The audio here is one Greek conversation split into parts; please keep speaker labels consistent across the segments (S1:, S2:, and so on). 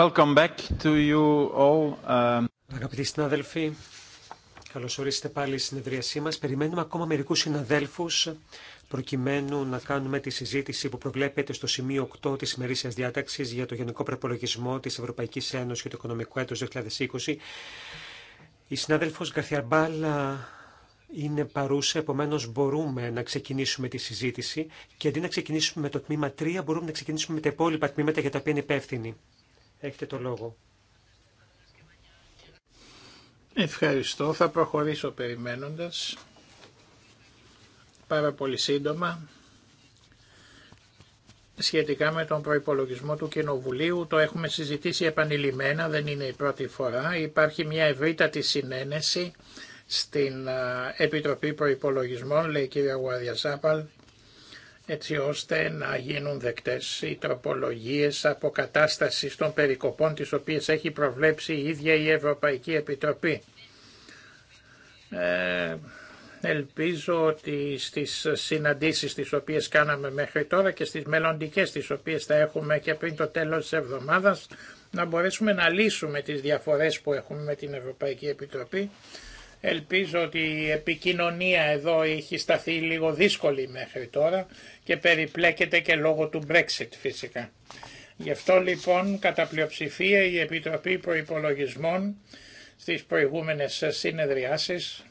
S1: Welcome back to you all. Um, Αγαπητοί συνάδελφοι, καλώς ορίσατε πάλι στη συνεδρίασή μας. Περιμένουμε ακόμα μερικούς συναδέλφους προκειμένου να κάνουμε τη συζήτηση που προβλέπεται στο σημείο 8 της ημερήσιας διάταξης για το Γενικό Προπολογισμό της Ευρωπαϊκής Ένωσης και το Οικονομικό Έτος 2020. Η συνάδελφος Γκαρθιαρμπάλα είναι παρούσα, επομένω μπορούμε να ξεκινήσουμε τη συζήτηση και αντί να ξεκινήσουμε με το τμήμα 3, μπορούμε να ξεκινήσουμε με τα υπόλοιπα τμήματα για τα οποία είναι υπεύθυνοι. Έχετε το λόγο. Ευχαριστώ.
S2: Θα προχωρήσω περιμένοντας. Πάρα πολύ σύντομα. Σχετικά με τον προϋπολογισμό του Κοινοβουλίου, το έχουμε συζητήσει επανειλημμένα, δεν είναι η πρώτη φορά. Υπάρχει μια ευρύτατη συνένεση στην ε, Επιτροπή Προϋπολογισμών, λέει η κυρία σαπάλ, έτσι ώστε να γίνουν δεκτές οι τροπολογίες αποκατάστασης των περικοπών τις οποίες έχει προβλέψει η ίδια η Ευρωπαϊκή Επιτροπή. Ε, ελπίζω ότι στις συναντήσεις τις οποίες κάναμε μέχρι τώρα και στις μελλοντικές τις οποίες θα έχουμε και πριν το τέλος της εβδομάδας να μπορέσουμε να λύσουμε τις διαφορές που έχουμε με την Ευρωπαϊκή Επιτροπή Ελπίζω ότι η επικοινωνία εδώ έχει σταθεί λίγο δύσκολη μέχρι τώρα και περιπλέκεται και λόγω του Brexit φυσικά. Γι' αυτό λοιπόν κατά πλειοψηφία η Επιτροπή Προϋπολογισμών στις προηγούμενες συνεδριάσεις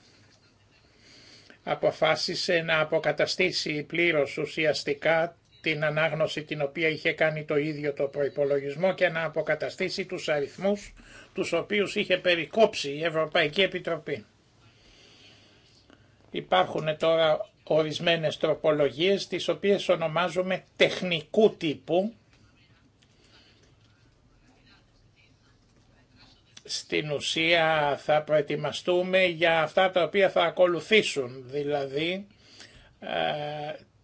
S2: αποφάσισε να αποκαταστήσει πλήρως ουσιαστικά την ανάγνωση την οποία είχε κάνει το ίδιο το προϋπολογισμό και να αποκαταστήσει τους αριθμούς τους οποίους είχε περικόψει η Ευρωπαϊκή Επιτροπή. Υπάρχουν τώρα ορισμένες τροπολογίες τις οποίες ονομάζουμε τεχνικού τύπου στην ουσία θα προετοιμαστούμε για αυτά τα οποία θα ακολουθήσουν, δηλαδή ε,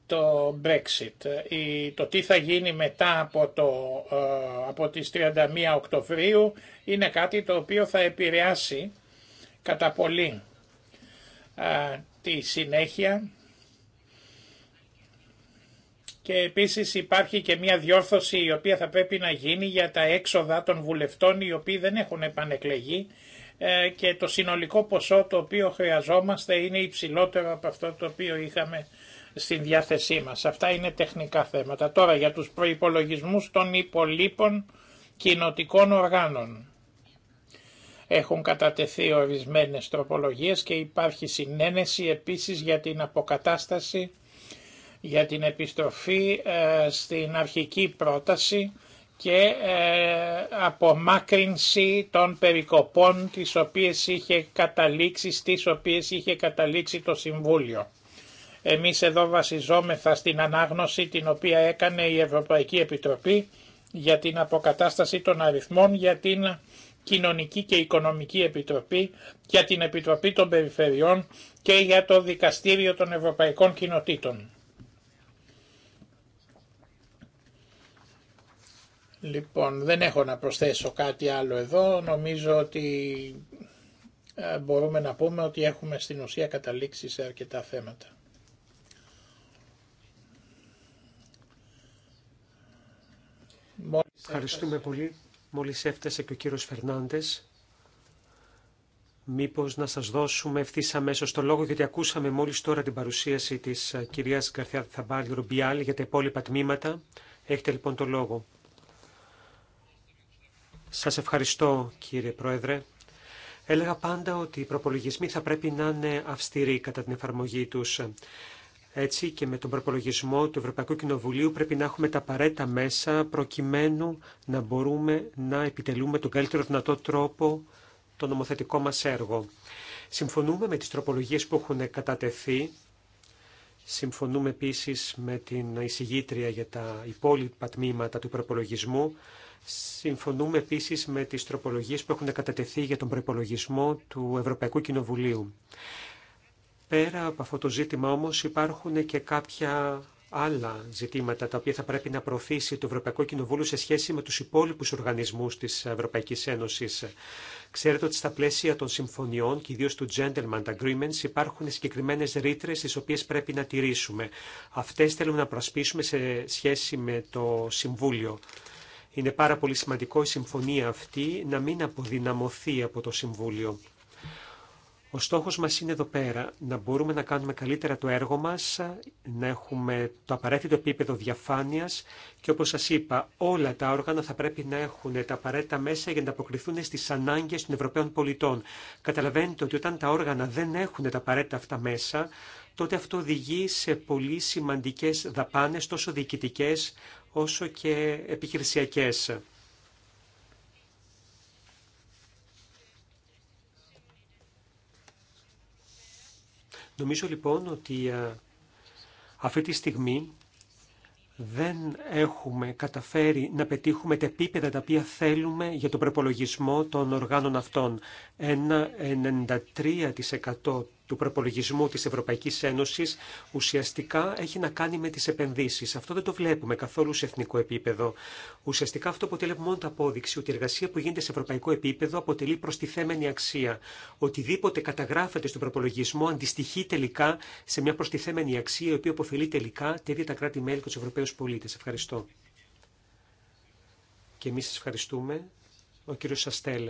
S2: το Brexit, το τι θα γίνει μετά από, το, ε, από τις 31 Οκτωβρίου είναι κάτι το οποίο θα επηρεάσει κατά πολύ ε, στη συνέχεια και επίσης υπάρχει και μια διόρθωση η οποία θα πρέπει να γίνει για τα έξοδα των βουλευτών οι οποίοι δεν έχουν επανεκλεγεί ε, και το συνολικό ποσό το οποίο χρειαζόμαστε είναι υψηλότερο από αυτό το οποίο είχαμε στην διάθεσή μας. Αυτά είναι τεχνικά θέματα. Τώρα για τους προϋπολογισμούς των υπολείπων κοινοτικών οργάνων. Έχουν κατατεθεί ορισμένες τροπολογίες και υπάρχει συνένεση επίσης για την αποκατάσταση, για την επιστροφή ε, στην αρχική πρόταση και ε, απομάκρυνση των περικοπών τις οποίες είχε καταλήξει, στις οποίες είχε καταλήξει το Συμβούλιο. Εμείς εδώ βασιζόμεθα στην ανάγνωση την οποία έκανε η Ευρωπαϊκή Επιτροπή για την αποκατάσταση των αριθμών για την Κοινωνική και Οικονομική Επιτροπή, για την Επιτροπή των Περιφερειών και για το Δικαστήριο των Ευρωπαϊκών Κοινοτήτων. Λοιπόν, δεν έχω να προσθέσω κάτι άλλο εδώ. Νομίζω ότι ε, μπορούμε να πούμε ότι έχουμε στην ουσία καταλήξει σε αρκετά θέματα.
S1: Ευχαριστούμε πολύ. Μόλις έφτασε και ο κύριος Φερνάντες, μήπως να σας δώσουμε ευθύ αμέσω το λόγο, γιατί ακούσαμε μόλις τώρα την παρουσίαση της ε, κυρίας Γκαρθιά Θαμπάλ Ρουμπιάλ για τα υπόλοιπα τμήματα. Έχετε λοιπόν το λόγο. Σας ευχαριστώ κύριε Πρόεδρε. Έλεγα πάντα ότι οι προπολογισμοί θα πρέπει να είναι αυστηροί κατά την εφαρμογή τους. Έτσι και με τον προπολογισμό του Ευρωπαϊκού Κοινοβουλίου πρέπει να έχουμε τα απαραίτητα μέσα προκειμένου να μπορούμε να επιτελούμε τον καλύτερο δυνατό τρόπο το νομοθετικό μας έργο. Συμφωνούμε με τις τροπολογίες που έχουν κατατεθεί. Συμφωνούμε επίσης με την εισηγήτρια για τα υπόλοιπα τμήματα του προπολογισμού. Συμφωνούμε επίσης με τις τροπολογίες που έχουν κατατεθεί για τον προπολογισμό του Ευρωπαϊκού Κοινοβουλίου. Πέρα από αυτό το ζήτημα όμως υπάρχουν και κάποια άλλα ζητήματα τα οποία θα πρέπει να προωθήσει το Ευρωπαϊκό Κοινοβούλιο σε σχέση με τους υπόλοιπους οργανισμούς της Ευρωπαϊκής Ένωσης. Ξέρετε ότι στα πλαίσια των συμφωνιών και ιδίω του Gentleman Agreements υπάρχουν συγκεκριμένε ρήτρε τι οποίε πρέπει να τηρήσουμε. Αυτέ θέλουμε να προσπίσουμε σε σχέση με το Συμβούλιο. Είναι πάρα πολύ σημαντικό η συμφωνία αυτή να μην αποδυναμωθεί από το Συμβούλιο. Ο στόχος μας είναι εδώ πέρα να μπορούμε να κάνουμε καλύτερα το έργο μας, να έχουμε το απαραίτητο επίπεδο διαφάνειας και όπως σας είπα όλα τα όργανα θα πρέπει να έχουν τα απαραίτητα μέσα για να αποκριθούν στις ανάγκες των Ευρωπαίων πολιτών. Καταλαβαίνετε ότι όταν τα όργανα δεν έχουν τα απαραίτητα αυτά μέσα, τότε αυτό οδηγεί σε πολύ σημαντικές δαπάνες, τόσο διοικητικές όσο και επιχειρησιακές. Νομίζω λοιπόν ότι ε, αυτή τη στιγμή δεν έχουμε καταφέρει να πετύχουμε τα επίπεδα τα οποία θέλουμε για τον προπολογισμό των οργάνων αυτών. Ένα 93% του προπολογισμού της Ευρωπαϊκής Ένωσης ουσιαστικά έχει να κάνει με τις επενδύσεις. Αυτό δεν το βλέπουμε καθόλου σε εθνικό επίπεδο. Ουσιαστικά αυτό αποτελεί μόνο τα απόδειξη ότι η εργασία που γίνεται σε ευρωπαϊκό επίπεδο αποτελεί προστιθέμενη αξία. Οτιδήποτε καταγράφεται στον προπολογισμό αντιστοιχεί τελικά σε μια προστιθέμενη αξία η οποία αποφελεί τελικά τα ίδια τα κράτη-μέλη και του Ευρωπαίου πολίτε. Ευχαριστώ. Και εμεί ευχαριστούμε. Ο κύριο Σαστέλ.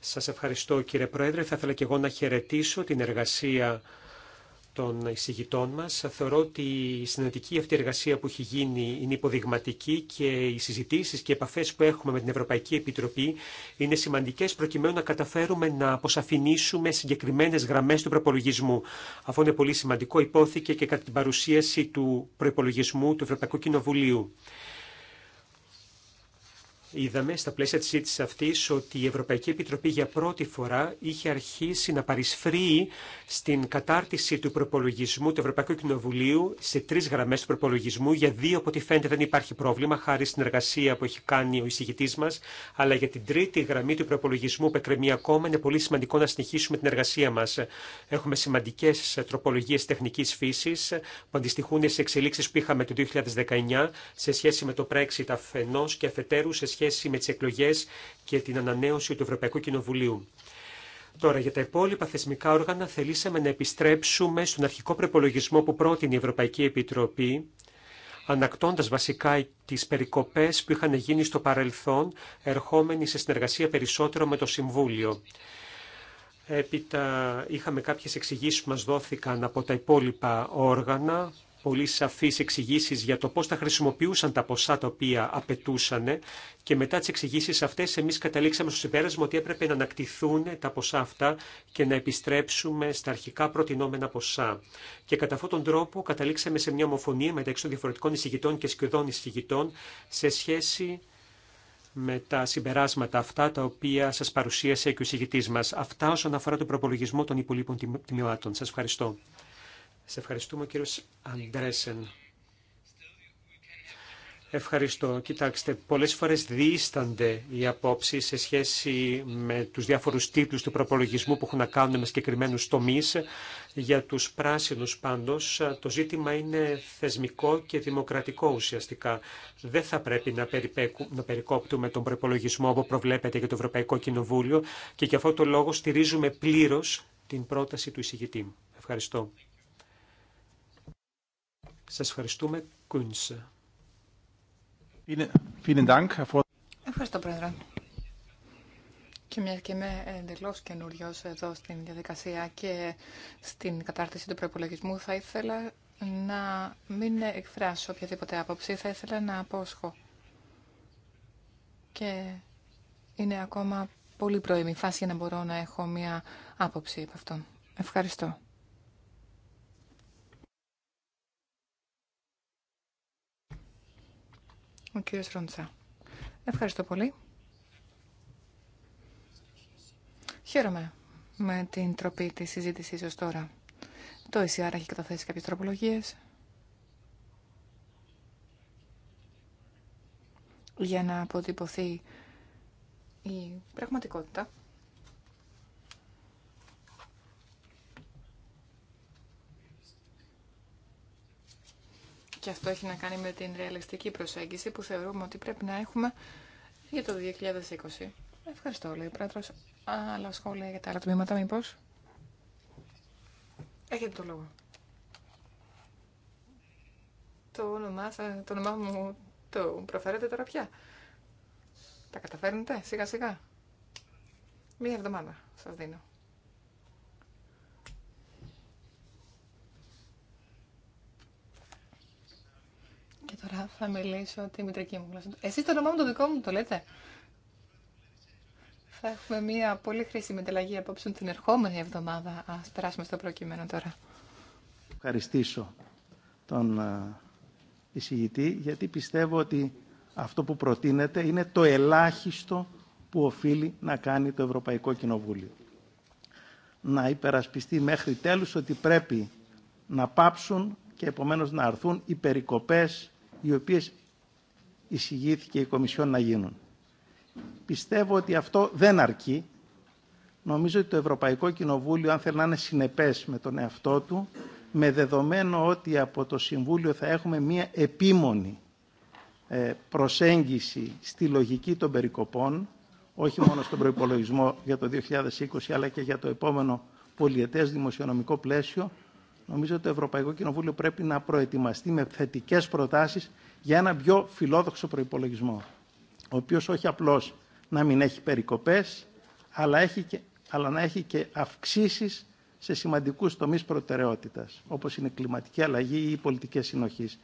S1: Σας ευχαριστώ κύριε Πρόεδρε. Θα ήθελα και εγώ να χαιρετήσω την εργασία των εισηγητών μας. Θεωρώ ότι η συναντική αυτή εργασία που έχει γίνει είναι υποδειγματική και οι συζητήσεις και οι επαφές που έχουμε με την Ευρωπαϊκή Επιτροπή είναι σημαντικές προκειμένου να καταφέρουμε να αποσαφηνίσουμε συγκεκριμένες γραμμές του προπολογισμού. Αυτό είναι πολύ σημαντικό, υπόθηκε και κατά την παρουσίαση του προπολογισμού του Ευρωπαϊκού Κοινοβουλίου. Είδαμε στα πλαίσια της συζήτηση αυτής ότι η Ευρωπαϊκή Επιτροπή για πρώτη φορά είχε αρχίσει να παρισφρεί στην κατάρτιση του προπολογισμού του Ευρωπαϊκού Κοινοβουλίου σε τρεις γραμμές του προπολογισμού. Για δύο από ό,τι φαίνεται δεν υπάρχει πρόβλημα χάρη στην εργασία που έχει κάνει ο εισηγητής μας, αλλά για την τρίτη γραμμή του προπολογισμού που εκκρεμεί ακόμα είναι πολύ σημαντικό να συνεχίσουμε την εργασία μας. Έχουμε σημαντικές τροπολογίες τεχνικής φύσης που αντιστοιχούν σε εξελίξεις που είχαμε το 2019 σε σχέση με το Brexit αφενός και αφετέρου σε σχέση με τις εκλογές και την ανανέωση του Ευρωπαϊκού Κοινοβουλίου. Τώρα, για τα υπόλοιπα θεσμικά όργανα θελήσαμε να επιστρέψουμε στον αρχικό προπολογισμό που πρότεινε η Ευρωπαϊκή Επιτροπή, ανακτώντας βασικά τις περικοπές που είχαν γίνει στο παρελθόν, ερχόμενοι σε συνεργασία περισσότερο με το Συμβούλιο. Έπειτα είχαμε κάποιες εξηγήσεις που μας δόθηκαν από τα υπόλοιπα όργανα, πολύ σαφείς εξηγήσει για το πώς θα χρησιμοποιούσαν τα ποσά τα οποία απαιτούσαν και μετά τις εξηγήσει αυτές εμείς καταλήξαμε στο συμπέρασμα ότι έπρεπε να ανακτηθούν τα ποσά αυτά και να επιστρέψουμε στα αρχικά προτινόμενα ποσά. Και κατά αυτόν τον τρόπο καταλήξαμε σε μια ομοφωνία μεταξύ των διαφορετικών εισηγητών και σχεδόν εισηγητών σε σχέση με τα συμπεράσματα αυτά τα οποία σας παρουσίασε και ο εισηγητής μας. Αυτά όσον αφορά τον προπολογισμό των υπολείπων τιμιωάτων. Σας ευχαριστώ. Σε ευχαριστούμε κύριο Αντρέσεν. Ευχαριστώ. Κοιτάξτε, πολλές φορές διήστανται οι απόψεις σε σχέση με τους διάφορους τίτλους του προπολογισμού που έχουν να κάνουν με συγκεκριμένους τομείς. Για τους πράσινους πάντως το ζήτημα είναι θεσμικό και δημοκρατικό ουσιαστικά. Δεν θα πρέπει να, να περικόπτουμε τον προπολογισμό που προβλέπεται για το Ευρωπαϊκό Κοινοβούλιο και για αυτό το λόγο στηρίζουμε πλήρως την πρόταση του εισηγητή. Ευχαριστώ. Σας ευχαριστούμε. Κούνσε.
S3: Ευχαριστώ, Πρόεδρε. Και μια και είμαι εντελώ καινούριο εδώ στην διαδικασία και στην κατάρτιση του προπολογισμού, θα ήθελα να μην εκφράσω οποιαδήποτε άποψη. Θα ήθελα να απόσχω. Και είναι ακόμα πολύ πρώιμη φάση για να μπορώ να έχω μια άποψη από αυτόν. Ευχαριστώ. Ο κύριος Ρόντσα. Ευχαριστώ πολύ. Χαίρομαι με την τροπή της συζήτησης ως τώρα. Το ΕΣΥΑΡ έχει καταθέσει κάποιες τροπολογίες για να αποτυπωθεί η πραγματικότητα Και αυτό έχει να κάνει με την ρεαλιστική προσέγγιση που θεωρούμε ότι πρέπει να έχουμε για το 2020. Ευχαριστώ, λέει ο πρόεδρο. Άλλα σχόλια για τα άλλα τμήματα, μήπω. Έχετε το λόγο. Το όνομά, το όνομά μου το προφέρετε τώρα πια. Τα καταφέρνετε, σιγά σιγά. Μία εβδομάδα σας δίνω. Και τώρα θα μιλήσω τη μητρική μου γλώσσα. Εσείς το όνομά μου το δικό μου το λέτε. Θα έχουμε μια πολύ χρήσιμη ανταλλαγή απόψε την ερχόμενη εβδομάδα. Ας περάσουμε στο προκειμένο τώρα.
S4: Ευχαριστήσω τον ε, εισηγητή γιατί πιστεύω ότι αυτό που προτείνεται είναι το ελάχιστο που οφείλει να κάνει το Ευρωπαϊκό Κοινοβούλιο. Να υπερασπιστεί μέχρι τέλους ότι πρέπει να πάψουν και επομένως να αρθούν οι περικοπές οι οποίες εισηγήθηκε η Κομισιόν να γίνουν. Πιστεύω ότι αυτό δεν αρκεί. Νομίζω ότι το Ευρωπαϊκό Κοινοβούλιο, αν θέλει να είναι συνεπές με τον εαυτό του, με δεδομένο ότι από το Συμβούλιο θα έχουμε μία επίμονη ε, προσέγγιση στη λογική των περικοπών, όχι μόνο στον προϋπολογισμό για το 2020, αλλά και για το επόμενο πολιετές δημοσιονομικό πλαίσιο, νομίζω ότι το Ευρωπαϊκό Κοινοβούλιο πρέπει να προετοιμαστεί με θετικές προτάσεις για ένα πιο φιλόδοξο προϋπολογισμό, ο οποίος όχι απλώς να μην έχει περικοπές, αλλά, αλλά να έχει και αυξήσεις σε σημαντικούς τομείς προτεραιότητας, όπως είναι κλιματική αλλαγή ή πολιτικές συνοχής.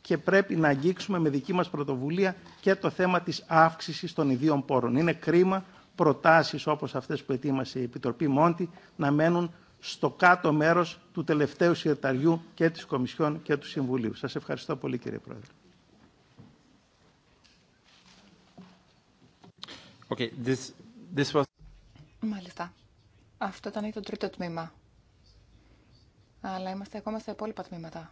S4: Και πρέπει να αγγίξουμε με δική μας πρωτοβουλία και το θέμα της αύξησης των ιδίων πόρων. Είναι κρίμα προτάσεις όπως αυτές που ετοίμασε η Επιτροπή Μόντι να μένουν στο κάτω μέρος του τελευταίου συρταριού και της Κομισιόν και του Συμβουλίου. Σας ευχαριστώ πολύ κύριε Πρόεδρε. Okay, this, this was...
S3: Μάλιστα. Αυτό ήταν το τρίτο τμήμα. Αλλά είμαστε ακόμα στα υπόλοιπα τμήματα.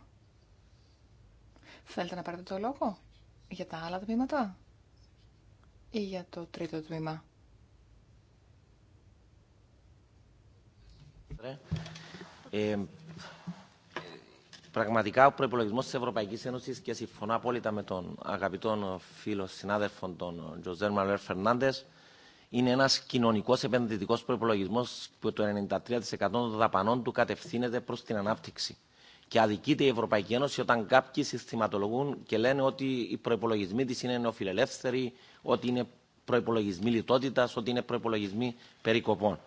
S3: Θέλετε να πάρετε το λόγο για τα άλλα τμήματα ή για το τρίτο τμήμα.
S5: Ε, πραγματικά ο προπολογισμό τη Ευρωπαϊκή Ένωση και συμφωνώ απόλυτα με τον αγαπητό φίλο συνάδελφο τον Τζοζέρ Μαλέρ Φερνάντε είναι ένα κοινωνικό επενδυτικό προπολογισμό που το 93% των δαπανών του κατευθύνεται προ την ανάπτυξη. Και αδικείται η Ευρωπαϊκή Ένωση όταν κάποιοι συστηματολογούν και λένε ότι οι προπολογισμοί τη είναι νεοφιλελεύθεροι, ότι είναι προπολογισμοί λιτότητα, ότι είναι προπολογισμοί περικοπών.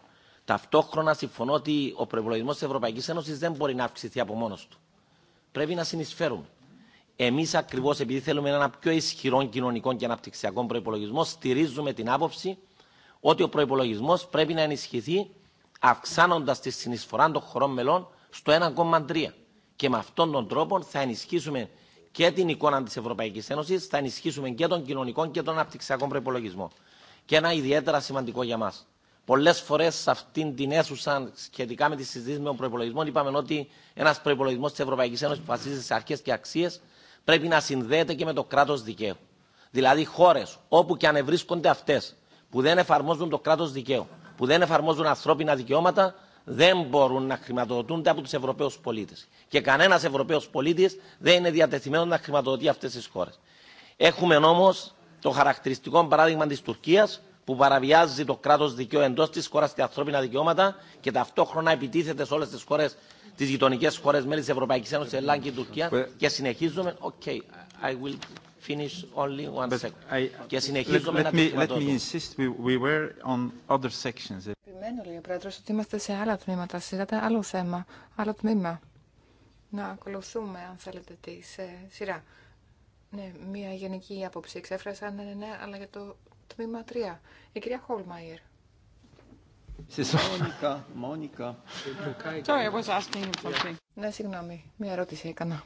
S5: Ταυτόχρονα συμφωνώ ότι ο προπολογισμό τη Ευρωπαϊκή Ένωση δεν μπορεί να αυξηθεί από μόνο του. Πρέπει να συνεισφέρουμε. Εμεί ακριβώ επειδή θέλουμε ένα πιο ισχυρό κοινωνικό και αναπτυξιακό προπολογισμό, στηρίζουμε την άποψη ότι ο προπολογισμό πρέπει να ενισχυθεί αυξάνοντα τη συνεισφορά των χωρών μελών στο 1,3. Και με αυτόν τον τρόπο θα ενισχύσουμε και την εικόνα τη Ευρωπαϊκή Ένωση, θα ενισχύσουμε και τον κοινωνικό και τον αναπτυξιακό προπολογισμό. Και ένα ιδιαίτερα σημαντικό για μα Πολλέ φορέ σε αυτήν την αίθουσα σχετικά με τη συζήτηση με τον προπολογισμό είπαμε ότι ένα προπολογισμό τη Ευρωπαϊκή Ένωση που βασίζεται σε αρχέ και αξίε πρέπει να συνδέεται και με το κράτο δικαίου. Δηλαδή, χώρε όπου και αν βρίσκονται αυτέ που δεν εφαρμόζουν το κράτο δικαίου, που δεν εφαρμόζουν ανθρώπινα δικαιώματα, δεν μπορούν να χρηματοδοτούνται από του Ευρωπαίου πολίτε. Και κανένα Ευρωπαίο πολίτη δεν είναι διατεθειμένο να χρηματοδοτεί αυτέ τι χώρε. Έχουμε όμω το χαρακτηριστικό παράδειγμα τη Τουρκία, που παραβιάζει το κράτο δικαίου εντό τη χώρα και τα ανθρώπινα δικαιώματα και ταυτόχρονα επιτίθεται σε όλε τι χώρε, τι γειτονικέ χώρε μέλη τη Ευρωπαϊκή Ένωση, Ελλάδα και Τουρκία. Και συνεχίζουμε. Okay, I will finish only one second. I... Και συνεχίζουμε let, να me, let me insist,
S4: we, were on other sections.
S3: Επιμένω, λέει ο Πρόεδρος, ότι είμαστε σε άλλα τμήματα, συζητάτε άλλο θέμα, άλλο τμήμα. Να ακολουθούμε, αν θέλετε, τη σε σειρά. Ναι, μια γενική άποψη εξέφρασα, ναι, ναι, ναι, αλλά για το τμήμα 3. Η κυρία Χόλμαϊρ.
S4: Μόνικα, Μόνικα. Sorry, I was asking
S3: Ναι, συγγνώμη. Μία ερώτηση έκανα.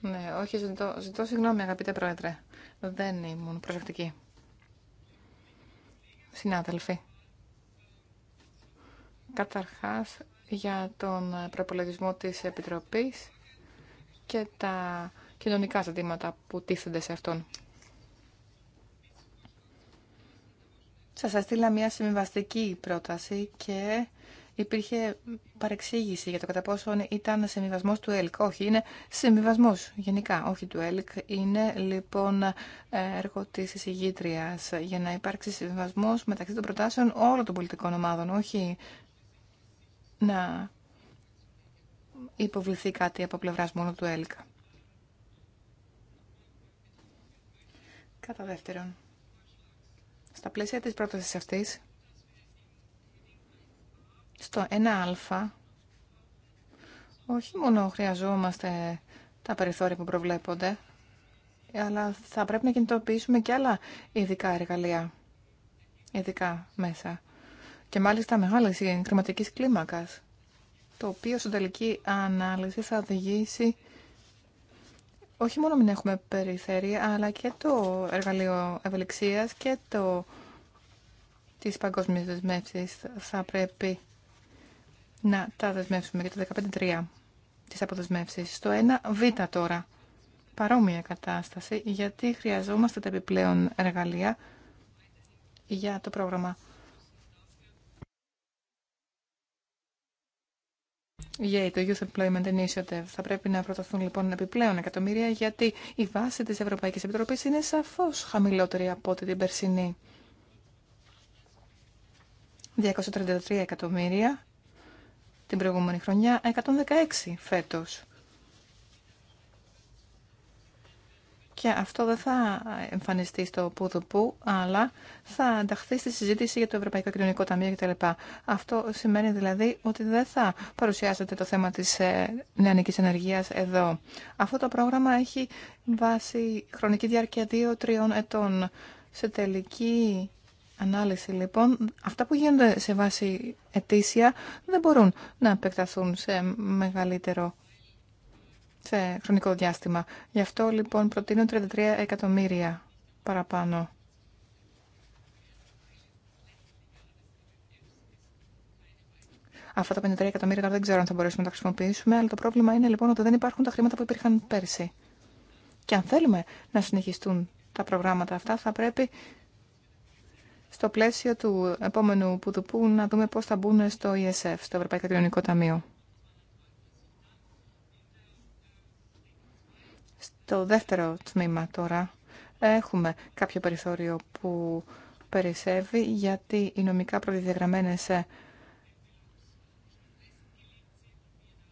S3: Ναι, όχι, ζητώ, ζητώ συγγνώμη, αγαπητέ Πρόεδρε. Δεν ήμουν προσεκτική. Συνάδελφοι. Καταρχάς, για τον προπολογισμό της Επιτροπής και τα κοινωνικά ζητήματα που τίθενται σε αυτόν. Σας έστειλα μια συμβιβαστική πρόταση και υπήρχε παρεξήγηση για το κατά πόσον ήταν συμβιβασμό του ΕΛΚ. Όχι, είναι συμβιβασμό γενικά, όχι του ΕΛΚ. Είναι λοιπόν έργο τη εισηγήτρια για να υπάρξει συμβιβασμό μεταξύ των προτάσεων όλων των πολιτικών ομάδων. Όχι να υποβληθεί κάτι από πλευρά μόνο του ΕΛΚ. Κατά δεύτερον. Στα πλαίσια της πρότασης αυτής, στο 1α, όχι μόνο χρειαζόμαστε τα περιθώρια που προβλέπονται, αλλά θα πρέπει να κινητοποιήσουμε και άλλα ειδικά εργαλεία, ειδικά μέσα. Και μάλιστα μεγάλη χρηματική κλίμακας, το οποίο στην τελική ανάλυση θα οδηγήσει όχι μόνο μην έχουμε περιφέρεια, αλλά και το εργαλείο ευελιξία και το τις παγκόσμιες δεσμεύσεις θα πρέπει να τα δεσμεύσουμε για το 3 τις αποδεσμεύση Στο 1β τώρα, παρόμοια κατάσταση, γιατί χρειαζόμαστε τα επιπλέον εργαλεία για το πρόγραμμα Yay, το Youth Employment Initiative. Θα πρέπει να προταθούν λοιπόν επιπλέον εκατομμύρια γιατί η βάση της Ευρωπαϊκής Επιτροπής είναι σαφώς χαμηλότερη από ό,τι την περσινή. 233 εκατομμύρια την προηγούμενη χρονιά, 116 φέτος. Και αυτό δεν θα εμφανιστεί στο πουδουπού, αλλά θα ενταχθεί στη συζήτηση για το Ευρωπαϊκό Κοινωνικό Ταμείο κτλ. Αυτό σημαίνει δηλαδή ότι δεν θα παρουσιάσετε το θέμα της ε, νεανικής ενεργείας εδώ. Αυτό το πρόγραμμα έχει βάση χρονική διάρκεια 2-3 ετών. Σε τελική ανάλυση λοιπόν, αυτά που γίνονται σε βάση ετήσια δεν μπορούν να επεκταθούν σε μεγαλύτερο σε χρονικό διάστημα. Γι' αυτό λοιπόν προτείνω 33 εκατομμύρια παραπάνω. Αυτά τα 53 εκατομμύρια δεν ξέρω αν θα μπορέσουμε να τα χρησιμοποιήσουμε, αλλά το πρόβλημα είναι λοιπόν ότι δεν υπάρχουν τα χρήματα που υπήρχαν πέρσι. Και αν θέλουμε να συνεχιστούν τα προγράμματα αυτά, θα πρέπει στο πλαίσιο του επόμενου που να δούμε πώς θα μπουν στο ESF, στο Ευρωπαϊκό Κοινωνικό Ταμείο. Το δεύτερο τμήμα τώρα. Έχουμε κάποιο περιθώριο που περισσεύει γιατί οι νομικά προδιαγραμμένες ε,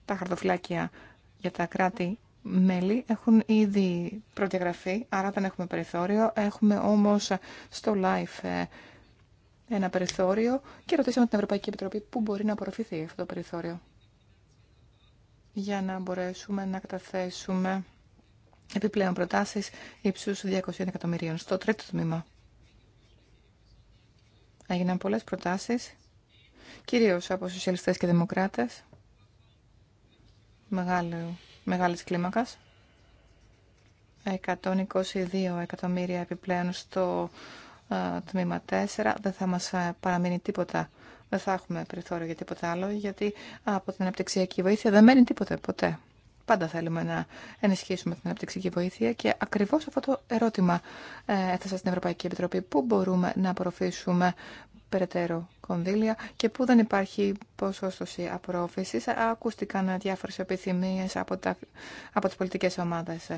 S3: τα χαρτοφυλάκια για τα κράτη μέλη έχουν ήδη προδιαγραφεί, άρα δεν έχουμε περιθώριο. Έχουμε όμως στο live ε, ένα περιθώριο και ρωτήσαμε την Ευρωπαϊκή Επιτροπή πού μπορεί να απορροφηθεί αυτό το περιθώριο για να μπορέσουμε να καταθέσουμε επιπλέον προτάσεις ύψους 200 εκατομμυρίων. Στο τρίτο τμήμα έγιναν πολλές προτάσεις, κυρίως από σοσιαλιστές και δημοκράτες, μεγάλη, μεγάλης κλίμακας. 122 εκατομμύρια επιπλέον στο ε, τμήμα 4. Δεν θα μας ε, παραμείνει τίποτα, δεν θα έχουμε περιθώριο για τίποτα άλλο, γιατί από την αναπτυξιακή βοήθεια δεν μένει τίποτα ποτέ. Πάντα θέλουμε να ενισχύσουμε την αναπτυξική βοήθεια και ακριβώς αυτό το ερώτημα ε, έθεσα στην Ευρωπαϊκή Επιτροπή. Πού μπορούμε να απορροφήσουμε περαιτέρω κονδύλια και πού δεν υπάρχει ποσόστοση απορρόφησης. Ακούστηκαν διάφορες επιθυμίες από, τα, από τις πολιτικές ομάδες.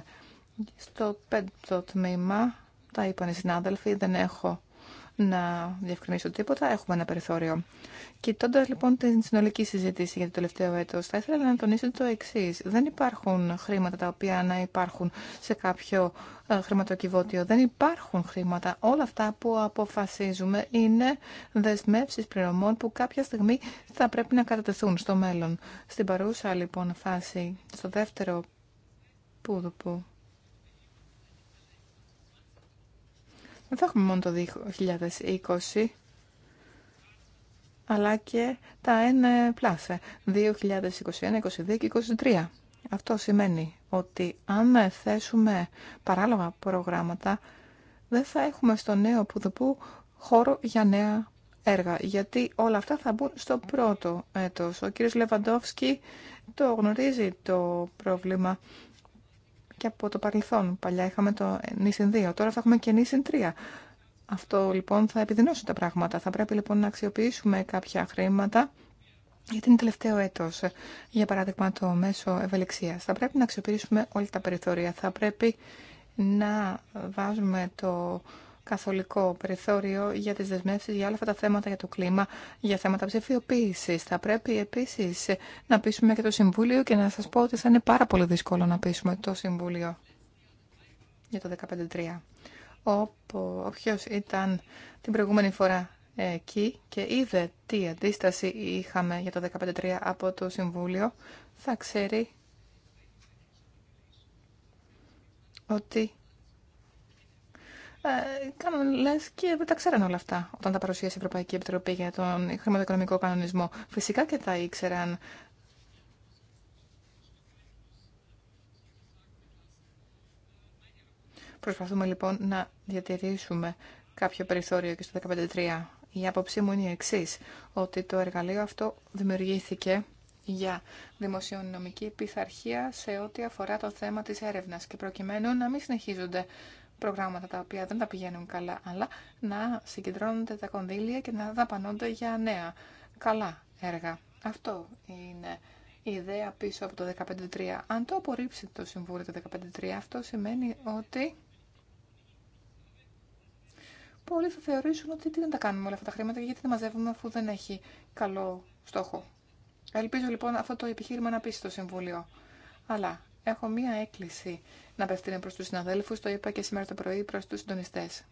S3: Στο πέμπτο τμήμα, τα είπαν οι συνάδελφοι, δεν έχω να διευκρινίσω τίποτα. Έχουμε ένα περιθώριο. Κοιτώντα λοιπόν την συνολική συζήτηση για το τελευταίο έτο, θα ήθελα να τονίσω το εξή. Δεν υπάρχουν χρήματα τα οποία να υπάρχουν σε κάποιο ε, χρηματοκιβώτιο. Δεν υπάρχουν χρήματα. Όλα αυτά που αποφασίζουμε είναι δεσμεύσει πληρωμών που κάποια στιγμή θα πρέπει να κατατεθούν στο μέλλον. Στην παρούσα λοιπόν φάση, στο δεύτερο που, που δεν θα έχουμε μόνο το 2020, αλλά και τα N+, 2021, 2022 και 2023. Αυτό σημαίνει ότι αν θέσουμε παράλογα προγράμματα, δεν θα έχουμε στο νέο που που χώρο για νέα έργα, γιατί όλα αυτά θα μπουν στο πρώτο έτος. Ο κ. Λεβαντόφσκι το γνωρίζει το πρόβλημα και από το παρελθόν. Παλιά είχαμε το νήσιν 2, τώρα θα έχουμε και νήσιν 3. Αυτό λοιπόν θα επιδεινώσει τα πράγματα. Θα πρέπει λοιπόν να αξιοποιήσουμε κάποια χρήματα για την τελευταίο έτος. Για παράδειγμα το μέσο ευελιξίας. Θα πρέπει να αξιοποιήσουμε όλα τα περιθώρια. Θα πρέπει να βάζουμε το καθολικό περιθώριο για τις δεσμεύσεις για όλα αυτά τα θέματα για το κλίμα, για θέματα ψηφιοποίησης. Θα πρέπει επίσης να πείσουμε και το Συμβούλιο και να σας πω ότι θα είναι πάρα πολύ δύσκολο να πείσουμε το Συμβούλιο για το 15-3. Όποιος ήταν την προηγούμενη φορά εκεί και είδε τι αντίσταση είχαμε για το 15-3 από το Συμβούλιο, θα ξέρει ότι ε, λε και δεν τα ξέραν όλα αυτά όταν τα παρουσίασε η Ευρωπαϊκή Επιτροπή για τον χρηματοοικονομικό κανονισμό. Φυσικά και τα ήξεραν. Προσπαθούμε λοιπόν να διατηρήσουμε κάποιο περιθώριο και στο 15.3. Η άποψή μου είναι η εξή, ότι το εργαλείο αυτό δημιουργήθηκε για δημοσιονομική πειθαρχία σε ό,τι αφορά το θέμα της έρευνας και προκειμένου να μην συνεχίζονται προγράμματα τα οποία δεν τα πηγαίνουν καλά, αλλά να συγκεντρώνονται τα κονδύλια και να δαπανώνται για νέα καλά έργα. Αυτό είναι η ιδέα πίσω από το 15.3. Αν το απορρίψει το Συμβούλιο το 15.3, αυτό σημαίνει ότι πολλοί θα θεωρήσουν ότι τι δεν τα κάνουμε όλα αυτά τα χρήματα και γιατί τα μαζεύουμε αφού δεν έχει καλό στόχο. Ελπίζω λοιπόν αυτό το επιχείρημα να πείσει το Συμβούλιο. Αλλά έχω μία έκκληση να απευθύνω προς τους συναδέλφους, το είπα και σήμερα το πρωί προς τους συντονιστές.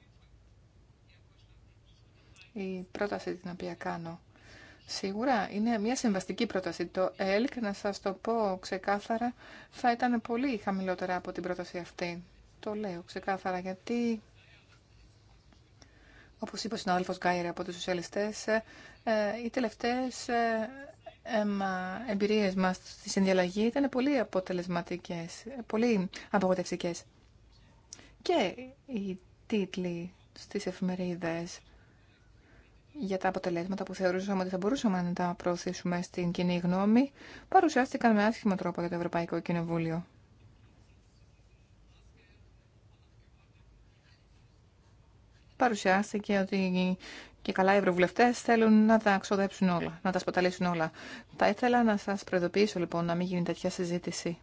S3: Η πρόταση την οποία κάνω σίγουρα είναι μια συμβαστική πρόταση. Το ΕΛΚ, να σας το πω ξεκάθαρα, θα ήταν πολύ χαμηλότερα από την πρόταση αυτή. Το λέω ξεκάθαρα γιατί όπως είπε ο συνάδελφος Γκάιρε από τους σοσιαλιστές, ε, οι τελευταίες ε, εμπειρίες μα στη συνδιαλλαγή ήταν πολύ αποτελεσματικέ, πολύ απογοτευσικές. Και οι τίτλοι στι εφημερίδες για τα αποτελέσματα που θεωρούσαμε ότι θα μπορούσαμε να τα προωθήσουμε στην κοινή γνώμη παρουσιάστηκαν με άσχημο τρόπο για το Ευρωπαϊκό Κοινοβούλιο. Παρουσιάστηκε ότι και καλά οι ευρωβουλευτέ θέλουν να τα ξοδέψουν όλα, να τα σπαταλήσουν όλα. Θα ήθελα να σα προειδοποιήσω λοιπόν να μην γίνει τέτοια συζήτηση.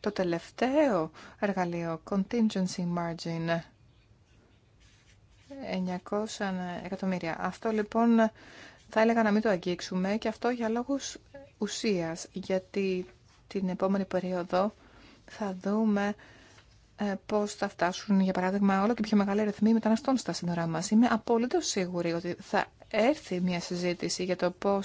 S3: Το τελευταίο εργαλείο, contingency margin, 900 εκατομμύρια. Αυτό λοιπόν θα έλεγα να μην το αγγίξουμε και αυτό για λόγους ουσίας, γιατί την επόμενη περίοδο θα δούμε ε, πώ θα φτάσουν, για παράδειγμα, όλο και πιο μεγάλη αριθμή μεταναστών στα σύνορά μα. Είμαι απολύτω σίγουρη ότι θα έρθει μια συζήτηση για το πώ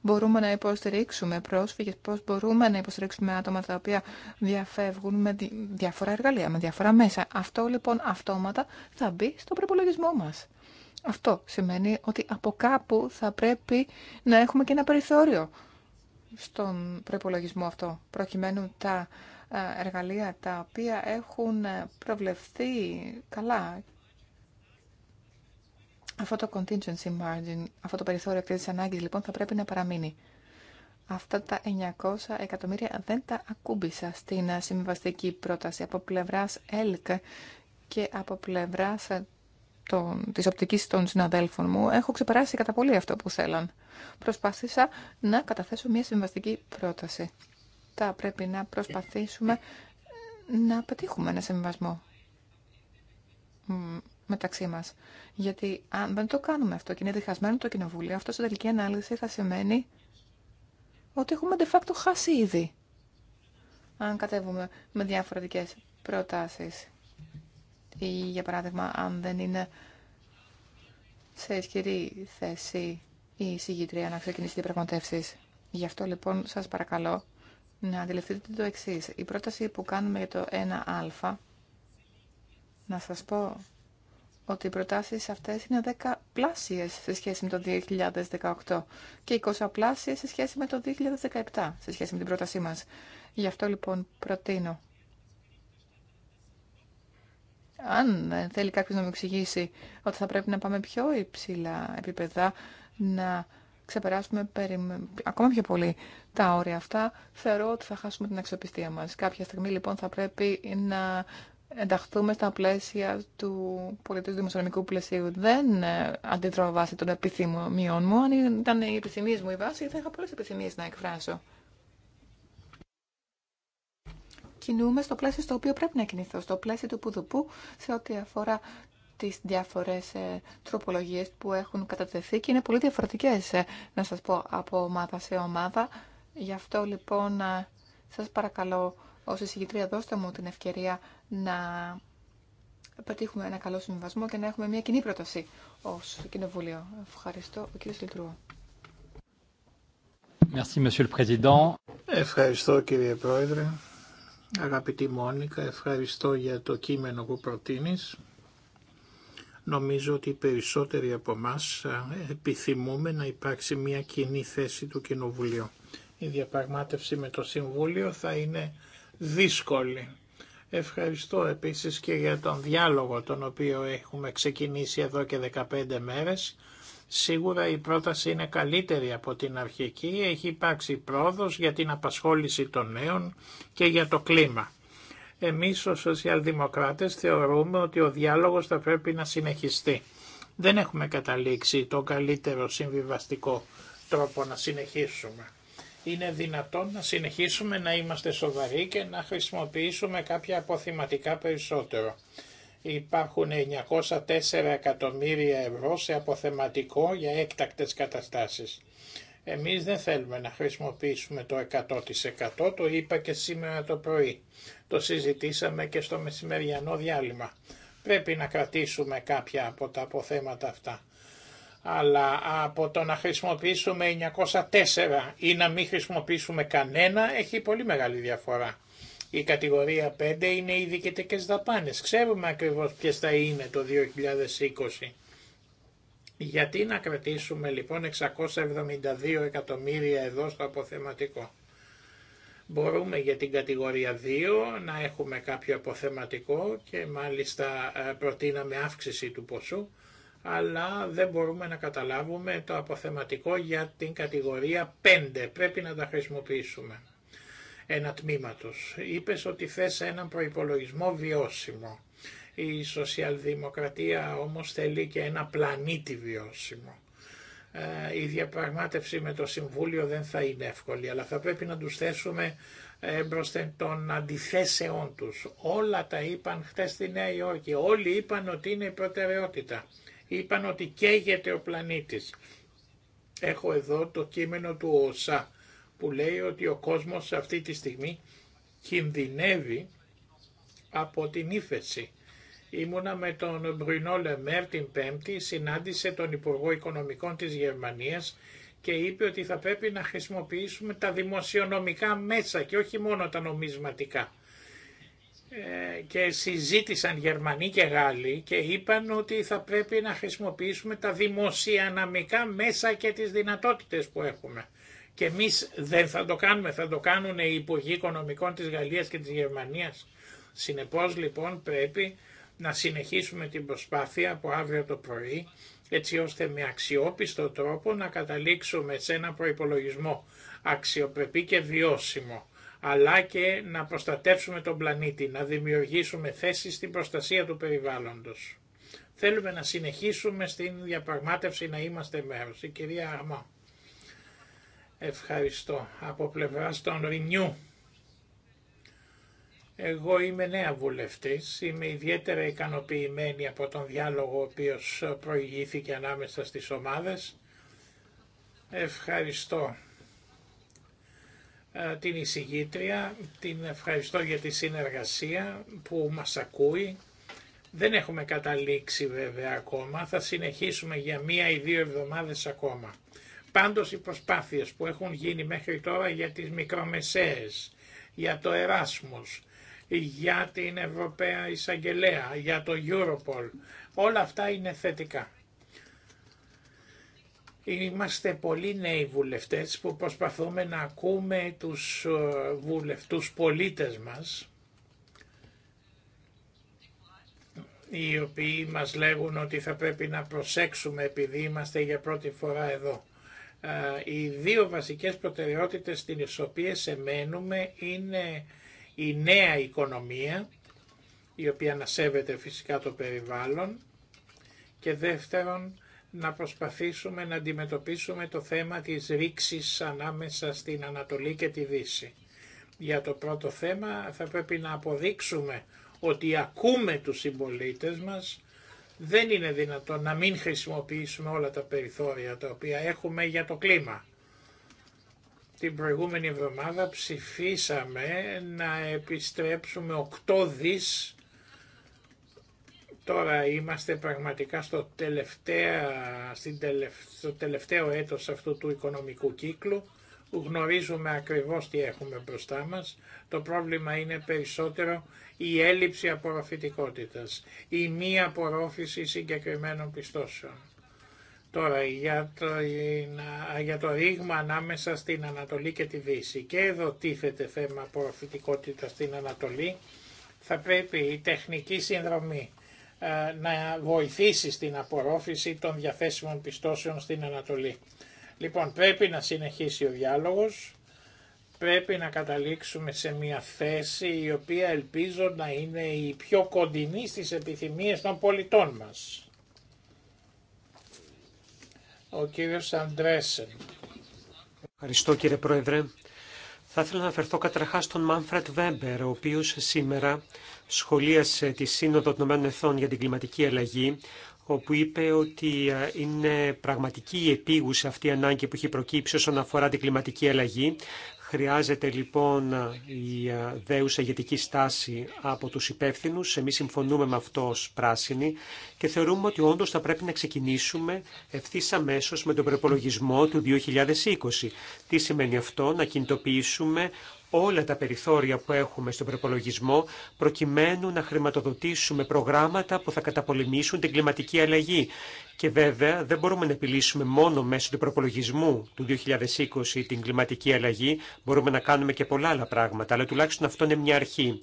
S3: μπορούμε να υποστηρίξουμε πρόσφυγε, πώ μπορούμε να υποστηρίξουμε άτομα τα οποία διαφεύγουν με διάφορα εργαλεία, με διάφορα μέσα. Αυτό λοιπόν αυτόματα θα μπει στον προπολογισμό μα. Αυτό σημαίνει ότι από κάπου θα πρέπει να έχουμε και ένα περιθώριο στον προπολογισμό αυτό, προκειμένου τα ε, εργαλεία τα οποία έχουν προβλεφθεί καλά. Αυτό το contingency margin, αυτό το περιθώριο της ανάγκης λοιπόν θα πρέπει να παραμείνει. Αυτά τα 900 εκατομμύρια δεν τα ακούμπησα στην συμβιβαστική πρόταση από πλευράς ΕΛΚ και από πλευράς ε, των, της οπτικής των συναδέλφων μου, έχω ξεπεράσει κατά πολύ αυτό που θέλαν. Προσπάθησα να καταθέσω μια συμβαστική πρόταση θα πρέπει να προσπαθήσουμε να πετύχουμε ένα συμβιβασμό μεταξύ μας. Γιατί αν δεν το κάνουμε αυτό και είναι διχασμένο το κοινοβούλιο, αυτό σε τελική ανάλυση θα σημαίνει ότι έχουμε de facto χάσει ήδη. Αν κατέβουμε με διαφορετικές προτάσεις ή για παράδειγμα αν δεν είναι σε ισχυρή θέση η συγγήτρια να ξεκινήσει την Γι' αυτό λοιπόν σας παρακαλώ να αντιληφθείτε το εξή. Η πρόταση που κάνουμε για το 1α, να σας πω ότι οι προτάσει αυτέ είναι 10 πλάσιες σε σχέση με το 2018 και 20 πλάσιες σε σχέση με το 2017, σε σχέση με την πρότασή μας. Γι' αυτό λοιπόν προτείνω. Αν θέλει κάποιο να μου εξηγήσει ότι θα πρέπει να πάμε πιο υψηλά επίπεδα, να ξεπεράσουμε περι... ακόμα πιο πολύ τα όρια αυτά, θεωρώ ότι θα χάσουμε την αξιοπιστία μας. Κάποια στιγμή λοιπόν θα πρέπει να ενταχθούμε στα πλαίσια του πολιτικού δημοσιονομικού πλαισίου. Δεν ε, αντιδρώ βάση των επιθυμιών μου. Αν ήταν οι επιθυμίε μου η βάση, θα είχα πολλέ επιθυμίε να εκφράσω. Κινούμε στο πλαίσιο στο οποίο πρέπει να κινηθώ, στο πλαίσιο του πουδουπού, σε ό,τι αφορά τις διάφορες ε, τροπολογίες που έχουν κατατεθεί και είναι πολύ διαφορετικές, ε, να σας πω, από ομάδα σε ομάδα Γι' αυτό λοιπόν ε, σας παρακαλώ ως εισηγητρία δώστε μου την ευκαιρία να πετύχουμε ένα καλό συμβασμό και να έχουμε μια κοινή πρόταση ως Κοινοβούλιο. Ευχαριστώ. Ο κύριος Λιτρούο.
S2: Ευχαριστώ κύριε Πρόεδρε. Αγαπητή Μόνικα, ευχαριστώ για το κείμενο που προτείνεις. Νομίζω ότι οι περισσότεροι από εμά ε, επιθυμούμε να υπάρξει μια κοινή θέση του Κοινοβουλίου η διαπραγμάτευση με το Συμβούλιο θα είναι δύσκολη. Ευχαριστώ επίσης και για τον διάλογο τον οποίο έχουμε ξεκινήσει εδώ και 15 μέρες. Σίγουρα η πρόταση είναι καλύτερη από την αρχική, έχει υπάρξει πρόοδος για την απασχόληση των νέων και για το κλίμα. Εμείς ως σοσιαλδημοκράτες θεωρούμε ότι ο διάλογος θα πρέπει να συνεχιστεί. Δεν έχουμε καταλήξει τον καλύτερο συμβιβαστικό τρόπο να συνεχίσουμε είναι δυνατόν να συνεχίσουμε να είμαστε σοβαροί και να χρησιμοποιήσουμε κάποια αποθηματικά περισσότερο. Υπάρχουν 904 εκατομμύρια ευρώ σε αποθεματικό για έκτακτες καταστάσεις. Εμείς δεν θέλουμε να χρησιμοποιήσουμε το 100% το είπα και σήμερα το πρωί. Το συζητήσαμε και στο μεσημεριανό διάλειμμα. Πρέπει να κρατήσουμε κάποια από τα αποθέματα αυτά αλλά από το να χρησιμοποιήσουμε 904 ή να μην χρησιμοποιήσουμε κανένα έχει πολύ μεγάλη διαφορά. Η κατηγορία 5 είναι οι διοικητικές δαπάνες. Ξέρουμε ακριβώς ποιες θα είναι το 2020. Γιατί να κρατήσουμε λοιπόν 672 εκατομμύρια εδώ στο αποθεματικό. Μπορούμε για την κατηγορία 2 να έχουμε κάποιο αποθεματικό και μάλιστα ε, προτείναμε αύξηση του ποσού αλλά δεν μπορούμε να καταλάβουμε το αποθεματικό για την κατηγορία 5. Πρέπει να τα χρησιμοποιήσουμε. Ένα τμήμα τους. Είπες ότι θες έναν προϋπολογισμό βιώσιμο. Η σοσιαλδημοκρατία όμως θέλει και ένα πλανήτη βιώσιμο. Ε, η διαπραγμάτευση με το Συμβούλιο δεν θα είναι εύκολη, αλλά θα πρέπει να τους θέσουμε μπροστά των αντιθέσεών τους. Όλα τα είπαν χτες στη Νέα Υόρκη, όλοι είπαν ότι είναι η προτεραιότητα είπαν ότι καίγεται ο πλανήτης. Έχω εδώ το κείμενο του ΟΣΑ που λέει ότι ο κόσμος αυτή τη στιγμή κινδυνεύει από την ύφεση. Ήμουνα με τον Μπρινό Λεμέρ την Πέμπτη, συνάντησε τον Υπουργό Οικονομικών της Γερμανίας και είπε ότι θα πρέπει να χρησιμοποιήσουμε τα δημοσιονομικά μέσα και όχι μόνο τα νομισματικά. Ε, και συζήτησαν Γερμανοί και Γάλλοι και είπαν ότι θα πρέπει να χρησιμοποιήσουμε τα δημοσιαναμικά μέσα και τις δυνατότητες που έχουμε. Και εμείς δεν θα το κάνουμε, θα το κάνουν οι Υπουργοί Οικονομικών της Γαλλίας και της Γερμανίας. Συνεπώς λοιπόν πρέπει να συνεχίσουμε την προσπάθεια από αύριο το πρωί έτσι ώστε με αξιόπιστο τρόπο να καταλήξουμε σε ένα προϋπολογισμό αξιοπρεπή και βιώσιμο αλλά και να προστατεύσουμε τον πλανήτη, να δημιουργήσουμε θέσεις στην προστασία του περιβάλλοντος. Θέλουμε να συνεχίσουμε στην διαπραγμάτευση να είμαστε μέρος. Η κυρία Αμά. Ευχαριστώ. Από πλευρά των Ρινιού. Εγώ είμαι νέα βουλευτής, είμαι ιδιαίτερα ικανοποιημένη από τον διάλογο ο οποίος προηγήθηκε ανάμεσα στις ομάδες. Ευχαριστώ ε, την εισηγήτρια, την ευχαριστώ για τη συνεργασία που μας ακούει. Δεν έχουμε καταλήξει βέβαια ακόμα, θα συνεχίσουμε για μία ή δύο εβδομάδες ακόμα. Πάντως οι προσπάθειες που έχουν γίνει μέχρι τώρα για τις μικρομεσαίες, για το Εράσμος, για την Ευρωπαία Εισαγγελέα, για το Europol, όλα αυτά είναι θετικά. Είμαστε πολλοί νέοι βουλευτές που προσπαθούμε να ακούμε τους ε, βουλευτούς πολίτες μας οι οποίοι μας λέγουν ότι θα πρέπει να προσέξουμε επειδή είμαστε για πρώτη φορά εδώ. Ε, οι δύο βασικές προτεραιότητες στις οποίες εμένουμε είναι η νέα οικονομία, η οποία ανασέβεται φυσικά το περιβάλλον και δεύτερον να προσπαθήσουμε να αντιμετωπίσουμε το θέμα της ρήξης ανάμεσα στην Ανατολή και τη Δύση. Για το πρώτο θέμα θα πρέπει να αποδείξουμε ότι ακούμε τους συμπολίτε μας, δεν είναι δυνατόν να μην χρησιμοποιήσουμε όλα τα περιθώρια τα οποία έχουμε για το κλίμα. Την προηγούμενη εβδομάδα ψηφίσαμε να επιστρέψουμε 8 δις Τώρα είμαστε πραγματικά στο, τελευταίο, στο τελευταίο έτος αυτού του οικονομικού κύκλου. Γνωρίζουμε ακριβώς τι έχουμε μπροστά μας. Το πρόβλημα είναι περισσότερο η έλλειψη απορροφητικότητας, η μη απορρόφηση συγκεκριμένων πιστώσεων. Τώρα για το, για το ρήγμα ανάμεσα στην Ανατολή και τη Δύση. Και εδώ τίθεται θέμα απορροφητικότητα στην Ανατολή. Θα πρέπει η τεχνική συνδρομή ε, να βοηθήσει στην απορρόφηση των διαθέσιμων πιστώσεων στην Ανατολή. Λοιπόν, πρέπει να συνεχίσει ο διάλογος, πρέπει να καταλήξουμε σε μια θέση η οποία ελπίζω να είναι η πιο κοντινή στις επιθυμίες των πολιτών μας.
S1: Ο κύριος Αντρέσεν. Ευχαριστώ κύριε Πρόεδρε. Θα ήθελα να αναφερθώ καταρχάς στον Μάνφρετ Βέμπερ, ο οποίος σήμερα σχολίασε τη Σύνοδο των Ηνωμένων Εθνών για την κλιματική αλλαγή, όπου είπε ότι ε, είναι πραγματική η επίγουσα αυτή η ανάγκη που έχει προκύψει όσον αφορά την κλιματική αλλαγή. Χρειάζεται λοιπόν ε, η ε, δέουσα ηγετική στάση από τους υπεύθυνου. Εμείς συμφωνούμε με αυτό ως πράσινοι και θεωρούμε ότι όντως θα πρέπει να ξεκινήσουμε ευθύ αμέσω με τον προπολογισμό του 2020. Τι σημαίνει αυτό, να κινητοποιήσουμε όλα τα περιθώρια που έχουμε στον προπολογισμό προκειμένου να χρηματοδοτήσουμε προγράμματα που θα καταπολεμήσουν την κλιματική αλλαγή. Και βέβαια δεν μπορούμε να επιλύσουμε μόνο μέσω του προπολογισμού του 2020 την κλιματική αλλαγή, μπορούμε να κάνουμε και πολλά άλλα πράγματα, αλλά τουλάχιστον αυτό είναι μια αρχή.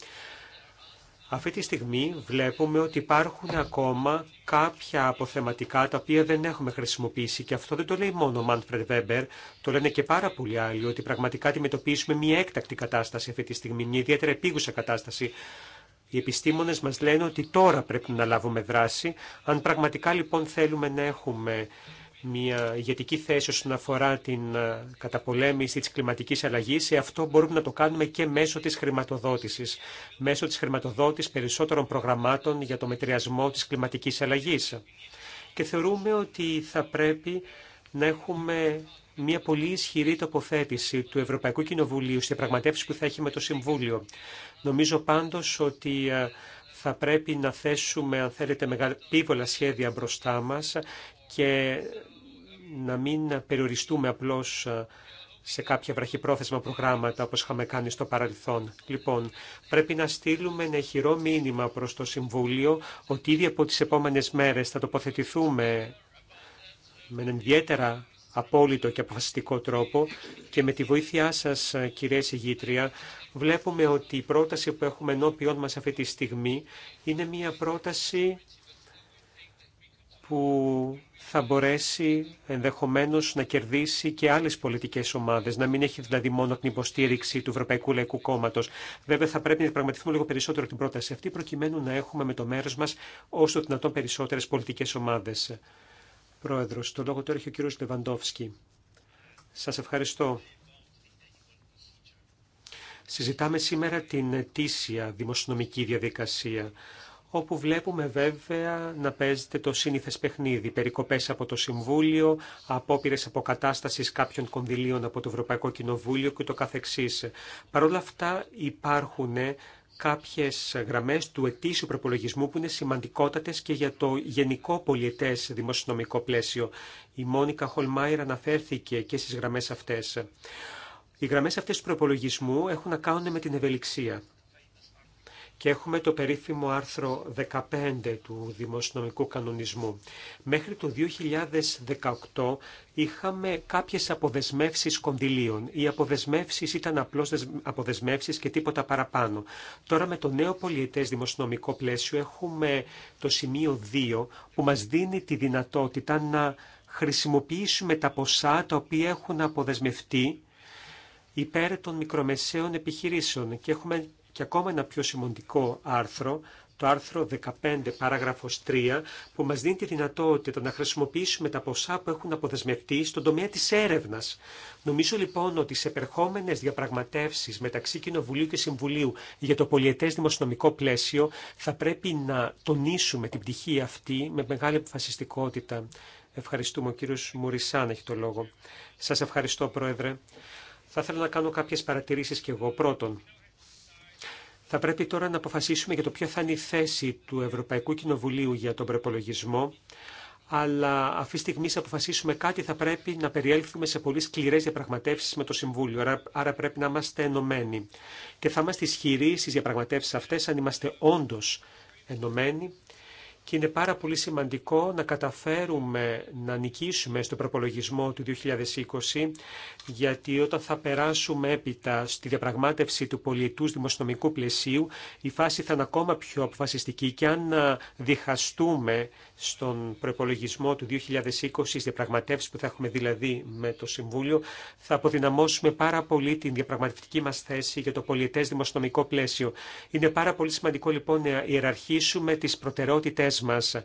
S1: Αυτή τη στιγμή βλέπουμε ότι υπάρχουν ακόμα κάποια αποθεματικά τα οποία δεν έχουμε χρησιμοποιήσει και αυτό δεν το λέει μόνο ο Μάντφρεντ Βέμπερ, το λένε και πάρα πολλοί άλλοι ότι πραγματικά αντιμετωπίζουμε μια έκτακτη κατάσταση αυτή τη στιγμή, μια ιδιαίτερα επίγουσα κατάσταση. Οι επιστήμονες μας λένε ότι τώρα πρέπει να λάβουμε δράση. Αν πραγματικά λοιπόν θέλουμε να έχουμε μια ηγετική θέση όσον αφορά την ε, καταπολέμηση της κλιματικής αλλαγής, αυτό μπορούμε να το κάνουμε και μέσω της χρηματοδότησης. Μέσω της χρηματοδότησης περισσότερων προγραμμάτων για το μετριασμό της κλιματικής αλλαγής. Και θεωρούμε ότι θα πρέπει να έχουμε μια πολύ ισχυρή τοποθέτηση του Ευρωπαϊκού Κοινοβουλίου στη πραγματεύση που θα έχει με το Συμβούλιο. Νομίζω πάντως ότι ε, θα πρέπει να θέσουμε, αν θέλετε, μεγάλα σχέδια μπροστά μας και να μην περιοριστούμε απλώς ε, σε κάποια βραχυπρόθεσμα προγράμματα όπως είχαμε κάνει στο παρελθόν. Λοιπόν, πρέπει να στείλουμε ένα χειρό μήνυμα προς το Συμβούλιο ότι ήδη από τις επόμενες μέρες θα τοποθετηθούμε με έναν ιδιαίτερα απόλυτο και αποφασιστικό τρόπο και με τη βοήθειά σας ε, κυρία Συγήτρια βλέπουμε ότι η πρόταση που έχουμε ενώπιόν μας αυτή τη στιγμή είναι μια πρόταση που θα μπορέσει ενδεχομένως να κερδίσει και άλλες πολιτικές ομάδες, να μην έχει δηλαδή μόνο την υποστήριξη του Ευρωπαϊκού Λαϊκού Κόμματος. Βέβαια θα πρέπει να πραγματιστούμε λίγο περισσότερο την πρόταση αυτή, προκειμένου να έχουμε με το μέρος μας όσο δυνατόν περισσότερες πολιτικές ομάδες. Πρόεδρος, το λόγο τώρα έχει ο κύριος Λεβαντόφσκι. Σας ευχαριστώ. Συζητάμε σήμερα την αιτήσια δημοσιονομική διαδικασία όπου βλέπουμε βέβαια να παίζεται το σύνηθες παιχνίδι, περικοπές από το Συμβούλιο, απόπειρες αποκατάστασης κάποιων κονδυλίων από το Ευρωπαϊκό Κοινοβούλιο και το καθεξής. Παρ' όλα αυτά υπάρχουν ε, κάποιες γραμμές του ετήσιου προπολογισμού που είναι σημαντικότατες και για το γενικό πολιετές δημοσιονομικό πλαίσιο. Η Μόνικα Χολμάιρ αναφέρθηκε και στις γραμμές αυτές. Οι γραμμές αυτές του προπολογισμού έχουν να κάνουν με την ευελιξία και έχουμε το περίφημο άρθρο 15 του Δημοσιονομικού Κανονισμού. Μέχρι το 2018 είχαμε κάποιες αποδεσμεύσεις κονδυλίων. Οι αποδεσμεύσεις ήταν απλώς αποδεσμεύσεις και τίποτα παραπάνω. Τώρα με το νέο πολιετές δημοσιονομικό πλαίσιο έχουμε το σημείο 2 που μας δίνει τη δυνατότητα να χρησιμοποιήσουμε τα ποσά τα οποία έχουν αποδεσμευτεί υπέρ των μικρομεσαίων επιχειρήσεων και έχουμε και ακόμα ένα πιο σημαντικό άρθρο, το άρθρο 15 παράγραφος 3, που μας δίνει τη δυνατότητα να χρησιμοποιήσουμε τα ποσά που έχουν αποδεσμευτεί στον τομέα της έρευνας. Νομίζω λοιπόν ότι σε επερχόμενε διαπραγματεύσεις μεταξύ Κοινοβουλίου και Συμβουλίου για το πολιετές δημοσιονομικό πλαίσιο θα πρέπει να τονίσουμε την πτυχή αυτή με μεγάλη αποφασιστικότητα. Ευχαριστούμε. Ο κύριος Μουρισάν έχει το λόγο. Σας ευχαριστώ, Πρόεδρε. Θα ήθελα να κάνω κάποιες παρατηρήσεις κι εγώ. Πρώτον, θα πρέπει τώρα να αποφασίσουμε για το ποια θα είναι η θέση του Ευρωπαϊκού Κοινοβουλίου για τον προπολογισμό, αλλά αυτή τη στιγμή σε αποφασίσουμε κάτι θα πρέπει να περιέλθουμε σε πολύ σκληρέ διαπραγματεύσει με το Συμβούλιο, άρα, πρέπει να είμαστε ενωμένοι. Και θα είμαστε ισχυροί στι διαπραγματεύσει αυτές αν είμαστε όντω ενωμένοι και είναι πάρα πολύ σημαντικό να καταφέρουμε να νικήσουμε στο προπολογισμό του 2020, γιατί όταν θα περάσουμε έπειτα στη διαπραγμάτευση του πολιετούς δημοσιονομικού πλαισίου, η φάση θα είναι ακόμα πιο αποφασιστική και αν διχαστούμε στον προπολογισμό του 2020, στις διαπραγματεύσεις που θα έχουμε δηλαδή με το Συμβούλιο, θα αποδυναμώσουμε πάρα πολύ την διαπραγματευτική μας θέση για το πολιετές δημοσιονομικό πλαίσιο. Είναι πάρα πολύ σημαντικό λοιπόν να ιεραρχήσουμε τις προτεραιότητες μας.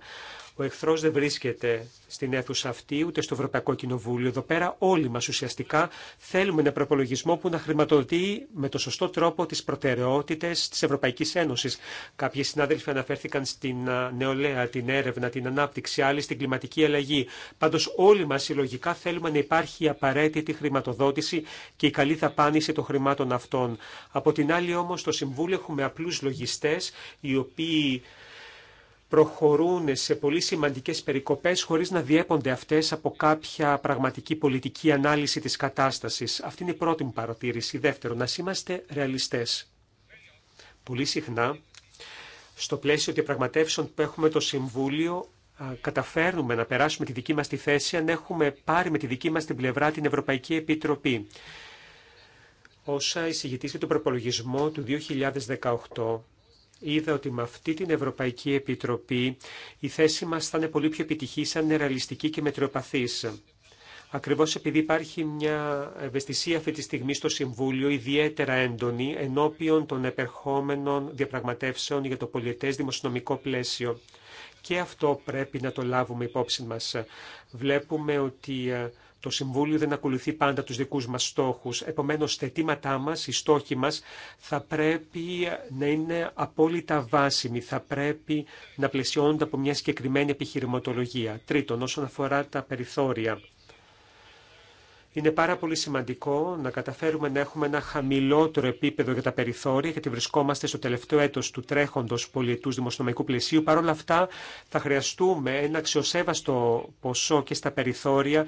S1: Ο εχθρός δεν βρίσκεται στην αίθουσα αυτή, ούτε στο Ευρωπαϊκό Κοινοβούλιο. Εδώ πέρα όλοι μας ουσιαστικά θέλουμε ένα προπολογισμό που να χρηματοδοτεί με το σωστό τρόπο τις προτεραιότητες της Ευρωπαϊκής Ένωσης. Κάποιοι συνάδελφοι αναφέρθηκαν στην νεολαία, την έρευνα, την ανάπτυξη, άλλοι στην κλιματική αλλαγή. Πάντως όλοι μας συλλογικά θέλουμε να υπάρχει η απαραίτητη χρηματοδότηση και η καλή δαπάνηση των χρημάτων αυτών. Από την άλλη όμω, στο Συμβούλιο έχουμε απλούς λογιστές οι οποίοι προχωρούν σε πολύ σημαντικές περικοπές χωρίς να διέπονται αυτές από κάποια πραγματική πολιτική ανάλυση της κατάστασης. Αυτή είναι η πρώτη μου παρατήρηση. Δεύτερον, να είμαστε ρεαλιστές. Πολύ συχνά, στο πλαίσιο διαπραγματεύσεων που έχουμε το Συμβούλιο, καταφέρνουμε να περάσουμε τη δική μας τη θέση αν έχουμε πάρει με τη δική μας την πλευρά την Ευρωπαϊκή Επιτροπή. Όσα εισηγητήσε τον προπολογισμό του 2018, είδα ότι με αυτή την Ευρωπαϊκή Επιτροπή η θέση μας θα είναι πολύ πιο επιτυχή, σαν ρεαλιστική και μετριοπαθής. Ακριβώς επειδή υπάρχει μια ευαισθησία αυτή τη στιγμή στο Συμβούλιο ιδιαίτερα έντονη ενώπιον των επερχόμενων διαπραγματεύσεων για το πολιετές δημοσιονομικό πλαίσιο. Και αυτό πρέπει να το λάβουμε υπόψη μας. Βλέπουμε ότι ε, το Συμβούλιο δεν ακολουθεί πάντα τους δικούς μας στόχους. Επομένως, τα αιτήματά μας, οι στόχοι μας θα πρέπει να είναι απόλυτα βάσιμοι. Θα πρέπει να πλαισιώνονται από μια συγκεκριμένη επιχειρηματολογία. Τρίτον, όσον αφορά τα περιθώρια. Είναι πάρα πολύ σημαντικό να καταφέρουμε να έχουμε ένα χαμηλότερο επίπεδο για τα περιθώρια, γιατί βρισκόμαστε στο τελευταίο έτος του τρέχοντος πολιετούς δημοσιονομικού πλαισίου. Παρ' όλα αυτά θα χρειαστούμε ένα αξιοσέβαστο ποσό και στα περιθώρια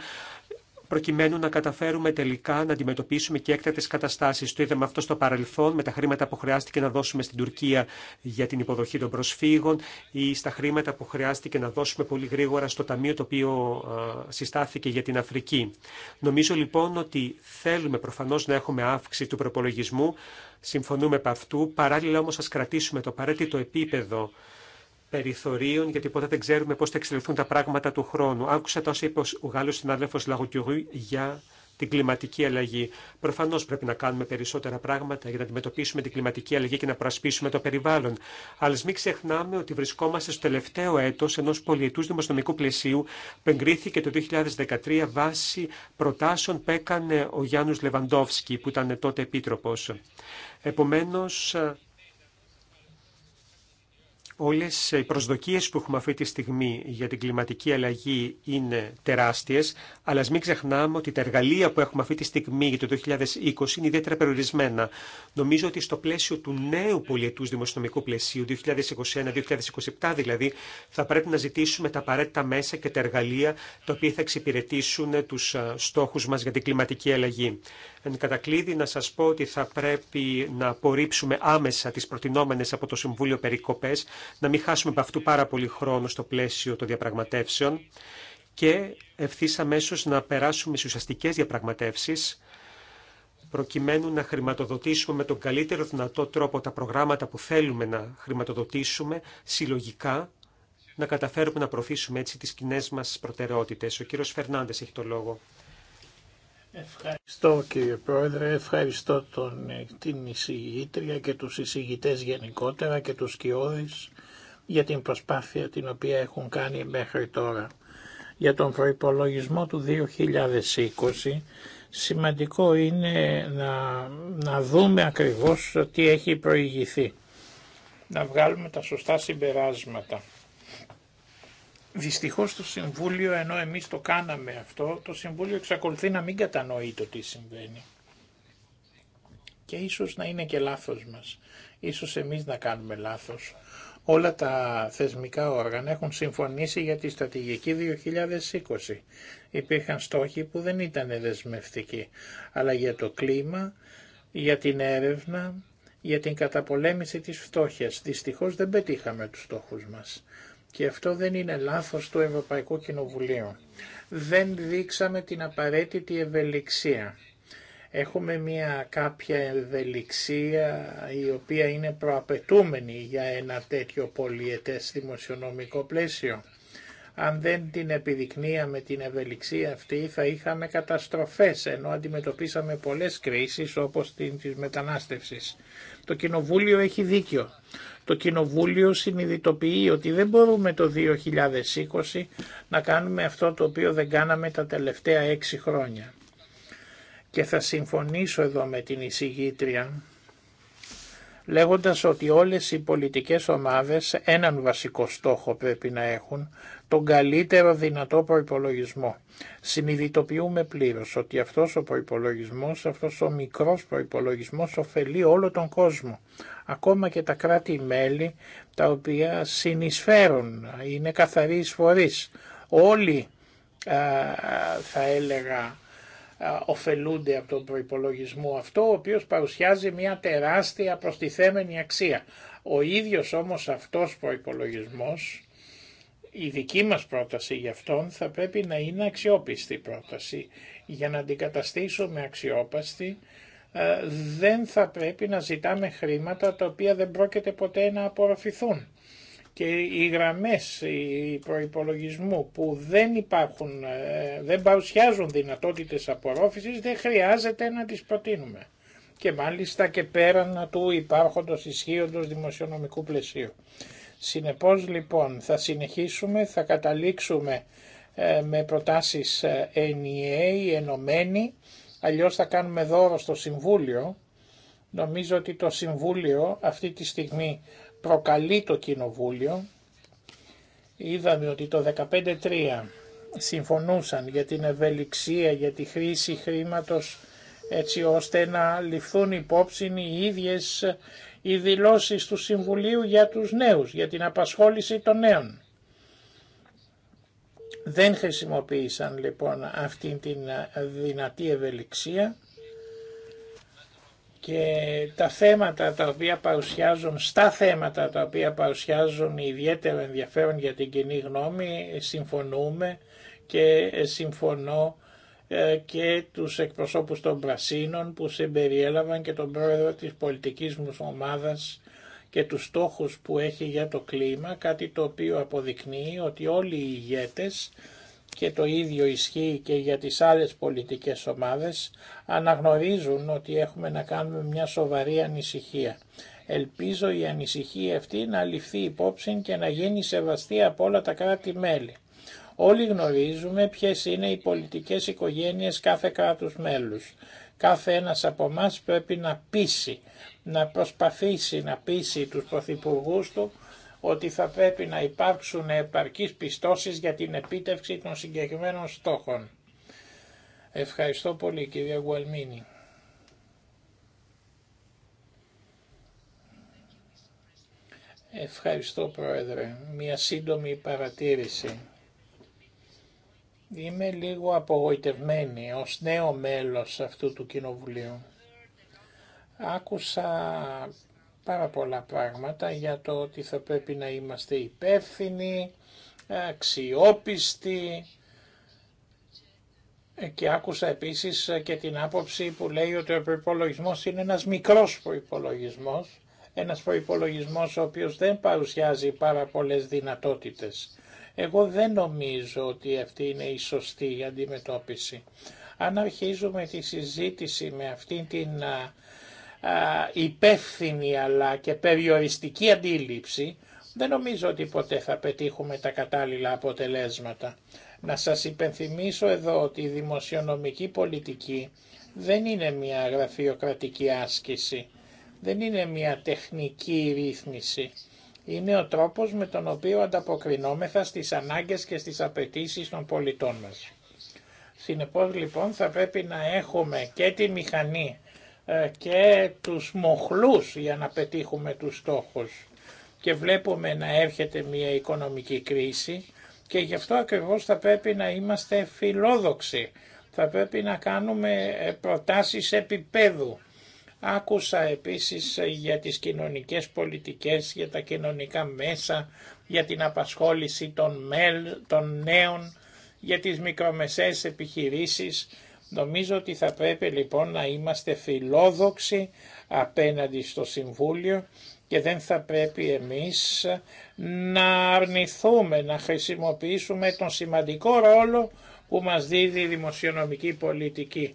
S1: προκειμένου να καταφέρουμε τελικά να αντιμετωπίσουμε και έκτακτε καταστάσει. Το είδαμε αυτό στο παρελθόν με τα χρήματα που χρειάστηκε να δώσουμε στην Τουρκία για την υποδοχή των προσφύγων ή στα χρήματα που χρειάστηκε να δώσουμε πολύ γρήγορα στο ταμείο το οποίο ε, συστάθηκε για την Αφρική. Νομίζω λοιπόν ότι θέλουμε προφανώ να έχουμε αύξηση του προπολογισμού. Συμφωνούμε από αυτού. Παράλληλα όμω, α κρατήσουμε το απαραίτητο επίπεδο περιθωρίων, γιατί ποτέ δεν ξέρουμε πώ θα εξελιχθούν τα πράγματα του χρόνου. Άκουσα τόσο είπε ο Γάλλο συνάδελφο Λαγοκιουρού για την κλιματική αλλαγή. Προφανώ πρέπει να κάνουμε περισσότερα πράγματα για να αντιμετωπίσουμε την κλιματική αλλαγή και να προασπίσουμε το περιβάλλον. Αλλά μην ξεχνάμε ότι βρισκόμαστε στο τελευταίο έτο ενό πολιετού δημοσιονομικού πλαισίου που εγκρίθηκε το 2013 βάσει προτάσεων που έκανε ο Γιάννου Λεβαντόφσκι, που ήταν τότε επίτροπο. Επομένω, Όλες οι προσδοκίες που έχουμε αυτή τη στιγμή για την κλιματική αλλαγή είναι τεράστιες, αλλά ας μην ξεχνάμε ότι τα εργαλεία που έχουμε αυτή τη στιγμή για το 2020 είναι ιδιαίτερα περιορισμένα. Νομίζω ότι στο πλαίσιο του νέου πολιετούς δημοσιονομικού πλαισίου, 2021-2027 δηλαδή, θα πρέπει να ζητήσουμε τα απαραίτητα μέσα και τα εργαλεία τα οποία θα εξυπηρετήσουν τους στόχους μας για την κλιματική αλλαγή. Εν κατακλείδη να σας πω ότι θα πρέπει να απορρίψουμε άμεσα τις προτινόμενες από το Συμβούλιο περικοπές, να μην χάσουμε από αυτού πάρα πολύ χρόνο στο πλαίσιο των διαπραγματεύσεων και ευθύ αμέσω να περάσουμε στι ουσιαστικέ διαπραγματεύσει προκειμένου να χρηματοδοτήσουμε με τον καλύτερο δυνατό τρόπο τα προγράμματα που θέλουμε να χρηματοδοτήσουμε συλλογικά να καταφέρουμε να προωθήσουμε έτσι τις κοινέ μας προτεραιότητες. Ο κύριος Φερνάντες έχει το λόγο.
S2: Ευχαριστώ κύριε Πρόεδρε, ευχαριστώ τον, ε, την εισηγήτρια και τους εισηγητές γενικότερα και τους κοιόδης για την προσπάθεια την οποία έχουν κάνει μέχρι τώρα. Για τον προϋπολογισμό του 2020 σημαντικό είναι να, να δούμε ακριβώς τι έχει προηγηθεί. Να βγάλουμε τα σωστά συμπεράσματα. Δυστυχώς το Συμβούλιο, ενώ εμείς το κάναμε αυτό, το Συμβούλιο εξακολουθεί να μην κατανοεί το τι συμβαίνει. Και ίσως να είναι και λάθος μας. Ίσως εμείς να κάνουμε λάθος. Όλα τα θεσμικά όργανα έχουν συμφωνήσει για τη στρατηγική 2020. Υπήρχαν στόχοι που δεν ήταν δεσμευτικοί, αλλά για το κλίμα, για την έρευνα, για την καταπολέμηση της φτώχειας. Δυστυχώς δεν πετύχαμε τους στόχους μας. Και αυτό δεν είναι λάθος του Ευρωπαϊκού Κοινοβουλίου. Δεν δείξαμε την απαραίτητη ευελιξία. Έχουμε μια κάποια ευελιξία η οποία είναι προαπαιτούμενη για ένα τέτοιο πολιετές δημοσιονομικό πλαίσιο. Αν δεν την επιδεικνύαμε την ευελιξία αυτή θα είχαμε καταστροφές ενώ αντιμετωπίσαμε πολλές κρίσεις όπως την της μετανάστευσης. Το Κοινοβούλιο έχει δίκιο. Το Κοινοβούλιο συνειδητοποιεί ότι δεν μπορούμε το 2020 να κάνουμε αυτό το οποίο δεν κάναμε τα τελευταία έξι χρόνια. Και θα συμφωνήσω εδώ με την εισηγήτρια λέγοντας ότι όλες οι πολιτικές ομάδες έναν βασικό στόχο πρέπει να έχουν, τον καλύτερο δυνατό προϋπολογισμό. Συνειδητοποιούμε πλήρως ότι αυτός ο προϋπολογισμός, αυτός ο μικρός προϋπολογισμός ωφελεί όλο τον κόσμο. Ακόμα και τα κράτη-μέλη τα οποία συνεισφέρουν, είναι καθαροί εισφορείς. Όλοι θα έλεγα ωφελούνται από τον προϋπολογισμό αυτό, ο οποίος παρουσιάζει μια τεράστια προστιθέμενη αξία. Ο ίδιος όμως αυτός προϋπολογισμός η δική μας πρόταση για αυτόν θα πρέπει να είναι αξιόπιστη πρόταση. Για να αντικαταστήσουμε αξιόπαστη ε, δεν θα πρέπει να ζητάμε χρήματα τα οποία δεν πρόκειται ποτέ να απορροφηθούν. Και οι γραμμές οι προϋπολογισμού που δεν υπάρχουν, ε, δεν παρουσιάζουν δυνατότητες απορρόφησης δεν χρειάζεται να τις προτείνουμε. Και μάλιστα και πέραν του υπάρχοντος ισχύοντος δημοσιονομικού πλαισίου. Συνεπώς λοιπόν θα συνεχίσουμε, θα καταλήξουμε ε, με προτάσεις NEA, ε, ενωμένοι, αλλιώς θα κάνουμε δώρο στο Συμβούλιο. Νομίζω ότι το Συμβούλιο αυτή τη στιγμή προκαλεί το Κοινοβούλιο. Είδαμε ότι το 15-3 συμφωνούσαν για την ευελιξία, για τη χρήση χρήματος έτσι ώστε να ληφθούν υπόψη οι ίδιες οι δηλώσεις του Συμβουλίου για τους νέους, για την απασχόληση των νέων. Δεν χρησιμοποίησαν λοιπόν αυτή την ε, δυνατή ευελιξία και τα θέματα τα οποία παρουσιάζουν, στα θέματα τα οποία παρουσιάζουν ιδιαίτερο ενδιαφέρον για την κοινή γνώμη συμφωνούμε και συμφωνώ ε, και τους εκπροσώπους των Πρασίνων που συμπεριέλαβαν και τον πρόεδρο της πολιτικής μου ομάδας και τους στόχους που έχει για το κλίμα, κάτι το οποίο αποδεικνύει ότι όλοι οι ηγέτες και το ίδιο ισχύει και για τις άλλες πολιτικές ομάδες αναγνωρίζουν ότι έχουμε να κάνουμε μια σοβαρή ανησυχία. Ελπίζω η ανησυχία αυτή να ληφθεί υπόψη και να γίνει σεβαστή από όλα τα κράτη-μέλη. Όλοι γνωρίζουμε ποιες είναι οι πολιτικές οικογένειες κάθε κράτους μέλους. Κάθε ένας από εμά πρέπει να πείσει, να προσπαθήσει να πείσει τους πρωθυπουργού του ότι θα πρέπει να υπάρξουν επαρκείς πιστώσεις για την επίτευξη των συγκεκριμένων στόχων. Ευχαριστώ πολύ κυρία Γουαλμίνη. Ευχαριστώ Πρόεδρε. Μια σύντομη παρατήρηση. Είμαι λίγο απογοητευμένη ως νέο μέλος αυτού του κοινοβουλίου. Άκουσα πάρα πολλά πράγματα για το ότι θα πρέπει να είμαστε υπεύθυνοι, αξιόπιστοι ε, και άκουσα επίσης και την άποψη που λέει ότι ο προπολογισμό είναι ένας μικρός προϋπολογισμός, ένας προϋπολογισμός ο οποίος δεν παρουσιάζει πάρα πολλές δυνατότητες. Εγώ δεν νομίζω ότι αυτή είναι η σωστή αντιμετώπιση. Αν αρχίζουμε τη συζήτηση με αυτή την υπεύθυνη αλλά και περιοριστική αντίληψη, δεν νομίζω ότι ποτέ θα πετύχουμε τα κατάλληλα αποτελέσματα. Να σας υπενθυμίσω εδώ ότι η δημοσιονομική πολιτική δεν είναι μια γραφειοκρατική άσκηση, δεν είναι μια τεχνική ρύθμιση είναι ο τρόπος με τον οποίο ανταποκρινόμεθα στις ανάγκες και στις απαιτήσεις των πολιτών μας. Συνεπώς λοιπόν θα πρέπει να έχουμε και τη μηχανή ε, και τους μοχλούς για να πετύχουμε τους στόχους. Και βλέπουμε να έρχεται μια οικονομική κρίση και γι' αυτό ακριβώς θα πρέπει να είμαστε φιλόδοξοι. Θα πρέπει να κάνουμε ε, προτάσεις επίπεδου Άκουσα επίσης για τις κοινωνικές πολιτικές, για τα κοινωνικά μέσα, για την απασχόληση των, μελ, των νέων, για τις μικρομεσαίες επιχειρήσεις. Νομίζω ότι θα πρέπει λοιπόν να είμαστε φιλόδοξοι απέναντι στο Συμβούλιο και δεν θα πρέπει εμείς να αρνηθούμε, να χρησιμοποιήσουμε τον σημαντικό ρόλο που μας δίδει η δημοσιονομική πολιτική.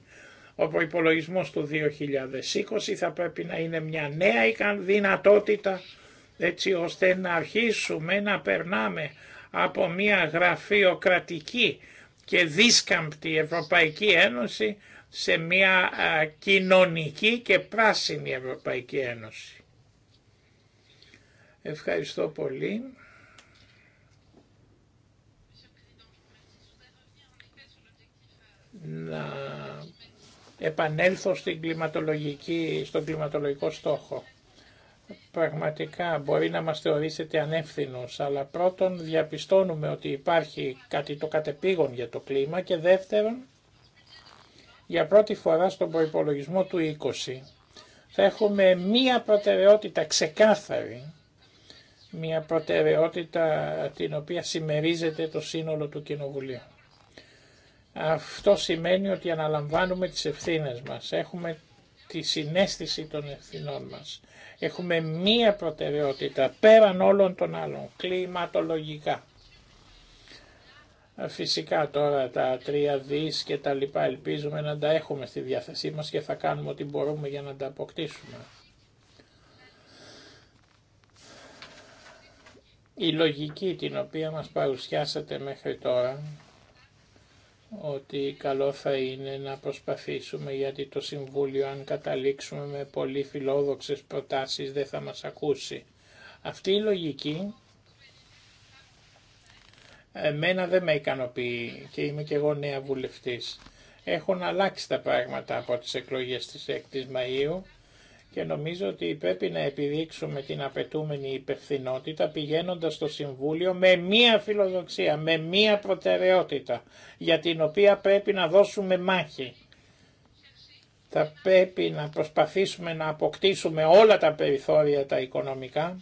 S2: Ο υπολογισμό του 2020 θα πρέπει να είναι μια νέα δυνατότητα έτσι ώστε να αρχίσουμε να περνάμε από μια γραφειοκρατική και δίσκαμπτη Ευρωπαϊκή Ένωση σε μια κοινωνική και πράσινη Ευρωπαϊκή Ένωση. Ευχαριστώ πολύ. Να επανέλθω στην κλιματολογική, στον κλιματολογικό στόχο. Πραγματικά μπορεί να μας θεωρήσετε ανεύθυνος, αλλά πρώτον διαπιστώνουμε ότι υπάρχει κάτι το κατεπήγον για το κλίμα και δεύτερον, για πρώτη φορά στον προϋπολογισμό του 20 θα έχουμε μία προτεραιότητα ξεκάθαρη, μία προτεραιότητα την οποία συμμερίζεται το σύνολο του Κοινοβουλίου. Αυτό σημαίνει ότι αναλαμβάνουμε τις ευθύνες μας, έχουμε τη συνέστηση των ευθυνών μας. Έχουμε μία προτεραιότητα πέραν όλων των άλλων, κλιματολογικά. Φυσικά τώρα τα τρία δις και τα λοιπά ελπίζουμε να τα έχουμε στη διάθεσή μας και θα κάνουμε ό,τι μπορούμε για να τα αποκτήσουμε. Η λογική την οποία μας παρουσιάσατε μέχρι τώρα ότι καλό θα είναι να προσπαθήσουμε γιατί το Συμβούλιο αν καταλήξουμε με πολύ φιλόδοξες προτάσεις δεν θα μας ακούσει. Αυτή η λογική εμένα δεν με ικανοποιεί και είμαι και εγώ νέα βουλευτής. Έχουν αλλάξει τα πράγματα από τις εκλογές της 6 Μαΐου και νομίζω ότι πρέπει να επιδείξουμε την απαιτούμενη υπευθυνότητα πηγαίνοντας στο Συμβούλιο με μία φιλοδοξία, με μία προτεραιότητα για την οποία πρέπει να δώσουμε μάχη. Θα πρέπει να προσπαθήσουμε να αποκτήσουμε όλα τα περιθώρια τα οικονομικά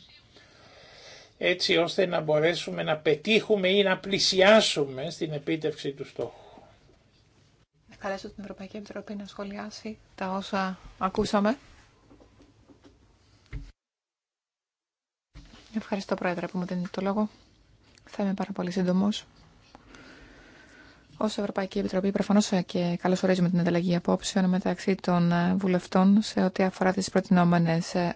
S2: έτσι ώστε να μπορέσουμε να πετύχουμε ή να πλησιάσουμε στην επίτευξη του στόχου
S3: καλέσω την Ευρωπαϊκή Επιτροπή να σχολιάσει τα όσα ακούσαμε. Ευχαριστώ, Πρόεδρε, που μου δίνετε το λόγο. Θα είμαι πάρα πολύ σύντομο. Ω Ευρωπαϊκή Επιτροπή, προφανώ ε, και καλωσορίζουμε την ανταλλαγή απόψεων μεταξύ των ε, βουλευτών σε ό,τι αφορά τι προτινόμενε ε,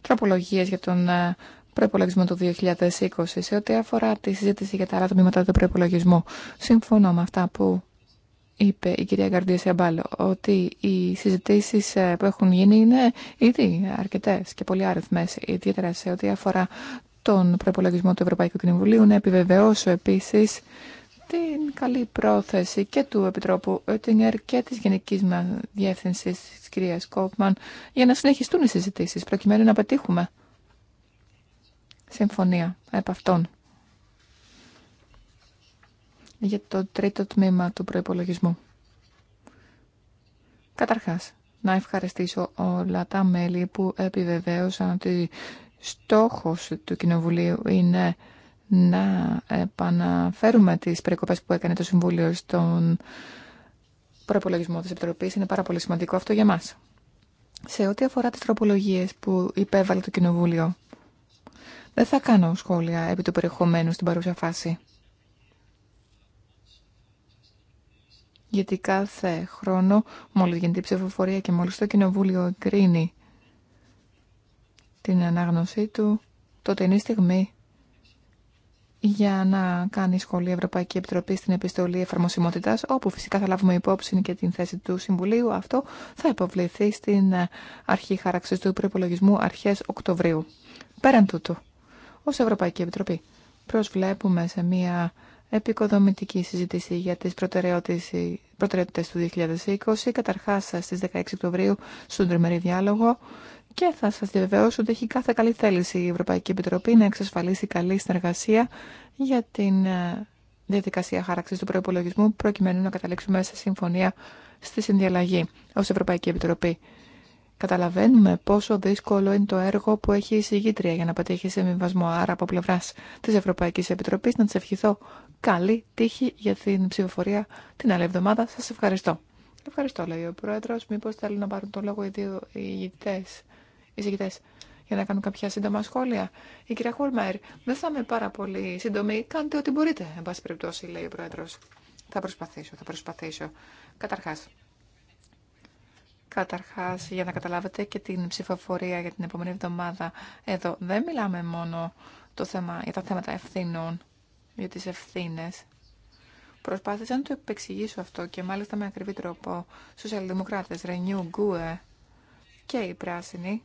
S3: τροπολογίε για τον προπολογισμό του 2020, σε ό,τι αφορά τη συζήτηση για τα άλλα τμήματα του προπολογισμού. Συμφωνώ με αυτά που είπε η κυρία Γκαρδία Σιαμπάλο, ότι οι συζητήσεις ε, που έχουν γίνει είναι ήδη αρκετές και πολύ άριθμες, ιδιαίτερα σε ό,τι αφορά τον προπολογισμό του Ευρωπαϊκού Κοινοβουλίου. Να επιβεβαιώσω επίσης την καλή πρόθεση και του Επιτρόπου Ότινγκερ και τη γενική μα διεύθυνση τη κυρίας Κόπμαν για να συνεχιστούν οι συζητήσει. προκειμένου να πετύχουμε συμφωνία επ' αυτών για το τρίτο τμήμα του προϋπολογισμού. Καταρχάς, να ευχαριστήσω όλα τα μέλη που επιβεβαίωσαν ότι στόχος του Κοινοβουλίου είναι να επαναφέρουμε τις περικοπές που έκανε το Συμβούλιο στον προπολογισμό της Επιτροπής. Είναι πάρα πολύ σημαντικό αυτό για μας. Σε ό,τι αφορά τις τροπολογίες που υπέβαλε το Κοινοβούλιο, δεν θα κάνω σχόλια επί του περιεχομένου στην παρούσα φάση. γιατί κάθε χρόνο μόλις γίνεται η ψηφοφορία και μόλις το Κοινοβούλιο εγκρίνει την ανάγνωσή του, τότε είναι η στιγμή για να κάνει σχολή Ευρωπαϊκή Επιτροπή στην επιστολή εφαρμοσιμότητα, όπου φυσικά θα λάβουμε υπόψη και την θέση του Συμβουλίου. Αυτό θα υποβληθεί στην αρχή χάραξη του προπολογισμού αρχέ Οκτωβρίου. Πέραν τούτου, ω Ευρωπαϊκή Επιτροπή προσβλέπουμε σε μια επικοδομητική συζήτηση για τις προτεραιότητε του 2020, καταρχάς στις 16 Οκτωβρίου στον τριμερή διάλογο και θα σας διαβεβαιώσω ότι έχει κάθε καλή θέληση η Ευρωπαϊκή Επιτροπή να εξασφαλίσει καλή συνεργασία για την ε, διαδικασία χάραξη του προπολογισμού προκειμένου να καταλήξουμε σε συμφωνία στη συνδιαλλαγή ως Ευρωπαϊκή Επιτροπή. Καταλαβαίνουμε πόσο δύσκολο είναι το έργο που έχει η συγγήτρια για να πετύχει σε Άρα, από πλευρά τη Ευρωπαϊκή Επιτροπή, να τη ευχηθώ καλή τύχη για την ψηφοφορία την άλλη εβδομάδα. Σας ευχαριστώ. Ευχαριστώ, λέει ο Πρόεδρος. Μήπως θέλουν να πάρουν τον λόγο οι δύο ηγητές, για να κάνουν κάποια σύντομα σχόλια. Η κυρία Χόρμαερ, δεν θα είμαι πάρα πολύ σύντομη. Κάντε ό,τι μπορείτε, εν πάση περιπτώσει, λέει ο Πρόεδρος. Θα προσπαθήσω, θα προσπαθήσω. Καταρχάς, Καταρχά για να καταλάβετε και την ψηφοφορία για την επόμενη εβδομάδα, εδώ δεν μιλάμε μόνο το θέμα, για τα θέματα ευθύνων για τις ευθύνε. Προσπάθησα να το επεξηγήσω αυτό και μάλιστα με ακριβή τρόπο σοσιαλδημοκράτες, Renew, Γκουε και οι πράσινοι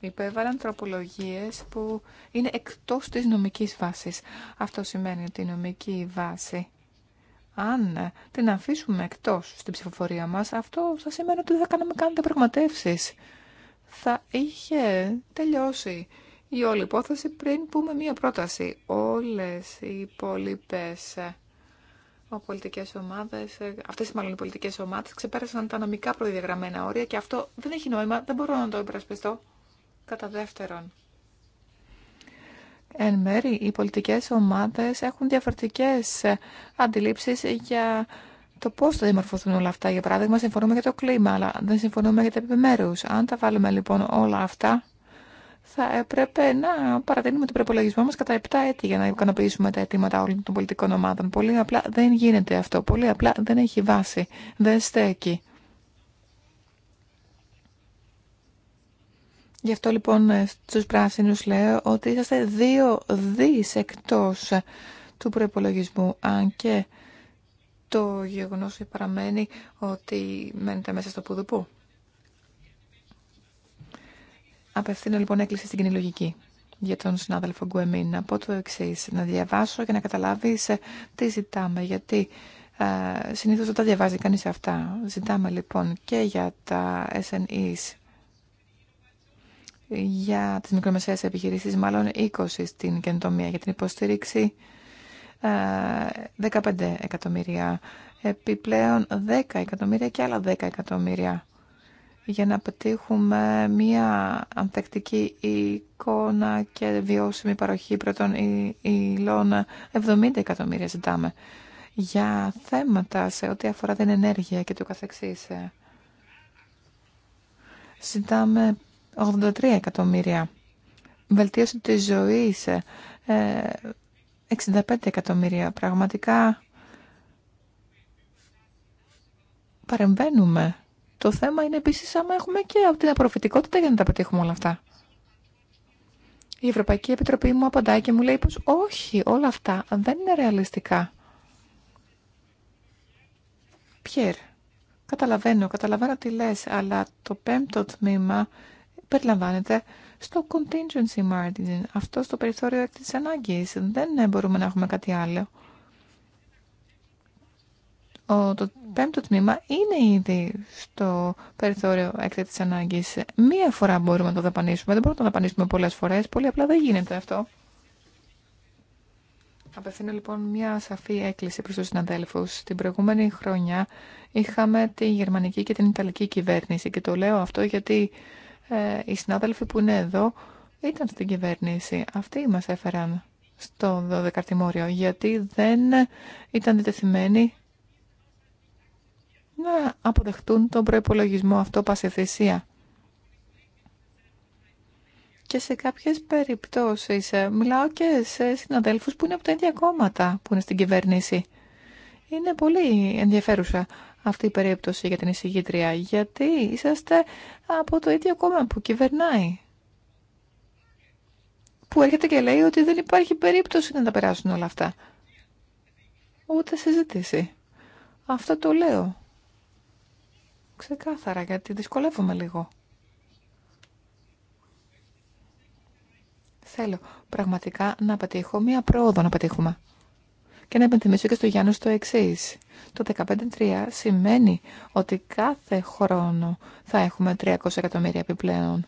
S3: υπέβαλαν τροπολογίες που είναι εκτός της νομικής βάσης. Αυτό σημαίνει ότι η νομική βάση, αν την αφήσουμε εκτός στην ψηφοφορία μας, αυτό θα σημαίνει ότι δεν θα κάναμε καν Θα είχε τελειώσει η όλη υπόθεση πριν πούμε μία πρόταση. Όλες οι υπόλοιπε ε, πολιτικές ομάδες, ε, αυτές μάλλον οι πολιτικές ομάδες ξεπέρασαν τα νομικά προδιαγραμμένα όρια και αυτό δεν έχει νόημα, δεν μπορώ να το υπερασπιστώ. Κατά δεύτερον, εν μέρη οι πολιτικές ομάδες έχουν διαφορετικές ε, αντιλήψεις για το πώ θα διαμορφωθούν όλα αυτά. Για παράδειγμα, συμφωνούμε για το κλίμα, αλλά δεν συμφωνούμε για τα επιμέρου. Αν τα βάλουμε λοιπόν όλα αυτά θα έπρεπε να παρατείνουμε τον προπολογισμό μα κατά 7 έτη για να ικανοποιήσουμε τα αιτήματα όλων των πολιτικών ομάδων. Πολύ απλά δεν γίνεται αυτό. Πολύ απλά δεν έχει βάση. Δεν στέκει. Γι' αυτό λοιπόν στου πράσινους λέω ότι είσαστε δύο δις εκτός του προπολογισμού, αν και το γεγονό παραμένει ότι μένετε μέσα στο πουδουπού. Απευθύνω λοιπόν έκκληση στην κοινή λογική για τον συνάδελφο Γκουεμίν. Να πω το εξή, να διαβάσω και να καταλάβει τι ζητάμε, γιατί ε, συνήθω δεν διαβάζει κανεί αυτά. Ζητάμε λοιπόν και για τα SNEs, για τις μικρομεσαίες επιχειρήσεις, μάλλον 20 στην καινοτομία, για την υποστήριξη 15 ε, εκατομμύρια, επιπλέον 10 εκατομμύρια και άλλα 10 εκατομμύρια για να πετύχουμε μία ανθεκτική εικόνα και βιώσιμη παροχή πρώτων υλών. 70 εκατομμύρια ζητάμε για θέματα σε ό,τι αφορά την ενέργεια και το καθεξής. Ζητάμε 83 εκατομμύρια. Βελτίωση της ζωής 65 ε, εκατομμύρια. Πραγματικά παρεμβαίνουμε το θέμα είναι επίση άμα έχουμε και την απορροφητικότητα για να τα πετύχουμε όλα αυτά. Η Ευρωπαϊκή Επιτροπή μου απαντάει και μου λέει πως όχι, όλα αυτά δεν είναι ρεαλιστικά. Πιέρ, καταλαβαίνω, καταλαβαίνω τι λες, αλλά το πέμπτο τμήμα περιλαμβάνεται στο contingency margin, αυτό στο περιθώριο της ανάγκης. Δεν μπορούμε να έχουμε κάτι άλλο το πέμπτο τμήμα είναι ήδη στο περιθώριο έκθετη ανάγκη. Μία φορά μπορούμε να το δαπανίσουμε. Δεν μπορούμε να το δαπανίσουμε πολλέ φορέ, Πολύ απλά δεν γίνεται αυτό. Απευθύνω λοιπόν μια σαφή έκκληση προ του συναδέλφου. Την προηγούμενη χρονιά είχαμε τη γερμανική και την ιταλική κυβέρνηση και το λέω αυτό γιατί ε, οι συνάδελφοι που είναι εδώ ήταν στην κυβέρνηση. Αυτοί μα έφεραν στο 12 μόριο γιατί δεν ήταν διτεθειμένοι να αποδεχτούν τον προϋπολογισμό αυτό θυσία. Και σε κάποιες περιπτώσεις ε, μιλάω και σε συναδέλφους που είναι από τα ίδια κόμματα που είναι στην κυβέρνηση. Είναι πολύ ενδιαφέρουσα αυτή η περίπτωση για την εισηγήτρια, γιατί είσαστε από το ίδιο κόμμα που κυβερνάει. Που έρχεται και λέει ότι δεν υπάρχει περίπτωση να τα περάσουν όλα αυτά. Ούτε συζήτηση. Αυτό το λέω ξεκάθαρα γιατί δυσκολεύομαι λίγο. Θέλω πραγματικά να πετύχω μία πρόοδο να πετύχουμε. Και να επενθυμίσω και στο Γιάννου το εξή. Το 15-3 σημαίνει ότι κάθε χρόνο θα έχουμε 300 εκατομμύρια επιπλέον.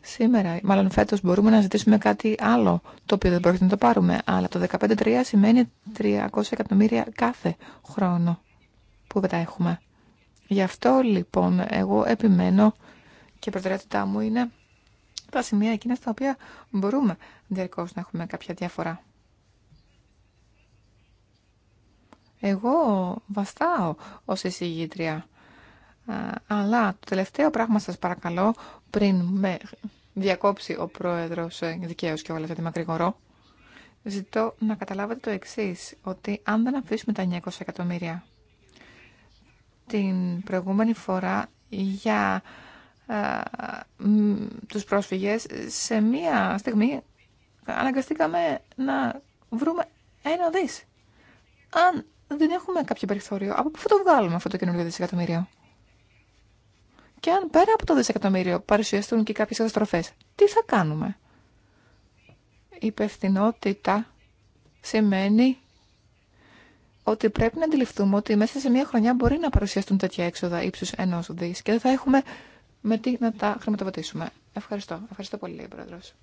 S3: Σήμερα, μάλλον φέτος, μπορούμε να ζητήσουμε κάτι άλλο, το οποίο δεν πρόκειται να το πάρουμε. Αλλά το 15-3 σημαίνει 300 εκατομμύρια κάθε χρόνο που θα έχουμε. Γι' αυτό λοιπόν εγώ επιμένω και η προτεραιότητά μου είναι τα σημεία εκείνα στα οποία μπορούμε διαρκώς να έχουμε κάποια διαφορά. Εγώ βαστάω ως εισηγήτρια. Αλλά το τελευταίο πράγμα σας παρακαλώ πριν με διακόψει ο πρόεδρος ε, δικαίως και όλα γιατί μακρηγορώ. Ζητώ να καταλάβετε το εξής, ότι αν δεν αφήσουμε τα 900 εκατομμύρια την προηγούμενη φορά για ε, τους πρόσφυγες, σε μία στιγμή αναγκαστήκαμε να βρούμε ένα δις. Αν δεν έχουμε κάποιο περιθώριο, από πού θα το βγάλουμε αυτό το καινούργιο δισεκατομμύριο. Και αν πέρα από το δισεκατομμύριο παρουσιαστούν και κάποιες καταστροφές, τι θα κάνουμε. Η υπευθυνότητα σημαίνει ότι πρέπει να αντιληφθούμε ότι μέσα σε μία χρονιά μπορεί να παρουσιαστούν τέτοια έξοδα ύψου ενό δι και δεν θα έχουμε με τι να τα χρηματοδοτήσουμε. Ευχαριστώ. Ευχαριστώ πολύ, λέει Πρόεδρος.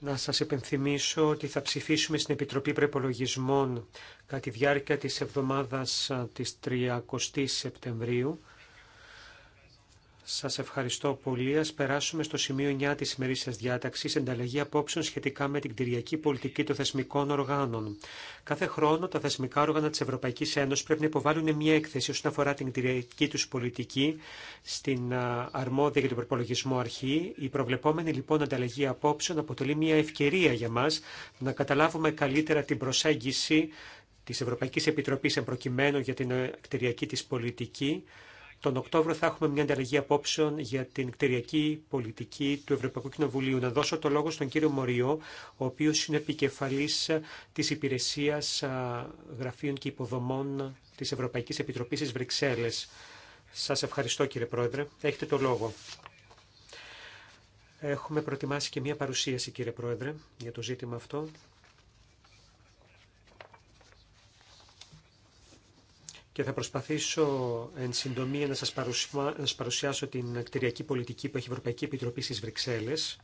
S1: Να σας υπενθυμίσω ότι θα ψηφίσουμε στην Επιτροπή Προπολογισμών κατά τη διάρκεια τη εβδομάδα ε, τη 30 Σεπτεμβρίου. Σα ευχαριστώ πολύ. Α περάσουμε στο σημείο 9 της σα διάταξη, ενταλλαγή απόψεων σχετικά με την κτηριακή πολιτική των θεσμικών οργάνων. Κάθε χρόνο τα θεσμικά όργανα τη Ευρωπαϊκή Ένωση πρέπει να υποβάλουν μια έκθεση όσον αφορά την κτηριακή του πολιτική στην αρμόδια για τον προπολογισμό αρχή. Η προβλεπόμενη λοιπόν ανταλλαγή απόψεων αποτελεί μια ευκαιρία για μα να καταλάβουμε καλύτερα την προσέγγιση της Ευρωπαϊκής Επιτροπής για την ε, κτηριακή τη πολιτική τον Οκτώβριο θα έχουμε μια ανταλλαγή απόψεων για την κτηριακή πολιτική του Ευρωπαϊκού Κοινοβουλίου. Να δώσω το λόγο στον κύριο Μωριό, ο οποίο είναι επικεφαλή τη Υπηρεσία Γραφείων και Υποδομών τη Ευρωπαϊκή Επιτροπή τη Βρυξέλλε. Σα ευχαριστώ κύριε Πρόεδρε. Έχετε το λόγο. Έχουμε προετοιμάσει και μια παρουσίαση κύριε Πρόεδρε για το ζήτημα αυτό. και θα προσπαθήσω εν συντομία να σας, παρουσιάσω, την κτηριακή πολιτική που έχει η Ευρωπαϊκή Επιτροπή στις Βρυξέλλες.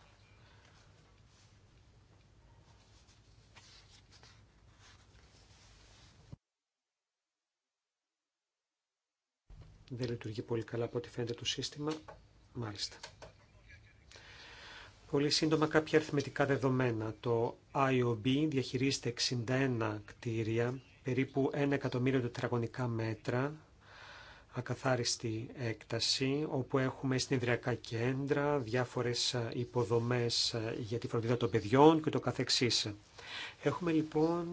S1: Δεν λειτουργεί πολύ καλά από ό,τι φαίνεται το σύστημα. Μάλιστα. Πολύ σύντομα κάποια αριθμητικά δεδομένα. Το IOB διαχειρίζεται 61 κτίρια περίπου 1 εκατομμύριο τετραγωνικά μέτρα ακαθάριστη έκταση, όπου έχουμε συνειδριακά κέντρα, διάφορες υποδομές για τη φροντίδα των παιδιών και το καθεξής. Έχουμε λοιπόν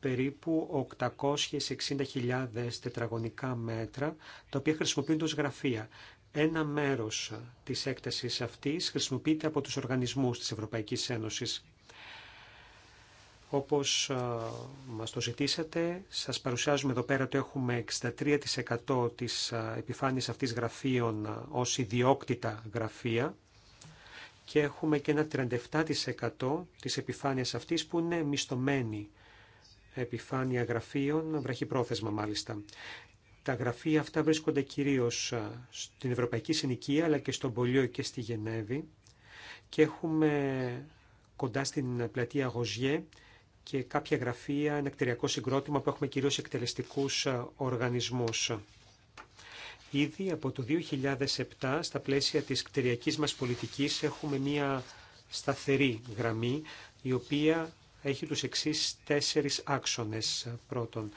S1: περίπου 860.000 τετραγωνικά μέτρα, τα οποία χρησιμοποιούνται ως γραφεία. Ένα μέρος της έκτασης αυτής χρησιμοποιείται από τους οργανισμούς της Ευρωπαϊκής Ένωσης. Όπως μας το ζητήσατε, σας παρουσιάζουμε εδώ πέρα ότι έχουμε 63% της επιφάνειας αυτής γραφείων ως ιδιόκτητα γραφεία και έχουμε και ένα 37% της επιφάνειας αυτής που είναι μισθωμένη επιφάνεια γραφείων, βραχυπρόθεσμα μάλιστα. Τα γραφεία αυτά βρίσκονται κυρίως στην Ευρωπαϊκή Συνοικία αλλά και στον Πολιό και στη Γενέβη και έχουμε κοντά στην πλατεία Γοζιέ και κάποια γραφεία, ένα κτηριακό συγκρότημα που έχουμε κυρίως εκτελεστικούς ε, οργανισμούς. Ήδη από το 2007, στα πλαίσια της κτηριακής μας πολιτικής, έχουμε μία σταθερή γραμμή, η οποία έχει τους εξής τέσσερις άξονες. Πρώτον,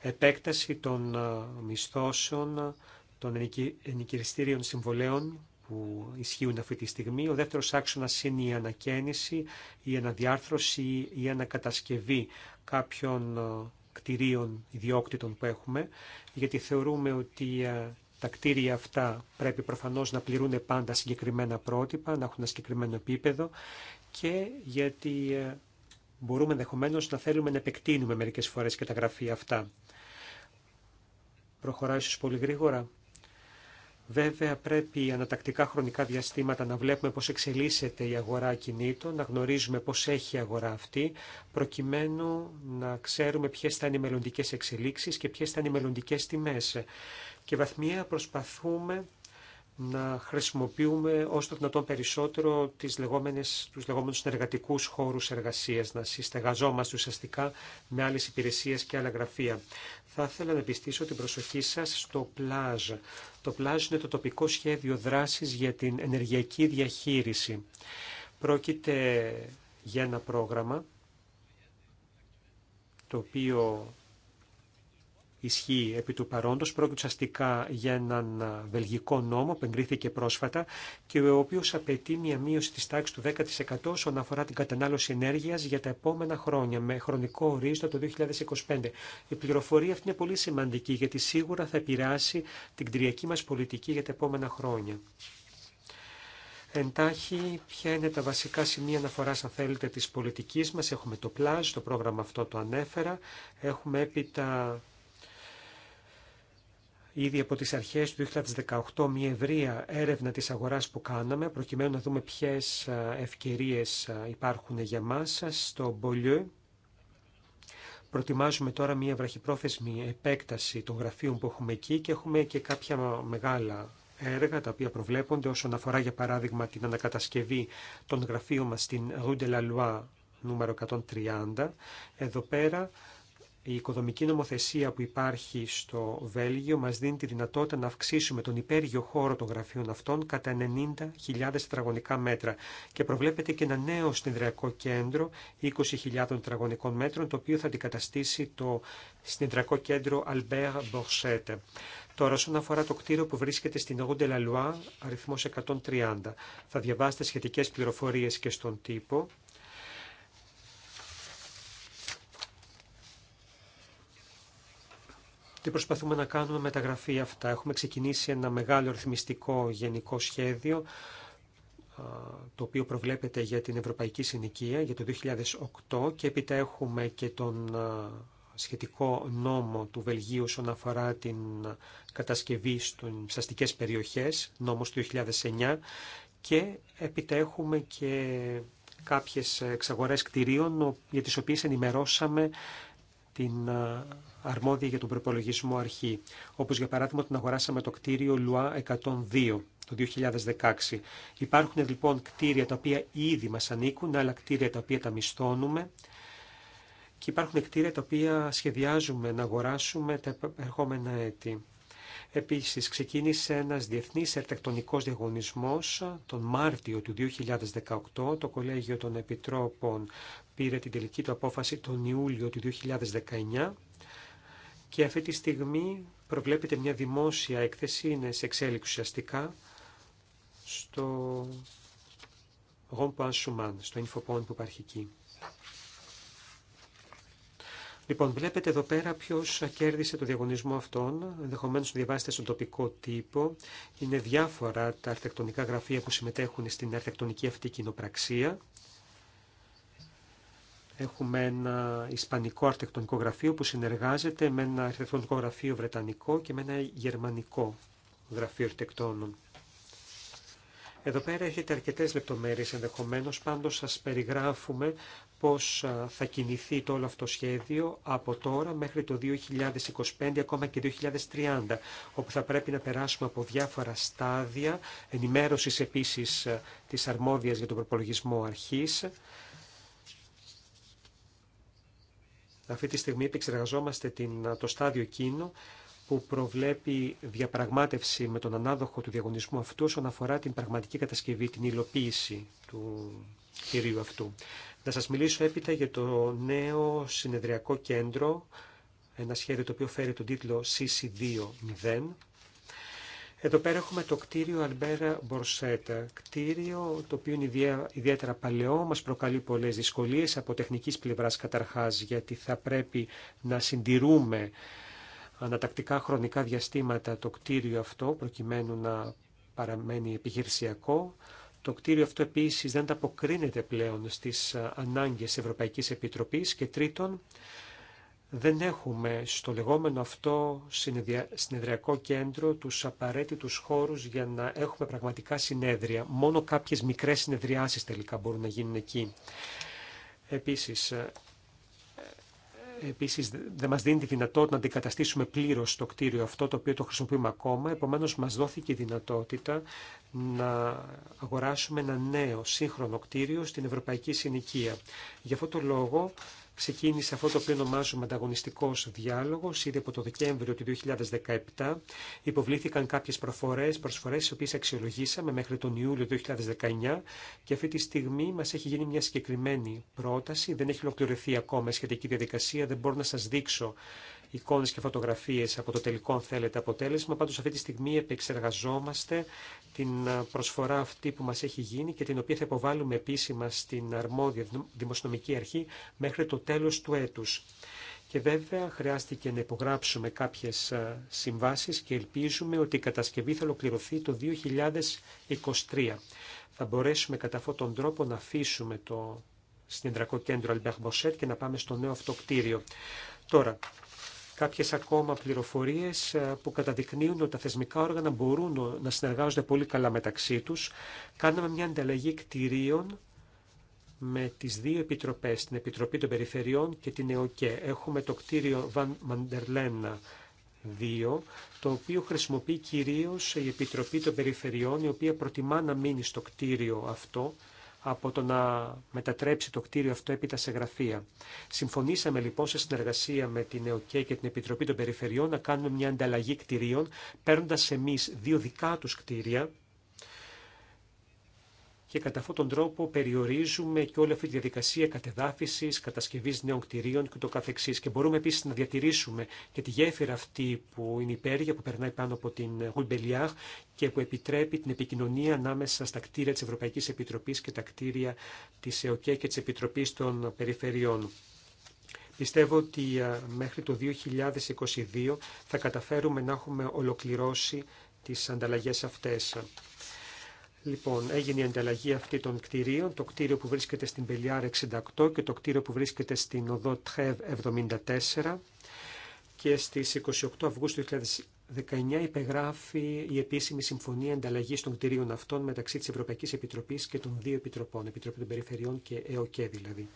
S1: επέκταση των ε, μισθώσεων, των ενοικηριστήριων συμβολέων, που ισχύουν αυτή τη στιγμή. Ο δεύτερος άξονας είναι η ανακαίνιση, η αναδιάρθρωση, η ανακατασκευή κάποιων ε, κτηρίων ιδιόκτητων που έχουμε, γιατί θεωρούμε ότι ε, τα κτίρια αυτά πρέπει προφανώς να πληρούν πάντα συγκεκριμένα πρότυπα, να έχουν ένα συγκεκριμένο επίπεδο και γιατί ε, μπορούμε ενδεχομένω να θέλουμε να επεκτείνουμε μερικές φορές και τα γραφεία αυτά. Προχωράει πολύ γρήγορα. Βέβαια πρέπει ανατακτικά χρονικά διαστήματα να βλέπουμε πώς εξελίσσεται η αγορά κινήτων, να γνωρίζουμε πώς έχει η αγορά αυτή, προκειμένου να ξέρουμε ποιες θα είναι οι μελλοντικές εξελίξεις και ποιες θα είναι οι μελλοντικές τιμές. Και βαθμία προσπαθούμε να χρησιμοποιούμε όσο το δυνατόν περισσότερο τις λεγόμενες, τους λεγόμενους συνεργατικού χώρους εργασίας, να συστεγαζόμαστε ουσιαστικά με άλλες υπηρεσίες και άλλα γραφεία. Θα ήθελα να επιστήσω την προσοχή σας στο πλάζ. Το πλάζ είναι το τοπικό σχέδιο δράσης για την ενεργειακή διαχείριση. Πρόκειται για ένα πρόγραμμα το οποίο ισχύει επί του παρόντος. Πρόκειται ουσιαστικά για έναν βελγικό νόμο που εγκρίθηκε πρόσφατα και ο οποίος απαιτεί μια μείωση της τάξης του 10% όσον αφορά την κατανάλωση ενέργειας για τα επόμενα χρόνια με χρονικό ορίζοντα το 2025. Η πληροφορία αυτή είναι πολύ σημαντική γιατί σίγουρα θα επηρεάσει την κτηριακή μας πολιτική για τα επόμενα χρόνια. Εντάχει, ποια είναι τα βασικά σημεία αναφοράς, αν θέλετε, της πολιτικής μας. Έχουμε το πλάζ, το πρόγραμμα αυτό το ανέφερα. Έχουμε έπειτα ήδη από τις αρχές του 2018 μια ευρεία έρευνα της αγοράς που κάναμε προκειμένου να δούμε ποιες ευκαιρίες υπάρχουν για μας στο Μπολιό. Προτιμάζουμε τώρα μια βραχυπρόθεσμη επέκταση των γραφείων που έχουμε εκεί και έχουμε και κάποια μεγάλα έργα τα οποία προβλέπονται όσον αφορά για παράδειγμα την ανακατασκευή των γραφείων μας στην Rue de la Loi νούμερο 130. Εδώ πέρα η οικοδομική νομοθεσία που υπάρχει στο Βέλγιο μας δίνει τη δυνατότητα να αυξήσουμε τον υπέργειο χώρο των γραφείων αυτών κατά 90.000 τετραγωνικά μέτρα και προβλέπεται και ένα νέο συνδριακό κέντρο 20.000 τετραγωνικών μέτρων το οποίο θα αντικαταστήσει το συνδριακό κέντρο Albert Borsette. Τώρα, όσον αφορά το κτίριο που βρίσκεται στην de la Loire, αριθμός 130, θα διαβάσετε σχετικές πληροφορίες και στον τύπο. τι προσπαθούμε να κάνουμε με τα γραφεία αυτά. Έχουμε ξεκινήσει ένα μεγάλο ρυθμιστικό γενικό σχέδιο, το οποίο προβλέπεται για την Ευρωπαϊκή Συνοικία για το 2008 και έπειτα έχουμε και τον σχετικό νόμο του Βελγίου όσον αφορά την κατασκευή στις αστικές περιοχές, νόμος του 2009 και έπειτα έχουμε και κάποιες εξαγορές κτηρίων για τις οποίες ενημερώσαμε την ε, αρμόδια για τον προπολογισμό αρχή, όπως για παράδειγμα την αγοράσαμε το κτίριο Λουά 102 το 2016. Υπάρχουν λοιπόν κτίρια τα οποία ήδη μας ανήκουν, άλλα κτίρια τα οποία τα μισθώνουμε και υπάρχουν κτίρια τα οποία σχεδιάζουμε να αγοράσουμε τα ερχόμενα έτη. Επίσης, ξεκίνησε ένας διεθνής ερτεκτονικός διαγωνισμός τον Μάρτιο του 2018. Το Κολέγιο των Επιτρόπων πήρε την τελική του απόφαση τον Ιούλιο του 2019 και αυτή τη στιγμή προβλέπεται μια δημόσια έκθεση, είναι σε εξέλιξη ουσιαστικά, στο Γομπαν Σουμάν, στο ίνφοπόν που υπάρχει εκεί. Λοιπόν, βλέπετε εδώ πέρα ποιο κέρδισε το διαγωνισμό αυτόν. Ενδεχομένω το διαβάσετε στον τοπικό τύπο. Είναι διάφορα τα αρχιτεκτονικά γραφεία που συμμετέχουν στην αρχιτεκτονική αυτή κοινοπραξία. Έχουμε ένα ισπανικό αρχιτεκτονικό γραφείο που συνεργάζεται με ένα αρχιτεκτονικό γραφείο βρετανικό και με ένα γερμανικό γραφείο αρχιτεκτόνων. Εδώ πέρα έχετε αρκετές λεπτομέρειες ενδεχομένως, πάντως σας περιγράφουμε πώς θα κινηθεί το όλο αυτό σχέδιο από τώρα μέχρι το 2025, ακόμα και 2030, όπου θα πρέπει να περάσουμε από διάφορα στάδια, ενημέρωσης επίσης της αρμόδιας για τον προπολογισμό αρχής. Αυτή τη στιγμή επεξεργαζόμαστε την, το στάδιο εκείνο που προβλέπει διαπραγμάτευση με τον ανάδοχο του διαγωνισμού αυτού όσον αφορά την πραγματική κατασκευή, την υλοποίηση του κυρίου αυτού. Να σας μιλήσω έπειτα για το νέο συνεδριακό κέντρο, ένα σχέδιο το οποίο φέρει τον τίτλο CC2.0. Εδώ πέρα έχουμε το κτίριο Αλμπέρα Μπορσέτα, κτίριο το οποίο είναι ιδιαίτερα παλαιό, μας προκαλεί πολλές δυσκολίες από τεχνικής πλευράς καταρχάς, γιατί θα πρέπει να συντηρούμε ανατακτικά χρονικά διαστήματα το κτίριο αυτό, προκειμένου να παραμένει επιχειρησιακό. Το κτίριο αυτό επίσης δεν αποκρίνεται πλέον στις ανάγκες Ευρωπαϊκής Επιτροπής και τρίτον, δεν έχουμε στο λεγόμενο αυτό συνεδριακό κέντρο τους απαραίτητου χώρους για να έχουμε πραγματικά συνέδρια. Μόνο κάποιες μικρές συνεδριάσεις τελικά μπορούν να γίνουν εκεί. Επίσης, Επίσης δεν μας δίνει τη δυνατότητα να αντικαταστήσουμε πλήρως το κτίριο αυτό το οποίο το χρησιμοποιούμε ακόμα, επομένως μας δόθηκε η δυνατότητα να αγοράσουμε ένα νέο σύγχρονο κτίριο στην Ευρωπαϊκή Συνοικία. Γι' αυτό το λόγο ξεκίνησε αυτό το οποίο ονομάζουμε ανταγωνιστικό διάλογο. Ήδη από το Δεκέμβριο του 2017 υποβλήθηκαν κάποιε προφορέ, προσφορέ, τι οποίε αξιολογήσαμε μέχρι τον Ιούλιο του 2019 και αυτή τη στιγμή μα έχει γίνει μια συγκεκριμένη πρόταση. Δεν έχει ολοκληρωθεί ακόμα η σχετική διαδικασία, δεν μπορώ να σα δείξω Εικόνε και φωτογραφίε από το τελικό, αν θέλετε, αποτέλεσμα. Πάντω, αυτή τη στιγμή επεξεργαζόμαστε την ε, προσφορά αυτή που μα έχει γίνει και την οποία θα υποβάλουμε επίσημα στην αρμόδια δημοσιονομική αρχή μέχρι το τέλο του έτου. Και βέβαια χρειάστηκε να υπογράψουμε κάποιες ε, συμβάσεις και ελπίζουμε ότι η κατασκευή θα ολοκληρωθεί το 2023. Θα μπορέσουμε κατά αυτόν τον τρόπο να αφήσουμε το συνδρακό κέντρο Αλμπερ Μποσέτ και να πάμε στο νέο αυτό κτίριο. Τώρα, κάποιες ακόμα πληροφορίες ε, που καταδεικνύουν ότι τα θεσμικά όργανα μπορούν να συνεργάζονται πολύ καλά μεταξύ τους. Κάναμε μια ανταλλαγή κτηρίων με τις δύο επιτροπές, την Επιτροπή των Περιφερειών και την ΕΟΚΕ. Έχουμε το κτίριο Βαν Μαντερλένα 2, το οποίο χρησιμοποιεί κυρίως η Επιτροπή των Περιφερειών, η οποία προτιμά να μείνει στο κτίριο αυτό, από το να μετατρέψει το κτίριο αυτό έπειτα σε γραφεία. Συμφωνήσαμε λοιπόν σε συνεργασία με την ΕΟΚΕ και την Επιτροπή των Περιφερειών να κάνουμε μια ανταλλαγή κτιρίων, παίρνοντα εμεί δύο δικά του κτίρια και κατά αυτόν τον τρόπο περιορίζουμε και όλη αυτή τη διαδικασία κατεδάφιση, κατασκευή νέων κτηρίων και το καθεξής. Και μπορούμε επίση να διατηρήσουμε και τη γέφυρα αυτή που είναι υπέρια, που περνάει πάνω από την Γουλμπελιάχ και που επιτρέπει την επικοινωνία ανάμεσα στα κτίρια τη Ευρωπαϊκή Επιτροπή και τα κτίρια τη ΕΟΚΕ και τη Επιτροπή των Περιφερειών. Πιστεύω ότι μέχρι το 2022 θα καταφέρουμε να έχουμε ολοκληρώσει τις ανταλλαγές αυτές. Λοιπόν, έγινε η ανταλλαγή αυτή των κτηρίων, το κτίριο που βρίσκεται στην Πελιάρ 68 και το κτίριο που βρίσκεται στην Οδό Τχევ 74 και στις 28 Αυγούστου 2019 υπεγράφει η επίσημη συμφωνία ανταλλαγή των κτηρίων αυτών μεταξύ της Ευρωπαϊκής Επιτροπής και των δύο επιτροπών, Επιτροπή των Περιφερειών και ΕΟΚΕ δηλαδή.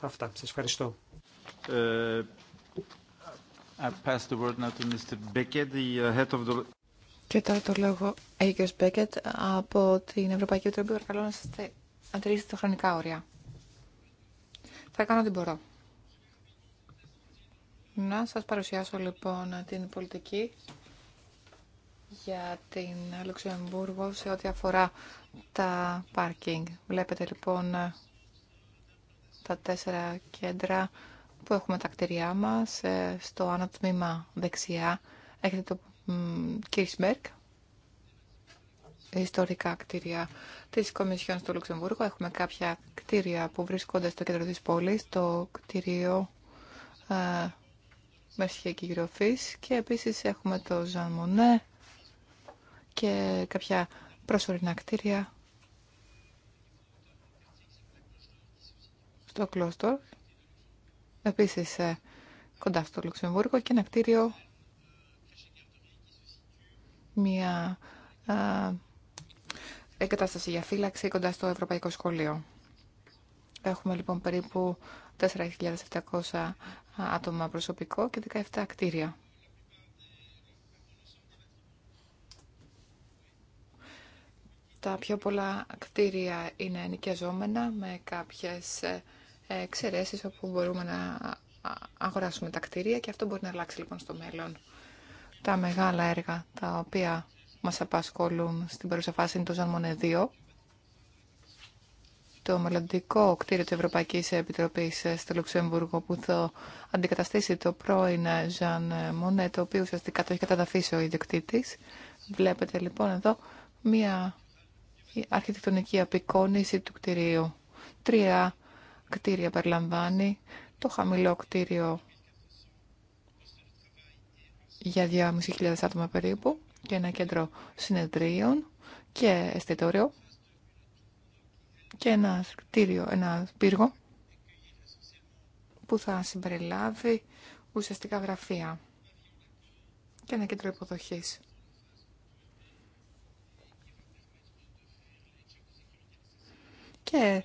S1: Αυτά. Σας ευχαριστώ.
S3: Και τώρα το λόγο Akers Beckett από την Ευρωπαϊκή Επιτροπή. Παρακαλώ να σας αντιρρήσετε χρονικά όρια. Θα κάνω ό,τι μπορώ. Να σας παρουσιάσω λοιπόν την πολιτική για την Λουξεμβούργο σε ό,τι αφορά τα πάρκινγκ. Βλέπετε λοιπόν τα τέσσερα κέντρα που έχουμε τα κτηριά μας ε, στο άνω τμήμα δεξιά. Έχετε το Κίσμπερκ, ιστορικά κτίρια της Κομισιόν στο Λουξεμβούργο. Έχουμε κάποια κτίρια που βρίσκονται στο κέντρο της πόλης, το κτίριο ε, και και επίσης έχουμε το Ζαμονέ και κάποια προσωρινά κτίρια στο Κλώστορ, επίσης ε, κοντά στο Λουξεμβούργο και ένα κτίριο μια α, εγκατάσταση για φύλαξη κοντά στο Ευρωπαϊκό Σχολείο. Έχουμε λοιπόν περίπου 4.700 άτομα προσωπικό και 17 κτίρια. Τα πιο πολλά κτίρια είναι ενοικιαζόμενα με κάποιες ε, εξαιρέσεις όπου μπορούμε να αγοράσουμε τα κτίρια και αυτό μπορεί να αλλάξει λοιπόν στο μέλλον τα μεγάλα έργα τα οποία μας απασχολούν στην παρούσα φάση είναι το Ζαν 2, το μελλοντικό κτίριο της Ευρωπαϊκής Επιτροπής στο Λουξεμβούργο που θα αντικαταστήσει το πρώην Ζαν Μονέ, το οποίο ουσιαστικά το έχει καταδαφίσει ο ιδιοκτήτης. Βλέπετε λοιπόν εδώ μία αρχιτεκτονική απεικόνηση του κτιρίου. Τρία κτίρια περιλαμβάνει, το χαμηλό κτίριο για 2.500 άτομα περίπου και ένα κέντρο συνεδρίων και εστιατόριο και ένα κτίριο, ένα πύργο που θα συμπεριλάβει ουσιαστικά γραφεία και ένα κέντρο υποδοχής. Και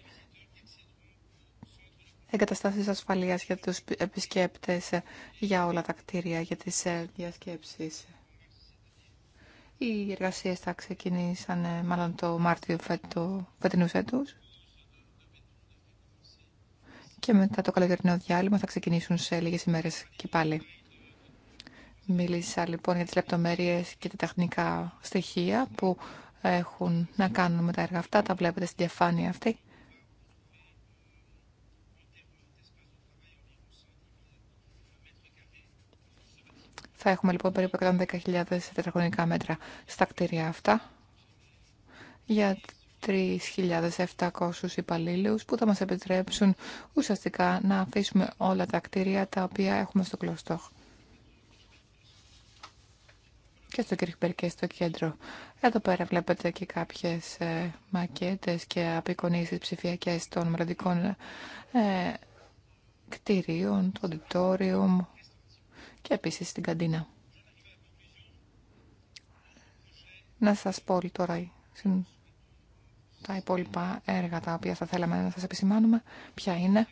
S3: εγκαταστάσεις ασφαλείας για τους επισκέπτες ε, για όλα τα κτίρια, για τις ε, διασκέψεις. Οι εργασίες θα ξεκινήσαν μάλλον το Μάρτιο φέτο, φετινού έτους. Και μετά το καλοκαιρινό διάλειμμα θα ξεκινήσουν σε λίγες ημέρες και πάλι. Μίλησα λοιπόν για τις λεπτομέρειες και τα τεχνικά στοιχεία που έχουν να κάνουν με τα έργα αυτά. Τα βλέπετε στην διαφάνεια αυτή. Θα έχουμε λοιπόν περίπου 110.000 τετραγωνικά μέτρα στα κτίρια αυτά για 3.700 υπαλλήλου που θα μας επιτρέψουν ουσιαστικά να αφήσουμε όλα τα κτίρια τα οποία έχουμε στο Κλωστόχ. Και στο Κρυχμπερ και στο κέντρο. Εδώ πέρα βλέπετε και κάποιες ε, μακέτες και απεικονίσεις ψηφιακές των μελλοντικών ε, κτίριων, το auditorium, και επίσης στην καντίνα. Να σας πω τώρα τα υπόλοιπα έργα τα οποία θα θέλαμε να σας επισημάνουμε. Ποια είναι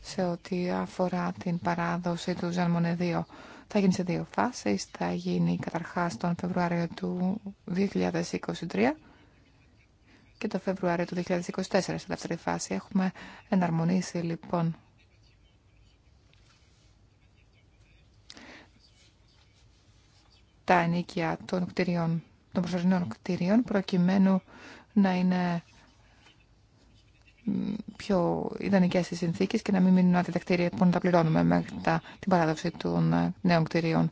S3: σε ό,τι αφορά την παράδοση του Ζαλμονε 2. Θα γίνει σε δύο φάσεις. Θα γίνει καταρχάς τον Φεβρουάριο του 2023 και το Φεβρουάριο του 2024 στη δεύτερη φάση. Έχουμε εναρμονίσει λοιπόν τα ενίκια των κτηριών, των προσωρινών κτηρίων, προκειμένου να είναι πιο ιδανικέ οι συνθήκε και να μην μείνουν άτυπα που να τα πληρώνουμε μέχρι τα, την παράδοση των ε, νέων κτηρίων.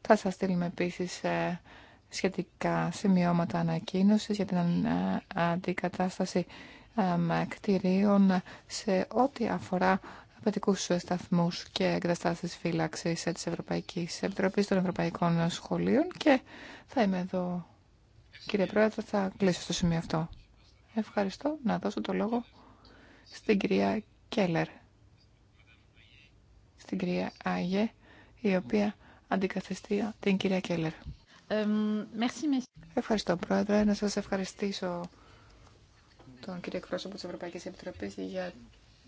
S3: Θα σας στείλουμε επίσης ε, σχετικά σημειώματα ανακοίνωση για την ε, αντικατάσταση κτηρίων σε ό,τι αφορά πατικούς σταθμούς και εγκαταστάσεις φύλαξης της Ευρωπαϊκής Επιτροπής των Ευρωπαϊκών Σχολείων και θα είμαι εδώ. Κύριε Πρόεδρε, θα κλείσω στο σημείο αυτό. Ευχαριστώ. Να δώσω το λόγο στην κυρία Κέλλερ. Στην κυρία Άγε, η οποία αντικαθιστεί την κυρία Κέλλερ. Ευχαριστώ, Πρόεδρε. Να σας ευχαριστήσω τον κύριο εκπρόσωπο της Ευρωπαϊκής Επιτροπής για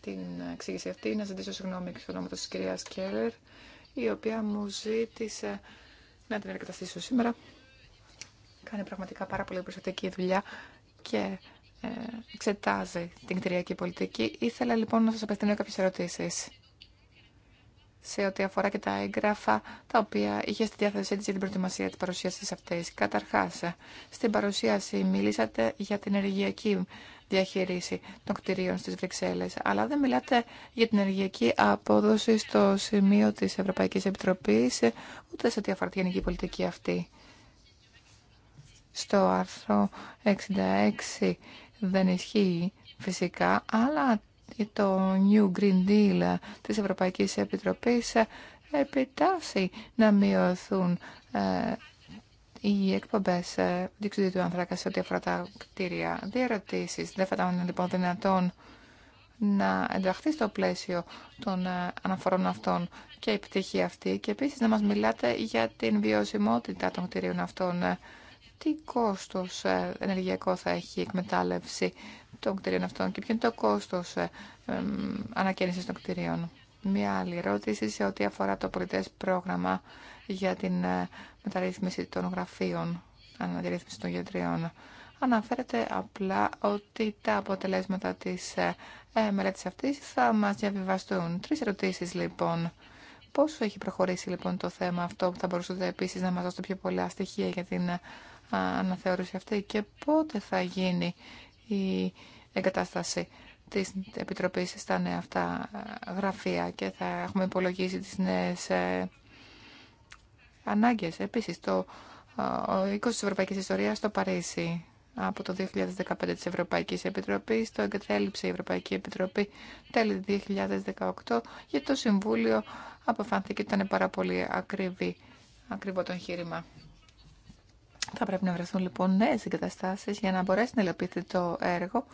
S3: την εξήγηση αυτή να ζητήσω συγγνώμη εξ ονόματος της κυρίας Κέλλερ, η οποία μου ζήτησε να την εγκαταστήσω σήμερα. Κάνει πραγματικά πάρα πολύ προσεκτική δουλειά και ε, εξετάζει την κτηριακή πολιτική. Ήθελα λοιπόν να σας απευθύνω κάποιες ερωτήσεις σε ό,τι αφορά και τα έγγραφα τα οποία είχε στη διάθεσή της για την προετοιμασία της παρουσίασης αυτής. Καταρχάς, στην παρουσίαση μιλήσατε για την ενεργειακή διαχείριση των κτηρίων στις Βρυξέλλες, αλλά δεν μιλάτε για την ενεργειακή απόδοση στο σημείο της Ευρωπαϊκής Επιτροπής, ούτε σε ό,τι αφορά τη γενική πολιτική αυτή. Στο άρθρο 66 δεν ισχύει φυσικά, αλλά το New Green Deal της Ευρωπαϊκής Επιτροπής επιτάσσει να μειωθούν ε, οι εκπομπέ ε, διεξουδίου του άνθρακα σε ό,τι αφορά τα κτίρια. Δύο Δεν θα ήταν λοιπόν δυνατόν να ενταχθεί στο πλαίσιο των ε, αναφορών αυτών και η πτυχή αυτή και επίσης να μας μιλάτε για την βιωσιμότητα των κτίριων αυτών τι κόστος ε, ενεργειακό θα έχει η εκμετάλλευση των κτηρίων αυτών και ποιο είναι το κόστος ε, ανακαίνησης των κτηρίων. Μία άλλη ερώτηση σε ό,τι αφορά το πολιτές πρόγραμμα για την ε, μεταρρύθμιση των γραφείων, αναδιαρρύθμιση των γιατριών. Αναφέρεται απλά ότι τα αποτελέσματα της μελέτης αυτής θα μας διαβιβαστούν. Τρεις ερωτήσεις λοιπόν. Πόσο έχει προχωρήσει λοιπόν το θέμα αυτό που θα μπορούσατε επίσης να μας δώσετε πιο πολλά στοιχεία για την αναθεώρηση αυτή και πότε θα γίνει η εγκατάσταση της Επιτροπής στα νέα αυτά γραφεία και θα έχουμε υπολογίσει τις νέες ε, ανάγκες. Επίσης, το, ε, ο οίκος της Ευρωπαϊκής Ιστορίας στο Παρίσι από το 2015 της Ευρωπαϊκής Επιτροπής, το εγκατέλειψε η Ευρωπαϊκή Επιτροπή τέλη 2018, γιατί το Συμβούλιο αποφανθήκε ότι ήταν πάρα πολύ ακριβή, ακριβό το εγχείρημα. Θα πρέπει να βρεθούν λοιπόν νέες εγκαταστάσεις για να μπορέσει να υλοποιηθεί το έργο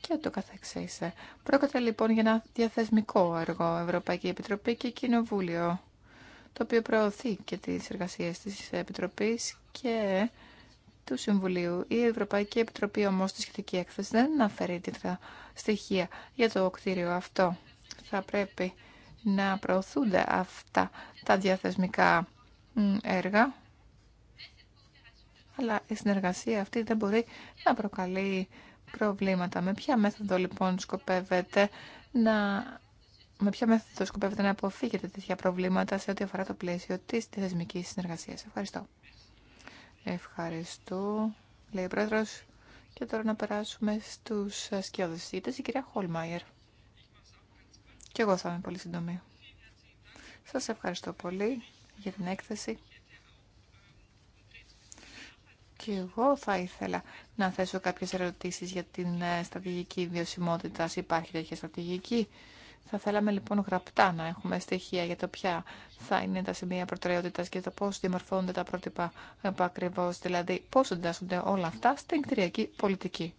S3: και το καθεξής. Πρόκειται λοιπόν για ένα διαθεσμικό έργο Ευρωπαϊκή Επιτροπή και Κοινοβούλιο, το οποίο προωθεί και τις εργασίες της Επιτροπής και του Συμβουλίου. Η Ευρωπαϊκή Επιτροπή όμως στη σχετική έκθεση δεν αναφέρει τέτοια στοιχεία για το κτίριο αυτό. Θα πρέπει να προωθούνται αυτά τα διαθεσμικά έργα αλλά η συνεργασία αυτή δεν μπορεί να προκαλεί προβλήματα. Με ποια μέθοδο λοιπόν σκοπεύετε να... Με ποια μέθοδο σκοπεύετε να αποφύγετε τέτοια προβλήματα σε ό,τι αφορά το πλαίσιο της θεσμικής συνεργασίας. Ευχαριστώ. Ευχαριστώ, λέει ο Πρόεδρος. Και τώρα να περάσουμε στους σκιώδες η κυρία Χολμάιερ. Και εγώ θα είμαι πολύ σύντομη. Σας ευχαριστώ πολύ για την έκθεση. Και εγώ θα ήθελα να θέσω κάποιες ερωτήσεις για την ε, στρατηγική βιωσιμότητα. Υπάρχει τέτοια στρατηγική. Θα θέλαμε λοιπόν γραπτά να έχουμε στοιχεία για το ποια θα είναι τα σημεία προτεραιότητα και το πώ διαμορφώνονται τα πρότυπα ακριβώ, δηλαδή πώ εντάσσονται όλα αυτά στην κτηριακή πολιτική.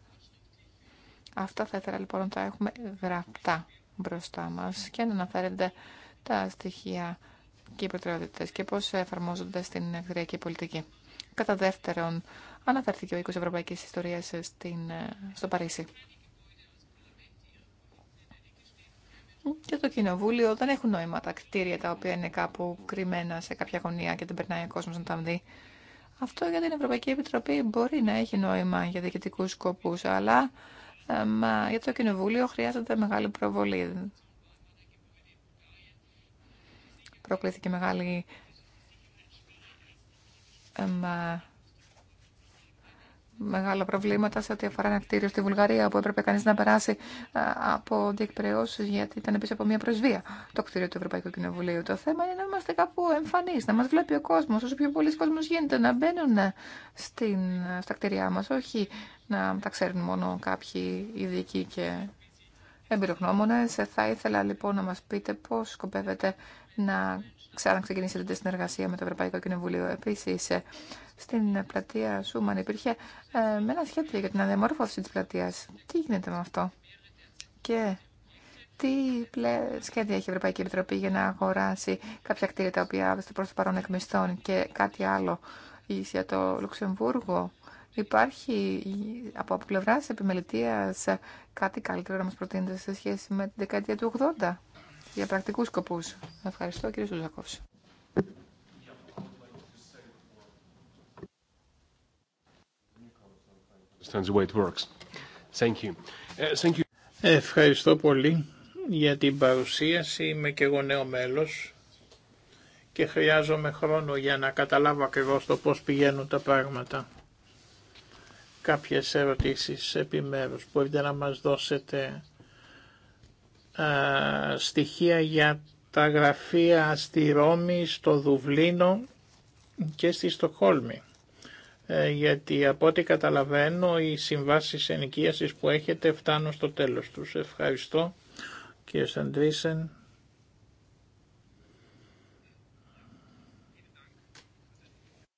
S3: Αυτά θα ήθελα λοιπόν να τα έχουμε γραπτά μπροστά μα και να αναφέρετε τα στοιχεία και οι προτεραιότητε και πώ εφαρμόζονται στην κτηριακή πολιτική. Κατά δεύτερον, αναφέρθηκε ο οίκος Ευρωπαϊκής Ιστορίας στην, ε, στο Παρίσι. Και το κοινοβούλιο δεν έχουν νόημα τα κτίρια τα οποία είναι κάπου κρυμμένα σε κάποια γωνία και δεν περνάει ο κόσμος να τα δει. Αυτό για την Ευρωπαϊκή Επιτροπή μπορεί να έχει νόημα για διοικητικού σκοπούς, αλλά μα, για το Κοινοβούλιο χρειάζεται μεγάλη προβολή. Προκλήθηκε μεγάλη με μεγάλα προβλήματα σε ό,τι αφορά ένα κτίριο στη Βουλγαρία που έπρεπε κανείς να περάσει ε, από διεκπαιρεώσεις γιατί ήταν πίσω από μια προσβία το κτίριο του Ευρωπαϊκού Κοινοβουλίου. Το θέμα είναι να είμαστε κάπου εμφανείς, να μας βλέπει ο κόσμος, όσο πιο πολλοί κόσμος γίνεται, να μπαίνουν ε, στην, ε, στα κτίρια μας, όχι να τα ξέρουν μόνο κάποιοι ειδικοί και εμπειρογνώμονες. Θα ήθελα λοιπόν να μας πείτε πώς σκοπεύετε να ξαναξεκινήσετε τη συνεργασία με το Ευρωπαϊκό Κοινοβούλιο. Επίση, ε, στην πλατεία Σούμαν υπήρχε με ένα σχέδιο για την ανεμόρφωση τη πλατεία. Τι γίνεται με αυτό, και τι σχέδια έχει η Ευρωπαϊκή Επιτροπή για να αγοράσει κάποια κτίρια τα οποία στο το παρόν εκμισθών και κάτι άλλο για το Λουξεμβούργο. Υπάρχει από πλευρά επιμελητία κάτι καλύτερο να μα προτείνετε σε σχέση με την δεκαετία του 80 για πρακτικούς σκοπούς. Ευχαριστώ κύριε Σουζακόφς.
S1: Uh,
S2: Ευχαριστώ πολύ για την παρουσίαση. Είμαι και εγώ νέο μέλος και χρειάζομαι χρόνο για να καταλάβω ακριβώ το πώς πηγαίνουν τα πράγματα. Κάποιες ερωτήσεις επιμέρους. Μπορείτε να μας δώσετε ε, στοιχεία για τα γραφεία στη Ρώμη, στο Δουβλίνο και στη Στοκχόλμη. Ε, γιατί από ό,τι καταλαβαίνω οι συμβάσεις ενοικίασης που έχετε φτάνουν στο τέλος τους. Ευχαριστώ κύριε Σαντρίσεν.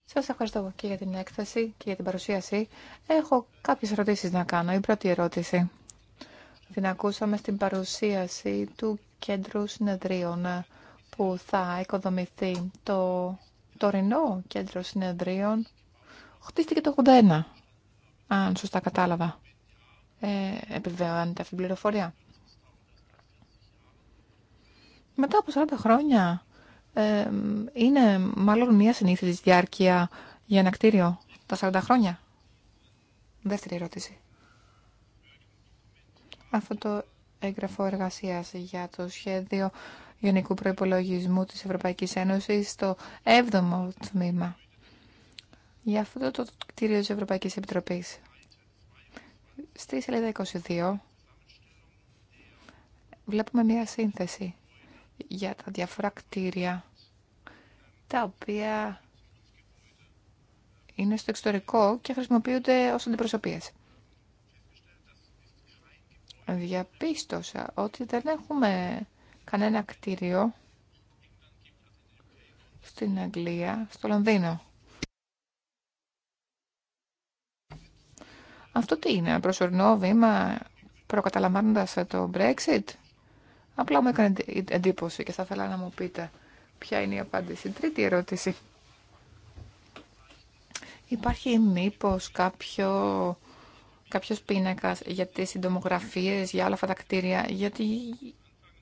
S3: Σας ευχαριστώ και για την έκθεση και για την παρουσίαση. Έχω κάποιες ερωτήσεις να κάνω. Η πρώτη ερώτηση. Την ακούσαμε στην παρουσίαση του κέντρου συνεδρίων που θα οικοδομηθεί το τωρινό κέντρο συνεδρίων. Χτίστηκε το 81, αν σωστά κατάλαβα. Ε, επιβεβαιώνεται αυτή η πληροφορία. Μετά από 40 χρόνια ε, είναι μάλλον μία συνήθιση διάρκεια για ένα κτίριο. Τα 40 χρόνια. Δεύτερη ερώτηση αυτό το έγγραφο εργασία για το σχέδιο Γενικού προπολογισμού της Ευρωπαϊκής Ένωσης στο 7ο τμήμα. Για αυτό το κτίριο της Ευρωπαϊκής Επιτροπής. Στη σελίδα 22 βλέπουμε μία σύνθεση για τα διάφορα κτίρια τα οποία είναι στο εξωτερικό και χρησιμοποιούνται ως αντιπροσωπείες διαπίστωσα ότι δεν έχουμε κανένα κτίριο στην Αγγλία, στο Λονδίνο. Αυτό τι είναι, προσωρινό βήμα προκαταλαμβάνοντας το Brexit. Απλά μου έκανε εντύπωση και θα ήθελα να μου πείτε ποια είναι η απάντηση. Τρίτη ερώτηση. Υπάρχει μήπως κάποιο κάποιος πίνακας για τις συντομογραφίες, για όλα αυτά τα κτίρια, γιατί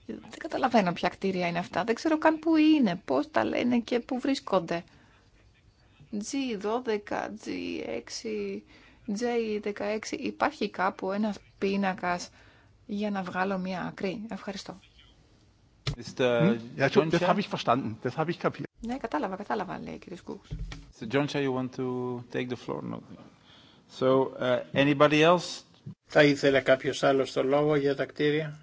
S3: δεν καταλαβαίνω ποια κτίρια είναι αυτά, δεν ξέρω καν πού είναι, πώς τα λένε και πού βρίσκονται. G12, G6, J16, υπάρχει κάπου ένας πίνακας για να βγάλω μία άκρη. Ευχαριστώ. Hm? Ναι, κατάλαβα, κατάλαβα, λέει ο κ. Κούκς.
S2: John, you want to take the floor? So, uh, anybody else? Θα ήθελε κάποιος άλλος το λόγο για τα κτίρια.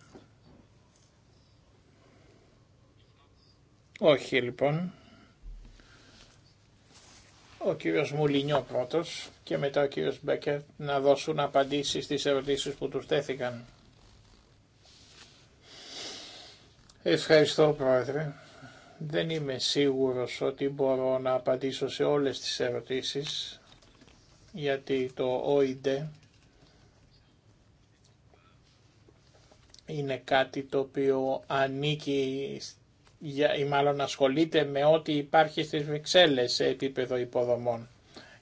S2: Όχι λοιπόν. Ο κύριος Μουλινιό πρώτος και μετά ο κύριος Μπέκερ να δώσουν απαντήσεις στις ερωτήσεις που τους τέθηκαν. Ευχαριστώ πρόεδρε. Δεν είμαι σίγουρος ότι μπορώ να απαντήσω σε όλες τις ερωτήσεις γιατί το ΟΙΝΤΕ είναι κάτι το οποίο ανήκει ή μάλλον ασχολείται με ό,τι υπάρχει στις Βεξέλλες σε επίπεδο υποδομών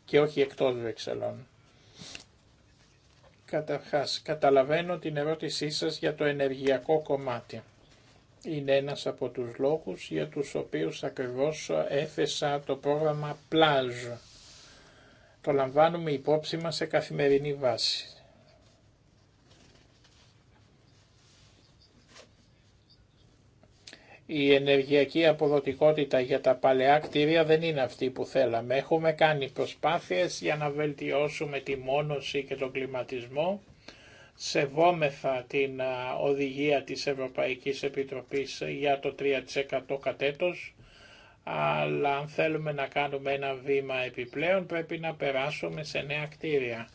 S2: και όχι εκτός βεξελων. Καταρχάς, καταλαβαίνω την ερώτησή σας για το ενεργειακό κομμάτι. Είναι ένας από τους λόγους για τους οποίους ακριβώς έθεσα το πρόγραμμα Plage το λαμβάνουμε υπόψη μας σε καθημερινή βάση. Η ενεργειακή αποδοτικότητα για τα παλαιά κτίρια δεν είναι αυτή που θέλαμε. Έχουμε κάνει προσπάθειες για να βελτιώσουμε τη μόνωση και τον κλιματισμό. Σεβόμεθα την οδηγία της Ευρωπαϊκής Επιτροπής για το 3% κατέτος αλλά αν θέλουμε να κάνουμε ένα βήμα επιπλέον πρέπει να περάσουμε σε νέα κτίρια.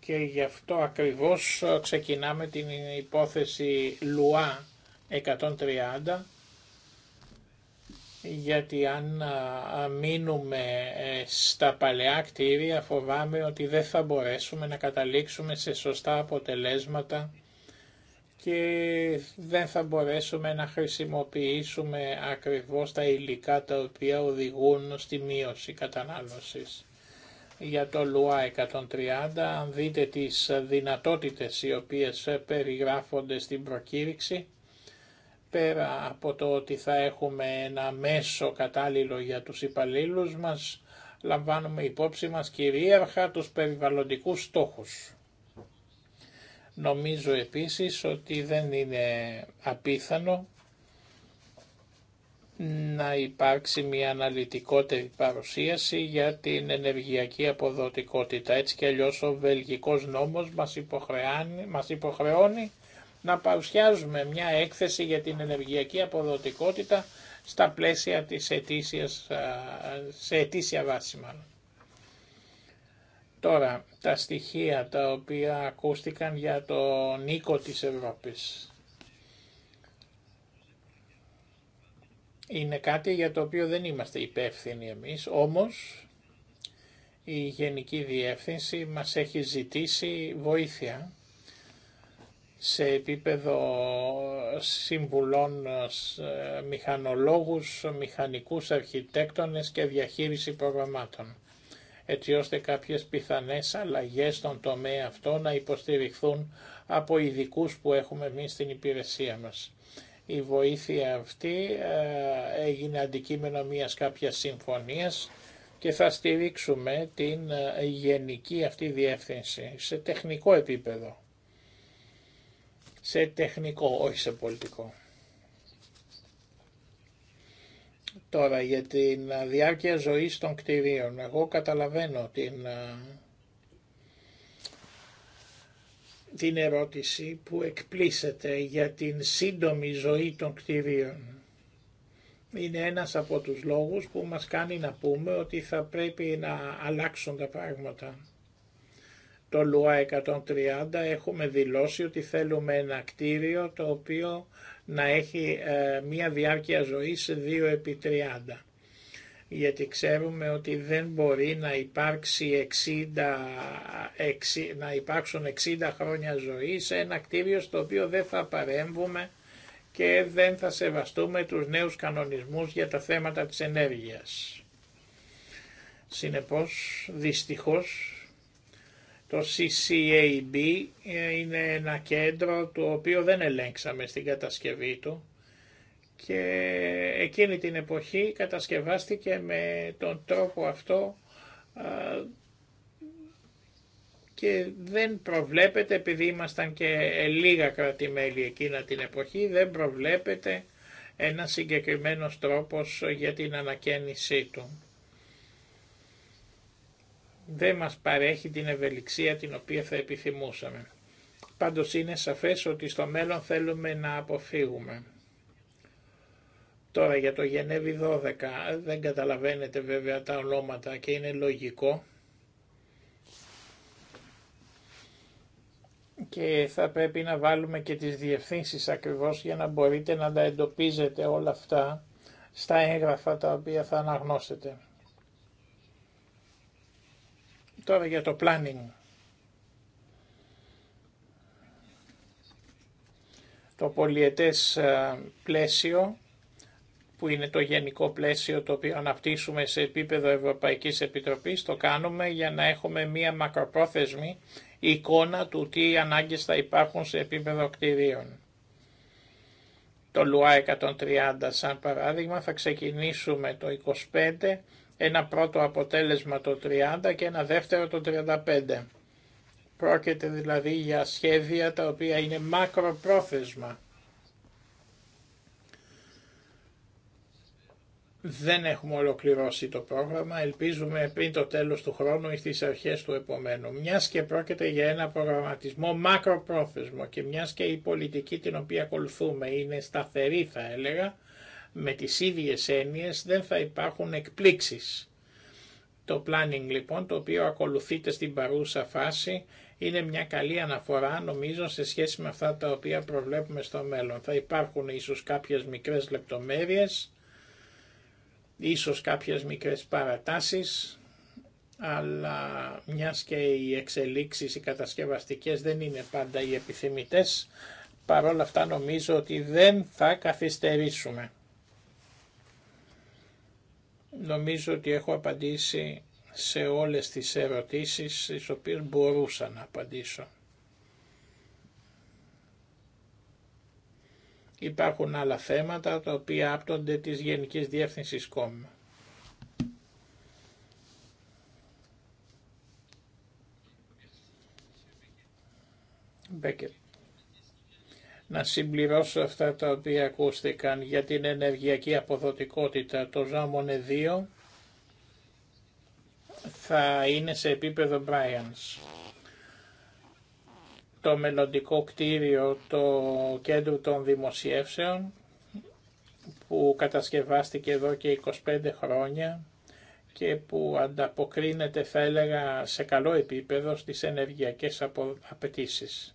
S2: Και γι' αυτό ακριβώς ε, ξεκινάμε την υπόθεση ΛΟΑ 130, γιατί αν ε, μείνουμε ε, στα παλαιά κτίρια φοβάμαι ότι δεν θα μπορέσουμε να καταλήξουμε σε σωστά αποτελέσματα και δεν θα μπορέσουμε να χρησιμοποιήσουμε ακριβώς τα υλικά τα οποία οδηγούν στη μείωση κατανάλωσης. Για το ΛΟΑ 130, αν δείτε τις δυνατότητες οι οποίες περιγράφονται στην προκήρυξη, πέρα από το ότι θα έχουμε ένα μέσο κατάλληλο για τους υπαλλήλους μας, λαμβάνουμε υπόψη μας κυρίαρχα τους περιβαλλοντικούς στόχους. Νομίζω επίσης ότι δεν είναι απίθανο να υπάρξει μια αναλυτικότερη παρουσίαση για την ενεργειακή αποδοτικότητα. Έτσι και αλλιώς ο βελγικός νόμος μας υποχρεώνει, μας υποχρεώνει να παρουσιάζουμε μια έκθεση για την ενεργειακή αποδοτικότητα στα πλαίσια της αιτήσιας, σε αιτήσια βάση Τώρα, τα στοιχεία τα οποία ακούστηκαν για το νίκο της Ευρώπης. Είναι κάτι για το οποίο δεν είμαστε υπεύθυνοι εμείς, όμως η Γενική Διεύθυνση μας έχει ζητήσει βοήθεια σε επίπεδο συμβουλών ε, μηχανολόγους, μηχανικούς αρχιτέκτονες και διαχείριση προγραμμάτων έτσι ώστε κάποιες πιθανές αλλαγές στον τομέα αυτό να υποστηριχθούν από ειδικού που έχουμε εμεί στην υπηρεσία μας. Η βοήθεια αυτή ε, έγινε αντικείμενο μιας κάποιας συμφωνίας και θα στηρίξουμε την ε, γενική αυτή διεύθυνση σε τεχνικό επίπεδο. Σε τεχνικό, όχι σε πολιτικό. Τώρα για την ε, διάρκεια ζωής των κτηρίων. Εγώ καταλαβαίνω την, ε, την ερώτηση που εκπλήσεται για την σύντομη ζωή των κτηρίων είναι ένας από τους λόγους που μας κάνει να πούμε ότι θα πρέπει να αλλάξουν τα πράγματα το ΛΟΑ 130 έχουμε δηλώσει ότι θέλουμε ένα κτίριο το οποίο να έχει ε, μία διάρκεια ζωής 2 επί 30 γιατί ξέρουμε ότι δεν μπορεί να, υπάρξει 60, 6, να υπάρξουν 60 χρόνια ζωής σε ένα κτίριο στο οποίο δεν θα παρέμβουμε και δεν θα σεβαστούμε τους νέους κανονισμούς για τα θέματα της ενέργειας. Συνεπώς, δυστυχώς, το CCAB ε, είναι ένα κέντρο το οποίο δεν ελέγξαμε στην κατασκευή του και εκείνη την εποχή κατασκευάστηκε με τον τρόπο αυτό και δεν προβλέπεται, επειδή ήμασταν και λίγα κρατημέλη εκείνα την εποχή, δεν προβλέπεται ένα συγκεκριμένος τρόπος για την ανακαίνισή του δεν μας παρέχει την ευελιξία την οποία θα επιθυμούσαμε. Πάντως είναι σαφές ότι στο μέλλον θέλουμε να αποφύγουμε. Τώρα για το Γενέβη 12 δεν καταλαβαίνετε βέβαια τα ονόματα και είναι λογικό και θα πρέπει να βάλουμε και τις διευθύνσεις ακριβώς για να μπορείτε να τα εντοπίζετε όλα αυτά στα έγγραφα τα οποία θα αναγνώσετε. Τώρα για το planning. Το πολιετές ε, πλαίσιο που είναι το γενικό πλαίσιο το οποίο αναπτύσσουμε σε επίπεδο Ευρωπαϊκής Επιτροπής, το κάνουμε για να έχουμε μία μακροπρόθεσμη εικόνα του τι ανάγκες θα υπάρχουν σε επίπεδο κτηρίων. Το ΛΟΑ 130 σαν παράδειγμα θα ξεκινήσουμε το 25 ένα πρώτο αποτέλεσμα το 30 και ένα δεύτερο το 35. Πρόκειται δηλαδή για σχέδια τα οποία είναι μακροπρόθεσμα. Δεν έχουμε ολοκληρώσει το πρόγραμμα, ελπίζουμε πριν το τέλος του χρόνου ή στις αρχές του επομένου. Μιας και πρόκειται για ένα προγραμματισμό μακροπρόθεσμο και μιας και η πολιτική την οποία ακολουθούμε είναι σταθερή θα έλεγα, με τις ίδιες έννοιες δεν θα υπάρχουν εκπλήξεις. Το planning λοιπόν το οποίο ακολουθείται στην παρούσα φάση είναι μια καλή αναφορά νομίζω σε σχέση με αυτά τα οποία προβλέπουμε στο μέλλον. Θα υπάρχουν ίσως κάποιες μικρές λεπτομέρειες, ίσως κάποιες μικρές παρατάσεις, αλλά μιας και οι εξελίξεις οι κατασκευαστικές δεν είναι πάντα οι επιθυμητές, παρόλα αυτά νομίζω ότι δεν θα καθυστερήσουμε. Νομίζω ότι έχω απαντήσει σε όλες τις ερωτήσεις στις οποίες μπορούσα να απαντήσω. Υπάρχουν άλλα θέματα τα οποία άπτονται της Γενικής Διεύθυνσης Κόμμα να συμπληρώσω αυτά τα οποία ακούστηκαν για την ενεργειακή αποδοτικότητα. Το Ζάμονε 2 θα είναι σε επίπεδο Brian's. Το μελλοντικό κτίριο, το κέντρο των δημοσιεύσεων, που κατασκευάστηκε εδώ και 25 χρόνια και που ανταποκρίνεται θα έλεγα σε καλό επίπεδο στις ενεργειακές απαιτήσεις.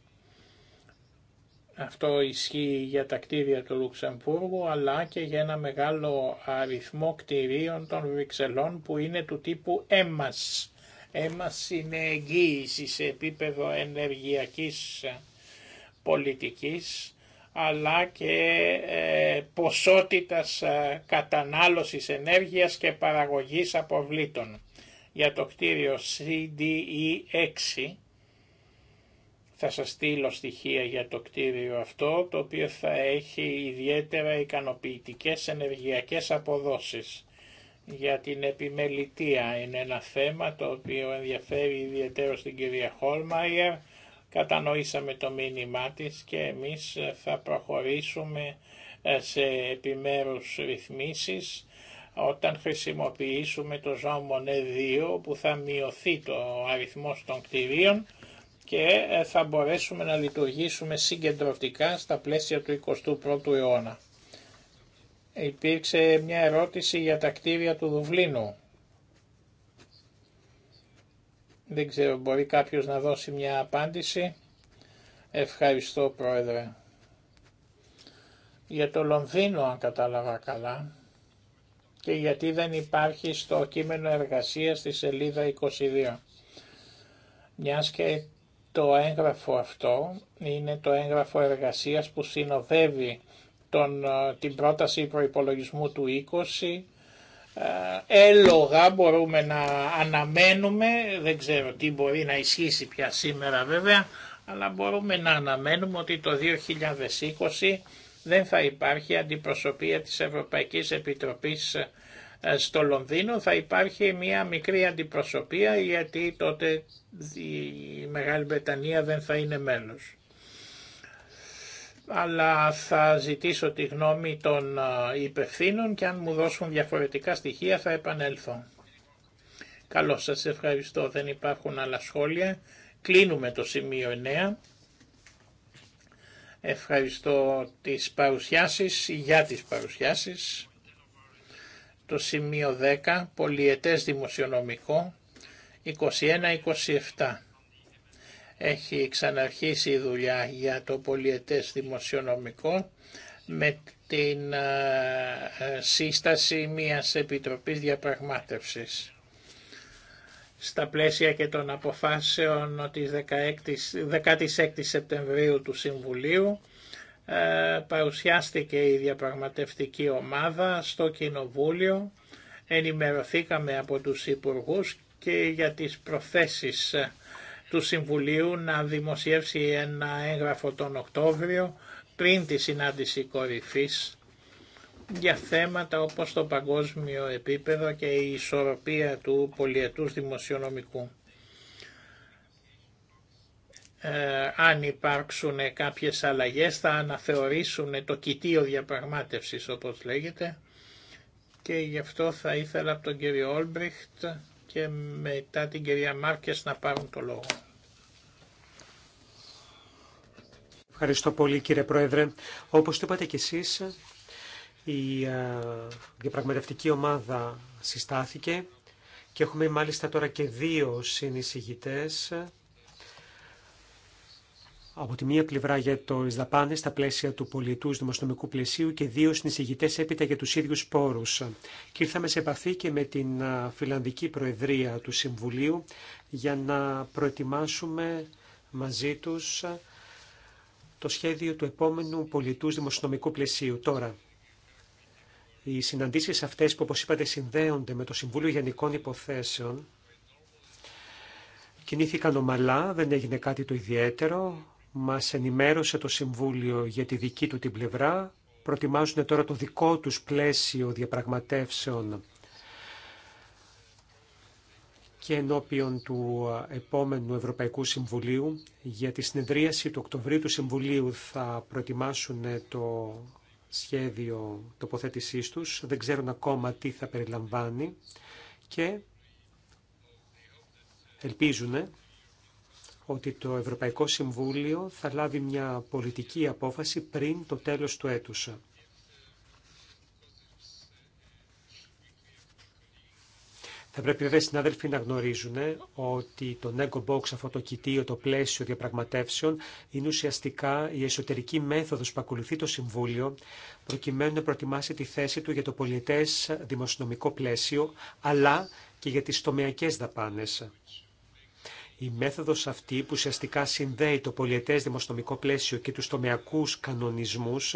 S2: Αυτό ισχύει για τα κτίρια του Λουξεμβούργου αλλά και για ένα μεγάλο αριθμό κτιρίων των Βρυξελών που είναι του τύπου έμας. Έμας είναι εγγύηση σε επίπεδο ενεργειακής πολιτικής αλλά και ε, ποσότητας ε, κατανάλωσης ενέργειας και παραγωγής αποβλήτων. Για το κτίριο CDE 6 θα σας στείλω στοιχεία για το κτίριο αυτό, το οποίο θα έχει ιδιαίτερα ικανοποιητικές ενεργειακές αποδόσεις. Για την επιμελητία είναι ένα θέμα το οποίο ενδιαφέρει ιδιαίτερα στην κυρία Χόλμαϊερ. Κατανοήσαμε το μήνυμά της και εμείς θα προχωρήσουμε ε, σε επιμέρους ρυθμίσεις όταν χρησιμοποιήσουμε το ζώμο 2 που θα μειωθεί το αριθμός των κτηρίων και ε, θα μπορέσουμε να λειτουργήσουμε συγκεντρωτικά στα πλαίσια του 21ου αιώνα. Υπήρξε μια ερώτηση για τα κτίρια του Δουβλίνου. Δεν ξέρω, μπορεί κάποιος να δώσει μια απάντηση. Ευχαριστώ Πρόεδρε. Για το Λονδίνο αν κατάλαβα καλά και γιατί δεν υπάρχει στο κείμενο εργασίας στη σελίδα 22. Μιας και το έγγραφο αυτό είναι το έγγραφο εργασίας που συνοδεύει τον, ε, την πρόταση προϋπολογισμού του 20. Ε, έλογα μπορούμε να αναμένουμε, δεν ξέρω τι μπορεί να ισχύσει πια σήμερα βέβαια, αλλά μπορούμε να αναμένουμε ότι το 2020 δεν θα υπάρχει αντιπροσωπεία της Ευρωπαϊκής Επιτροπής ε, στο Λονδίνο θα υπάρχει μια μικρή αντιπροσωπεία γιατί τότε η Μεγάλη Βρετανία δεν θα είναι μέλος. Αλλά θα ζητήσω τη γνώμη των ε, υπευθύνων και αν μου δώσουν διαφορετικά στοιχεία θα επανέλθω. Καλώς σας ευχαριστώ, δεν υπάρχουν άλλα σχόλια. Κλείνουμε το σημείο 9. Ευχαριστώ τις παρουσιάσεις, για τις παρουσιάσεις. Το σημείο 10, πολιετές δημοσιονομικό, 21-27. Έχει ξαναρχίσει η δουλειά για το πολιετές δημοσιονομικό με την ε, ε, σύσταση μιας επιτροπής διαπραγμάτευσης. Στα πλαίσια και των αποφάσεων της 16, 16 Σεπτεμβρίου του Συμβουλίου ε, παρουσιάστηκε η διαπραγματευτική ομάδα στο Κοινοβούλιο, ενημερωθήκαμε από τους Υπουργούς και για τις προθέσεις ε, του Συμβουλίου να δημοσιεύσει ένα έγγραφο τον Οκτώβριο πριν τη συνάντηση κορυφής για θέματα όπως το παγκόσμιο επίπεδο και η ισορροπία του πολιετούς δημοσιονομικού. Ε, αν υπάρξουν κάποιες αλλαγές θα αναθεωρήσουν το κοιτίο διαπραγμάτευσης όπως λέγεται και γι' αυτό θα ήθελα από τον κύριο Όλμπριχτ και μετά την κυρία Μάρκες να πάρουν το
S1: λόγο. Ευχαριστώ πολύ κύριε Πρόεδρε. Όπως το είπατε κι εσείς, η ε, διαπραγματευτική ομάδα συστάθηκε και έχουμε μάλιστα τώρα και δύο συνεισηγητές από τη μία πλευρά για το δαπάνε στα πλαίσια του πολιτού δημοσιονομικού πλαισίου και δύο συνεισηγητέ έπειτα για του ίδιου πόρου. Και ήρθαμε σε επαφή και με την Φιλανδική Προεδρία του Συμβουλίου για να προετοιμάσουμε μαζί του το σχέδιο του επόμενου πολιτού δημοσιονομικού πλαισίου. Τώρα, οι συναντήσεις αυτές που όπως είπατε συνδέονται με το Συμβούλιο Γενικών Υποθέσεων κινήθηκαν ομαλά, δεν έγινε κάτι το ιδιαίτερο. Μας ενημέρωσε το Συμβούλιο για τη δική του την πλευρά. Προτιμάζουν τώρα το δικό τους πλαίσιο διαπραγματεύσεων και ενώπιον του επόμενου Ευρωπαϊκού Συμβουλίου. Για τη συνεδρίαση του Οκτωβρίου του Συμβουλίου θα προετοιμάσουν το σχέδιο τοποθέτησή τους. Δεν ξέρουν ακόμα τι θα περιλαμβάνει και ελπίζουν ότι το Ευρωπαϊκό Συμβούλιο θα λάβει μια πολιτική απόφαση πριν το τέλος του έτους. Θα πρέπει βέβαια οι συνάδελφοι να γνωρίζουν ότι το Nego Box, αυτό το κοιτίο, το πλαίσιο διαπραγματεύσεων, είναι ουσιαστικά η εσωτερική μέθοδος που ακολουθεί το Συμβούλιο, προκειμένου να προετοιμάσει τη θέση του για το πολιετές δημοσιονομικό πλαίσιο, αλλά και για τις τομεακές δαπάνες. Η μέθοδος αυτή που ουσιαστικά συνδέει το πολιετές δημοστομικό πλαίσιο και τους τομεακούς κανονισμούς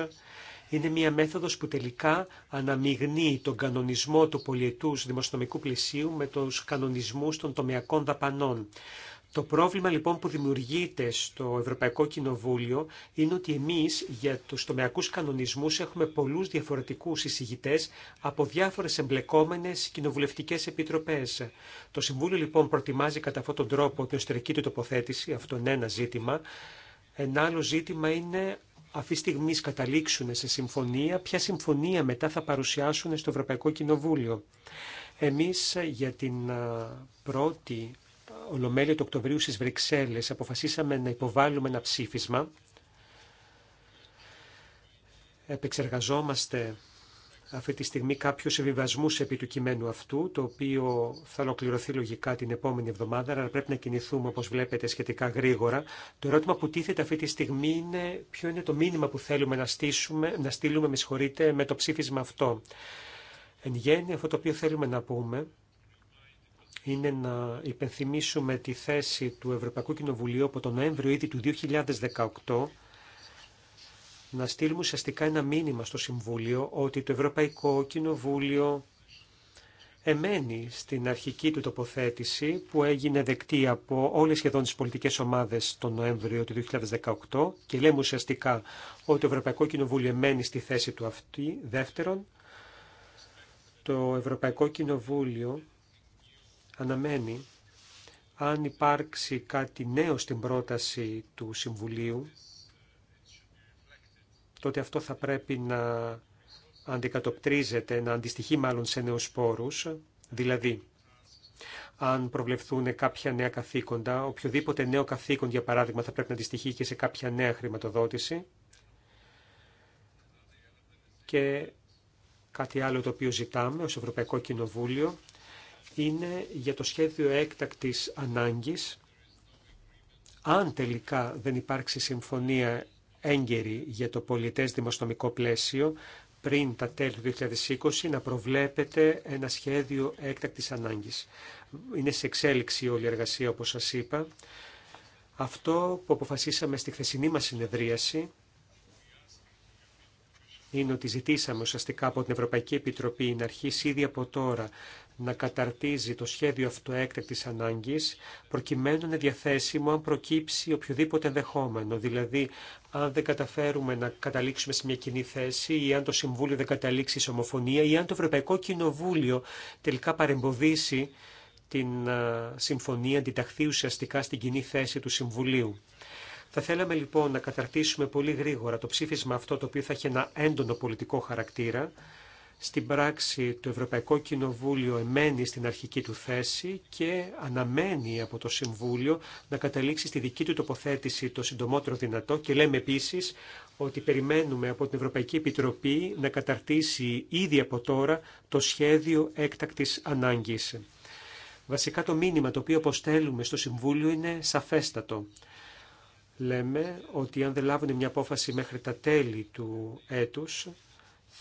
S1: είναι μια μέθοδος που τελικά αναμειγνύει τον κανονισμό του πολιετούς δημοστομικού πλαισίου με τους κανονισμούς των τομεακών δαπανών. Το πρόβλημα λοιπόν που δημιουργείται στο Ευρωπαϊκό Κοινοβούλιο είναι ότι εμείς για τους τομεακούς κανονισμούς έχουμε πολλούς διαφορετικούς εισηγητέ από διάφορες εμπλεκόμενες κοινοβουλευτικές επιτροπές. Το Συμβούλιο λοιπόν προτιμάζει κατά αυτόν τον τρόπο την εσωτερική του τοποθέτηση, αυτό είναι ένα ζήτημα. Ένα άλλο ζήτημα είναι αυτή τη στιγμή καταλήξουν σε συμφωνία, ποια συμφωνία μετά θα παρουσιάσουν στο Ευρωπαϊκό Κοινοβούλιο. Εμείς για την πρώτη Ολομέλεια του Οκτωβρίου στις Βρυξέλλες αποφασίσαμε να υποβάλουμε ένα ψήφισμα. Επεξεργαζόμαστε αυτή τη στιγμή κάποιους επιβασμούς επί του κειμένου αυτού, το οποίο θα ολοκληρωθεί λογικά την επόμενη εβδομάδα, αλλά πρέπει να κινηθούμε, όπως βλέπετε, σχετικά γρήγορα. Το ερώτημα που τίθεται αυτή τη στιγμή είναι ποιο είναι το μήνυμα που θέλουμε να, στήσουμε, να στείλουμε με, με το ψήφισμα αυτό. Εν γέννη, αυτό το οποίο θέλουμε να πούμε είναι να υπενθυμίσουμε τη θέση του Ευρωπαϊκού Κοινοβουλίου από τον Νοέμβριο ήδη του 2018 να στείλουμε ουσιαστικά ένα μήνυμα στο Συμβούλιο ότι το Ευρωπαϊκό Κοινοβούλιο εμένει στην αρχική του τοποθέτηση που έγινε δεκτή από όλες σχεδόν τις πολιτικές ομάδες τον Νοέμβριο του 2018 και λέμε ουσιαστικά ότι το Ευρωπαϊκό Κοινοβούλιο εμένει στη θέση του αυτή. Δεύτερον, το Ευρωπαϊκό Κοινοβούλιο αναμένει αν υπάρξει κάτι νέο στην πρόταση του Συμβουλίου, τότε αυτό θα πρέπει να αντικατοπτρίζεται, να αντιστοιχεί μάλλον σε νέους πόρους, δηλαδή αν προβλεφθούν κάποια νέα καθήκοντα, οποιοδήποτε νέο καθήκον για παράδειγμα θα πρέπει να αντιστοιχεί και σε κάποια νέα χρηματοδότηση και κάτι άλλο το οποίο ζητάμε ως Ευρωπαϊκό Κοινοβούλιο είναι για το σχέδιο έκτακτης ανάγκης. Αν τελικά δεν υπάρξει συμφωνία έγκαιρη για το πολιτές δημοσιονομικό πλαίσιο, πριν τα τέλη του 2020 να προβλέπετε ένα σχέδιο έκτακτης ανάγκης. Είναι σε εξέλιξη όλη η εργασία όπως σας είπα. Αυτό που αποφασίσαμε στη χθεσινή μας συνεδρίαση είναι ότι ζητήσαμε ουσιαστικά από την Ευρωπαϊκή Επιτροπή να αρχίσει ήδη από τώρα να καταρτίζει το σχέδιο αυτό έκτακτη ανάγκης, προκειμένου να είναι διαθέσιμο αν προκύψει οποιοδήποτε ενδεχόμενο. Δηλαδή, αν δεν καταφέρουμε να καταλήξουμε σε μια κοινή θέση ή αν το Συμβούλιο δεν καταλήξει σε ομοφωνία ή αν το Ευρωπαϊκό Κοινοβούλιο τελικά παρεμποδίσει την συμφωνία, αντιταχθεί ουσιαστικά στην κοινή θέση του Συμβουλίου. Θα θέλαμε λοιπόν να καταρτήσουμε πολύ γρήγορα το ψήφισμα αυτό το οποίο θα έχει ένα έντονο πολιτικό χαρακτήρα στην πράξη το Ευρωπαϊκό Κοινοβούλιο εμένει στην αρχική του θέση και αναμένει από το Συμβούλιο να καταλήξει στη δική του τοποθέτηση το συντομότερο δυνατό και λέμε επίσης ότι περιμένουμε από την Ευρωπαϊκή Επιτροπή να καταρτήσει ήδη από τώρα το σχέδιο έκτακτης ανάγκης. Βασικά το μήνυμα το οποίο αποστέλουμε στο Συμβούλιο είναι σαφέστατο. Λέμε ότι αν δεν λάβουν μια απόφαση μέχρι τα τέλη του έτους,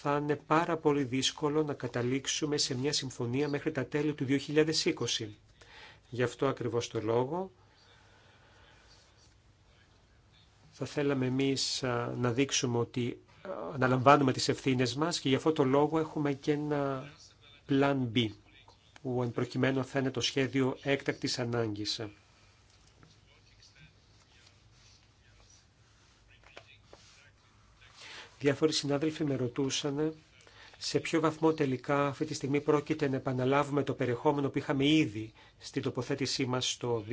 S1: θα είναι πάρα πολύ δύσκολο να καταλήξουμε σε μια συμφωνία μέχρι τα τέλη του 2020. Γι' αυτό ακριβώς το λόγο θα θέλαμε εμείς να δείξουμε ότι αναλαμβάνουμε τις ευθύνες μας και γι' αυτό το λόγο έχουμε και ένα plan B που εν προκειμένου θα είναι το σχέδιο έκτακτης ανάγκης. Διάφοροι συνάδελφοι με ρωτούσαν σε ποιο βαθμό τελικά αυτή τη στιγμή πρόκειται να επαναλάβουμε το περιεχόμενο που είχαμε ήδη στην τοποθέτησή μας το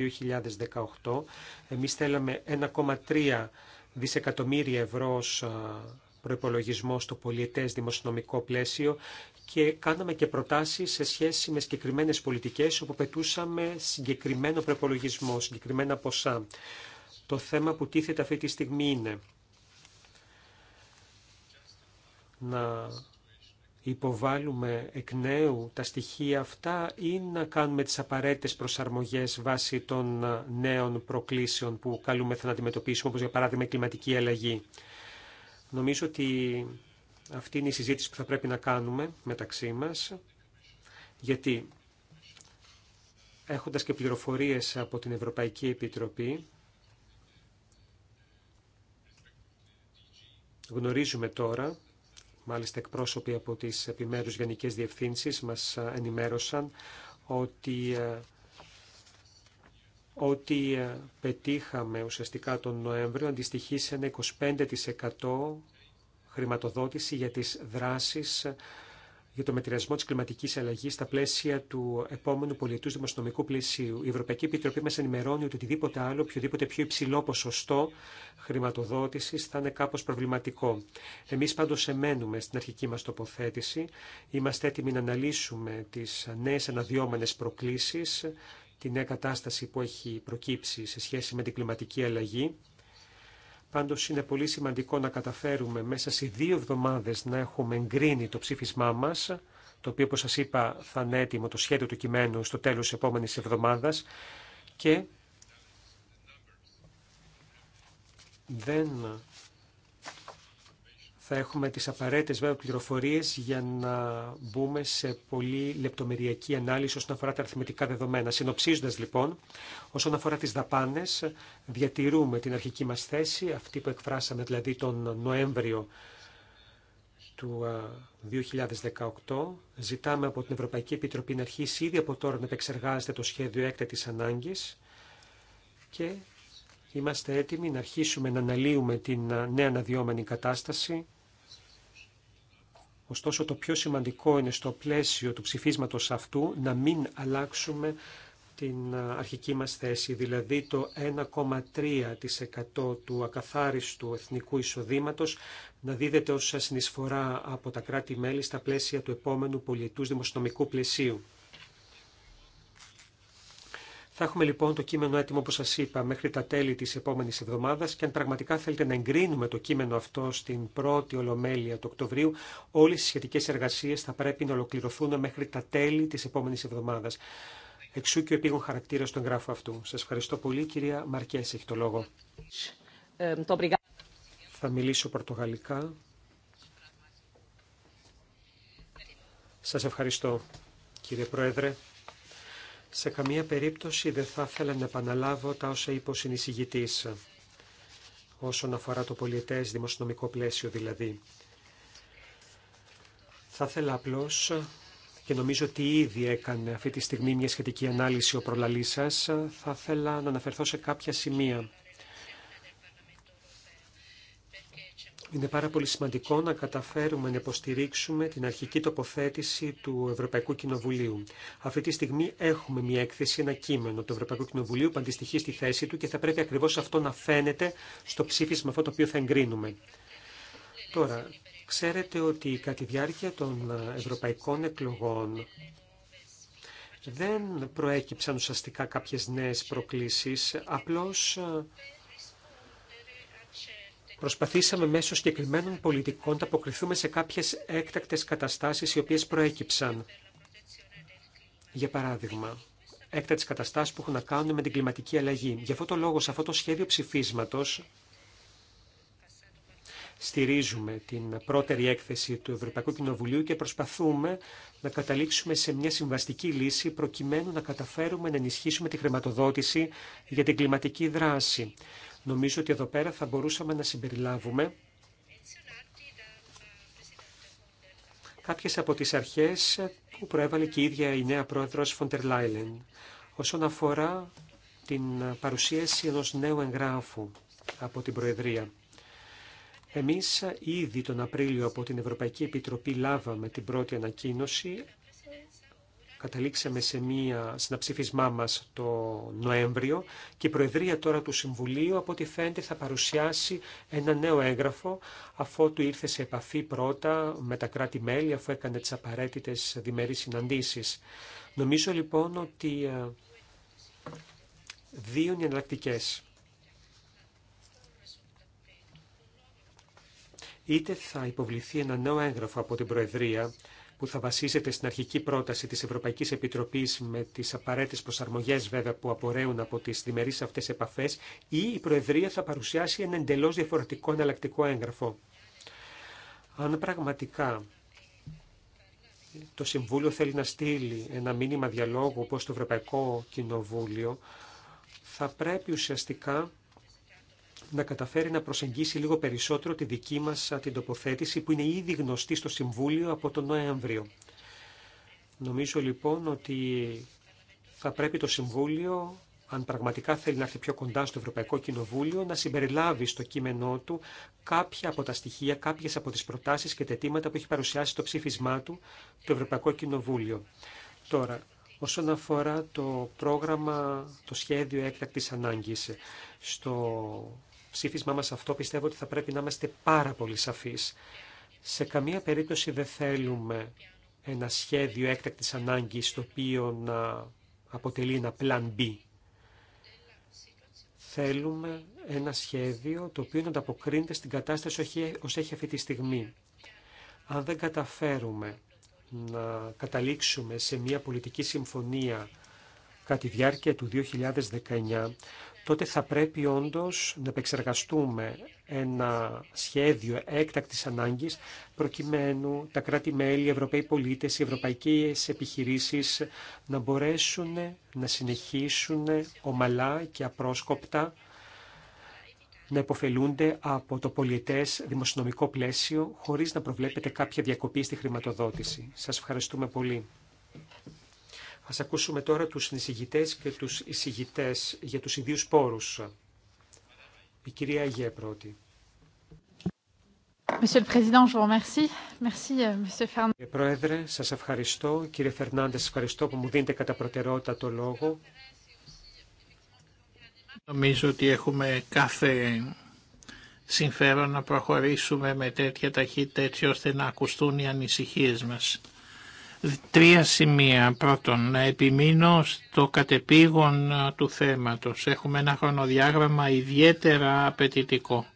S1: 2018. Εμείς θέλαμε 1,3 δισεκατομμύρια ευρώ ως προπολογισμό στο πολιετές δημοσιονομικό πλαίσιο και κάναμε και προτάσεις σε σχέση με συγκεκριμένε πολιτικές όπου πετούσαμε συγκεκριμένο προπολογισμό, συγκεκριμένα ποσά. Το θέμα που τίθεται αυτή τη στιγμή είναι να υποβάλουμε εκ νέου τα στοιχεία αυτά ή να κάνουμε τις απαραίτητες προσαρμογές βάσει των νέων προκλήσεων που καλούμε να αντιμετωπίσουμε, όπως για παράδειγμα η κλιματική αλλαγή. Νομίζω ότι αυτή είναι η συζήτηση που θα πρέπει να κάνουμε μεταξύ μας, γιατί έχοντας και πληροφορίες από την Ευρωπαϊκή Επιτροπή, γνωρίζουμε τώρα Μάλιστα εκπρόσωποι από τις επιμέρους γενικές διευθύνσεις μας ε, ενημέρωσαν ότι ε, ότι ε, πετύχαμε ουσιαστικά τον Νοέμβριο αντιστοιχεί σε ένα 25% χρηματοδότηση για τις δράσεις για το μετριασμό τη κλιματική αλλαγή στα πλαίσια του επόμενου πολιτού δημοσιονομικού πλαισίου. Η Ευρωπαϊκή Επιτροπή μα ενημερώνει ότι οτιδήποτε άλλο, οποιοδήποτε πιο υψηλό ποσοστό χρηματοδότηση θα είναι κάπω προβληματικό. Εμεί πάντω εμένουμε στην αρχική μα τοποθέτηση. Είμαστε έτοιμοι να αναλύσουμε τι νέε αναδυόμενε προκλήσει, τη νέα κατάσταση που έχει προκύψει σε σχέση με την κλιματική αλλαγή Πάντως είναι πολύ σημαντικό να καταφέρουμε μέσα σε δύο εβδομάδες να έχουμε εγκρίνει το ψήφισμά μας, το οποίο όπως σας είπα θα είναι έτοιμο το σχέδιο του κειμένου στο τέλος της επόμενης εβδομάδας και δεν θα έχουμε τις απαραίτητες βέβαια πληροφορίες για να μπούμε σε πολύ λεπτομεριακή ανάλυση όσον αφορά τα αριθμητικά δεδομένα. Συνοψίζοντας λοιπόν, όσον αφορά τις δαπάνες, διατηρούμε την αρχική μας θέση, αυτή που εκφράσαμε δηλαδή τον Νοέμβριο του 2018. Ζητάμε από την Ευρωπαϊκή Επιτροπή να αρχίσει ήδη από τώρα να επεξεργάζεται το σχέδιο έκτατης ανάγκης και είμαστε έτοιμοι να αρχίσουμε να αναλύουμε την νέα αναδυόμενη κατάσταση Ωστόσο το πιο σημαντικό είναι στο πλαίσιο του ψηφίσματος αυτού να μην αλλάξουμε την αρχική μας θέση, δηλαδή το 1,3% του ακαθάριστου εθνικού εισοδήματος να δίδεται ως συνεισφορά από τα κράτη-μέλη στα πλαίσια του επόμενου πολιτούς δημοσιονομικού πλαισίου. Θα έχουμε λοιπόν το κείμενο έτοιμο, όπως σα είπα, μέχρι τα τέλη της επόμενης εβδομάδας και αν πραγματικά θέλετε να εγκρίνουμε το κείμενο αυτό στην πρώτη Ολομέλεια του Οκτωβρίου, όλες οι σχετικές εργασίες θα πρέπει να ολοκληρωθούν μέχρι τα τέλη της επόμενης εβδομάδας. Εξού και ο επίγον χαρακτήρα του εγγράφου αυτού. Σα ευχαριστώ πολύ, κυρία Μαρκέ, έχει το λόγο. Θα μιλήσω πορτογαλικά. Σας ευχαριστώ, κύριε Πρόεδρε. Σε καμία περίπτωση δεν θα ήθελα να επαναλάβω τα όσα είπε ο συνεισηγητής, όσον αφορά το πολιετές δημοσιονομικό πλαίσιο δηλαδή. Θα ήθελα απλώς και νομίζω ότι ήδη έκανε αυτή τη στιγμή μια σχετική ανάλυση ο προλαλής σας, θα ήθελα να αναφερθώ σε κάποια σημεία. Είναι πάρα πολύ σημαντικό να καταφέρουμε να υποστηρίξουμε την αρχική τοποθέτηση του Ευρωπαϊκού Κοινοβουλίου. Αυτή τη στιγμή έχουμε μια έκθεση, ένα κείμενο του Ευρωπαϊκού Κοινοβουλίου που αντιστοιχεί στη θέση του και θα πρέπει ακριβώ αυτό να φαίνεται στο ψήφισμα αυτό το οποίο θα εγκρίνουμε. Τώρα, ξέρετε ότι κατά τη διάρκεια των ευρωπαϊκών εκλογών δεν προέκυψαν ουσιαστικά κάποιες νέες προκλήσεις, απλώς Προσπαθήσαμε μέσω συγκεκριμένων πολιτικών να αποκριθούμε σε κάποιε έκτακτε καταστάσει οι οποίε προέκυψαν. Για παράδειγμα, έκτακτε καταστάσει που έχουν να κάνουν με την κλιματική αλλαγή. Γι' αυτό το λόγο, σε αυτό το σχέδιο ψηφίσματο στηρίζουμε την πρώτερη έκθεση του Ευρωπαϊκού Κοινοβουλίου και προσπαθούμε να καταλήξουμε σε μια συμβαστική λύση προκειμένου να καταφέρουμε να ενισχύσουμε τη χρηματοδότηση για την κλιματική δράση. Νομίζω ότι εδώ πέρα θα μπορούσαμε να συμπεριλάβουμε κάποιες από τις αρχές που προέβαλε και η ίδια η νέα πρόεδρος Φοντερ Λάιλεν όσον αφορά την παρουσίαση ενός νέου εγγράφου από την Προεδρία. Εμείς ήδη τον Απρίλιο από την Ευρωπαϊκή Επιτροπή λάβαμε την πρώτη ανακοίνωση καταλήξαμε σε, μία, συναψήφισμά ένα ψήφισμά μας το Νοέμβριο και η Προεδρία τώρα του Συμβουλίου από ό,τι φαίνεται θα παρουσιάσει ένα νέο έγγραφο αφού του ήρθε σε επαφή πρώτα με τα κράτη-μέλη αφού έκανε τις απαραίτητες διμερείς συναντήσεις. Νομίζω λοιπόν ότι ε, δύο είναι εναλλακτικέ. Είτε θα υποβληθεί ένα νέο έγγραφο από την Προεδρία που θα βασίζεται στην αρχική πρόταση της Ευρωπαϊκής Επιτροπής με τις απαραίτητες προσαρμογές βέβαια που απορρέουν από τις διμερείς αυτές επαφές ή η Προεδρία θα παρουσιάσει ένα εντελώς διαφορετικό εναλλακτικό έγγραφο. Αν πραγματικά το Συμβούλιο θέλει να στείλει ένα μήνυμα διαλόγου όπως το Ευρωπαϊκό Κοινοβούλιο, θα πρέπει ουσιαστικά να καταφέρει να προσεγγίσει λίγο περισσότερο τη δική μας την τοποθέτηση που είναι ήδη γνωστή στο Συμβούλιο από τον Νοέμβριο. Νομίζω λοιπόν ότι θα πρέπει το Συμβούλιο, αν πραγματικά θέλει να έρθει πιο κοντά στο Ευρωπαϊκό Κοινοβούλιο, να συμπεριλάβει στο κείμενό του κάποια από τα στοιχεία, κάποιε από τι προτάσει και τα αιτήματα που έχει παρουσιάσει το ψήφισμά του το Ευρωπαϊκό Κοινοβούλιο. Τώρα, όσον αφορά το πρόγραμμα, το σχέδιο έκτακτη ανάγκη στο ψήφισμά μας αυτό πιστεύω ότι θα πρέπει να είμαστε πάρα πολύ σαφείς. Σε καμία περίπτωση δεν θέλουμε ένα σχέδιο έκτακτης ανάγκης το οποίο να αποτελεί ένα plan B. Θέλουμε ένα σχέδιο το οποίο να ανταποκρίνεται στην κατάσταση όσο έχει αυτή τη στιγμή. Αν δεν καταφέρουμε να καταλήξουμε σε μια πολιτική συμφωνία κατά τη διάρκεια του 2019, τότε θα πρέπει όντως να επεξεργαστούμε ένα σχέδιο έκτακτης ανάγκης προκειμένου τα κράτη-μέλη, οι Ευρωπαίοι πολίτες, οι ευρωπαϊκές επιχειρήσεις να μπορέσουν να συνεχίσουν ομαλά και απρόσκοπτα να υποφελούνται από το πολιτές δημοσιονομικό πλαίσιο χωρίς να προβλέπετε κάποια διακοπή στη χρηματοδότηση. Σας ευχαριστούμε πολύ. Ας ακούσουμε τώρα τους συνεισηγητές και τους εισηγητές για τους ιδίους πόρους. Η κυρία Αγία πρώτη. Κύριε Πρόεδρε, σας ευχαριστώ. Κύριε Φερνάντες, σα ευχαριστώ που μου δίνετε κατά προτεραιότητα το λόγο. Νομίζω
S2: ότι έχουμε κάθε συμφέρον να προχωρήσουμε με τέτοια ταχύτητα έτσι ώστε να ακουστούν οι ανησυχίες μας. Τρία σημεία. Πρώτον, να επιμείνω στο κατεπήγον του θέματος. Έχουμε ένα χρονοδιάγραμμα ιδιαίτερα απαιτητικό.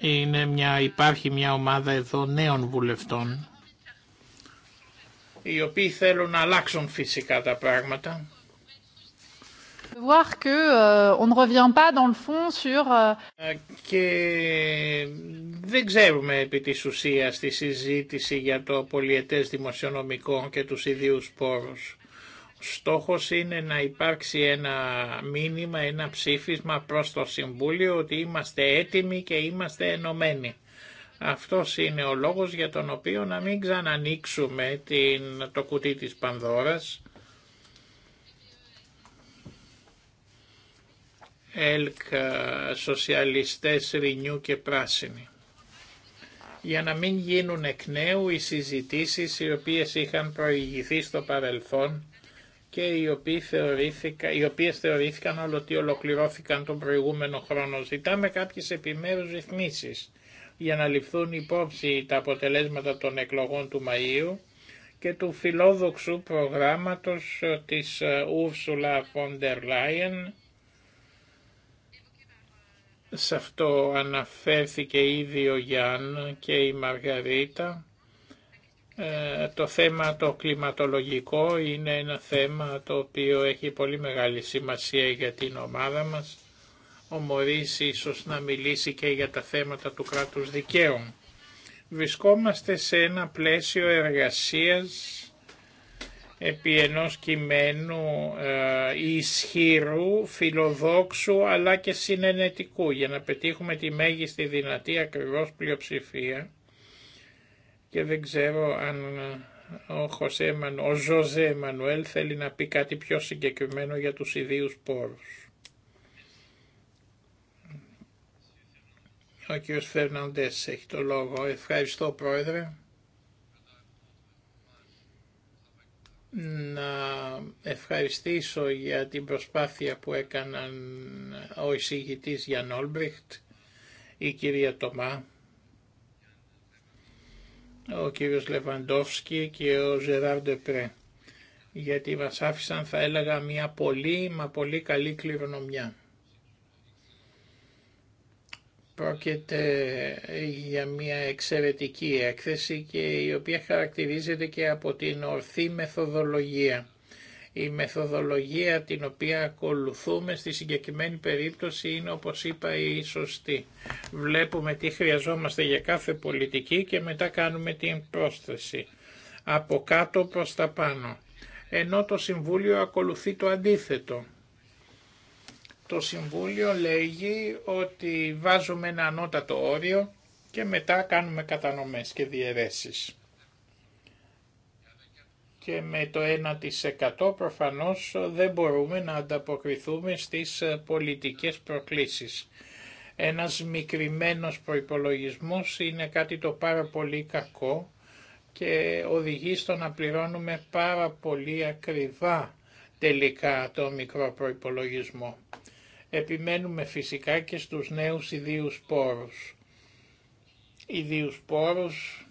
S2: Είναι μια, υπάρχει μια ομάδα εδώ νέων βουλευτών, οι οποίοι θέλουν να αλλάξουν φυσικά τα πράγματα και δεν ξέρουμε επί της ουσίας τη συζήτηση για το πολιετές δημοσιονομικό και τους ιδίους πόρους. Στόχος είναι να υπάρξει ένα μήνυμα, ένα ψήφισμα προς το Συμβούλιο ότι είμαστε έτοιμοι και είμαστε ενωμένοι. Αυτός είναι ο λόγος για τον οποίο να μην ξανανοίξουμε την, το κουτί της Πανδώρας ΕΛΚ, ε, Σοσιαλιστές, Ρινιού και Πράσινοι. Για να μην γίνουν εκ νέου οι συζητήσεις οι οποίες είχαν προηγηθεί στο παρελθόν και οι, οποίοι οι οποίες θεωρήθηκαν όλο ότι ολοκληρώθηκαν τον προηγούμενο χρόνο. Ζητάμε κάποιες επιμέρους ρυθμίσεις για να ληφθούν υπόψη τα αποτελέσματα των εκλογών του Μαΐου και του φιλόδοξου προγράμματος ε, της Ουρσουλα Φοντερ Λάιεν σε αυτό αναφέρθηκε ήδη ο Γιάνν και η Μαργαρίτα. Ε, το θέμα το κλιματολογικό είναι ένα θέμα το οποίο έχει πολύ μεγάλη σημασία για την ομάδα μας. Ο Μωρίς ίσως να μιλήσει και για τα θέματα του κράτους δικαίου. Βρισκόμαστε σε ένα πλαίσιο εργασίας επί ενός κειμένου ε, ισχύρου, φιλοδόξου αλλά και συνενετικού για να πετύχουμε τη μέγιστη δυνατή ακριβώς πλειοψηφία και δεν ξέρω αν ε, ο, Χωσέ, Ζωζέ Μανουέλ θέλει να πει κάτι πιο συγκεκριμένο για τους ιδίους πόρους. Ο κ. Φερναντές έχει το λόγο. Ευχαριστώ πρόεδρε. να ευχαριστήσω για την προσπάθεια που έκαναν ο εισηγητής Γιάνν Όλμπριχτ, η κυρία Τομά, ο κύριος Λεβαντόφσκι και ο Ζεράρ Ντεπρέ, γιατί μας άφησαν θα έλεγα μια πολύ μα πολύ καλή κληρονομιά. Πρόκειται για μια εξαιρετική έκθεση και η οποία χαρακτηρίζεται και από την ορθή μεθοδολογία. Η μεθοδολογία την οποία ακολουθούμε στη συγκεκριμένη περίπτωση είναι όπως είπα η σωστή. Βλέπουμε τι χρειαζόμαστε για κάθε πολιτική και μετά κάνουμε την πρόσθεση. Από κάτω προς τα πάνω. Ενώ το Συμβούλιο ακολουθεί το αντίθετο. Το Συμβούλιο λέγει ότι βάζουμε ένα ανώτατο όριο και μετά κάνουμε κατανομές και διαιρέσεις. Και με το 1% προφανώς δεν μπορούμε να ανταποκριθούμε στις πολιτικές προκλήσεις. Ένας μικρημένος προϋπολογισμός είναι κάτι το πάρα πολύ κακό και οδηγεί στο να πληρώνουμε πάρα πολύ ακριβά τελικά το μικρό προϋπολογισμό. Επιμένουμε φυσικά και στους νέους ιδίους πόρους. Ιδίους πόρους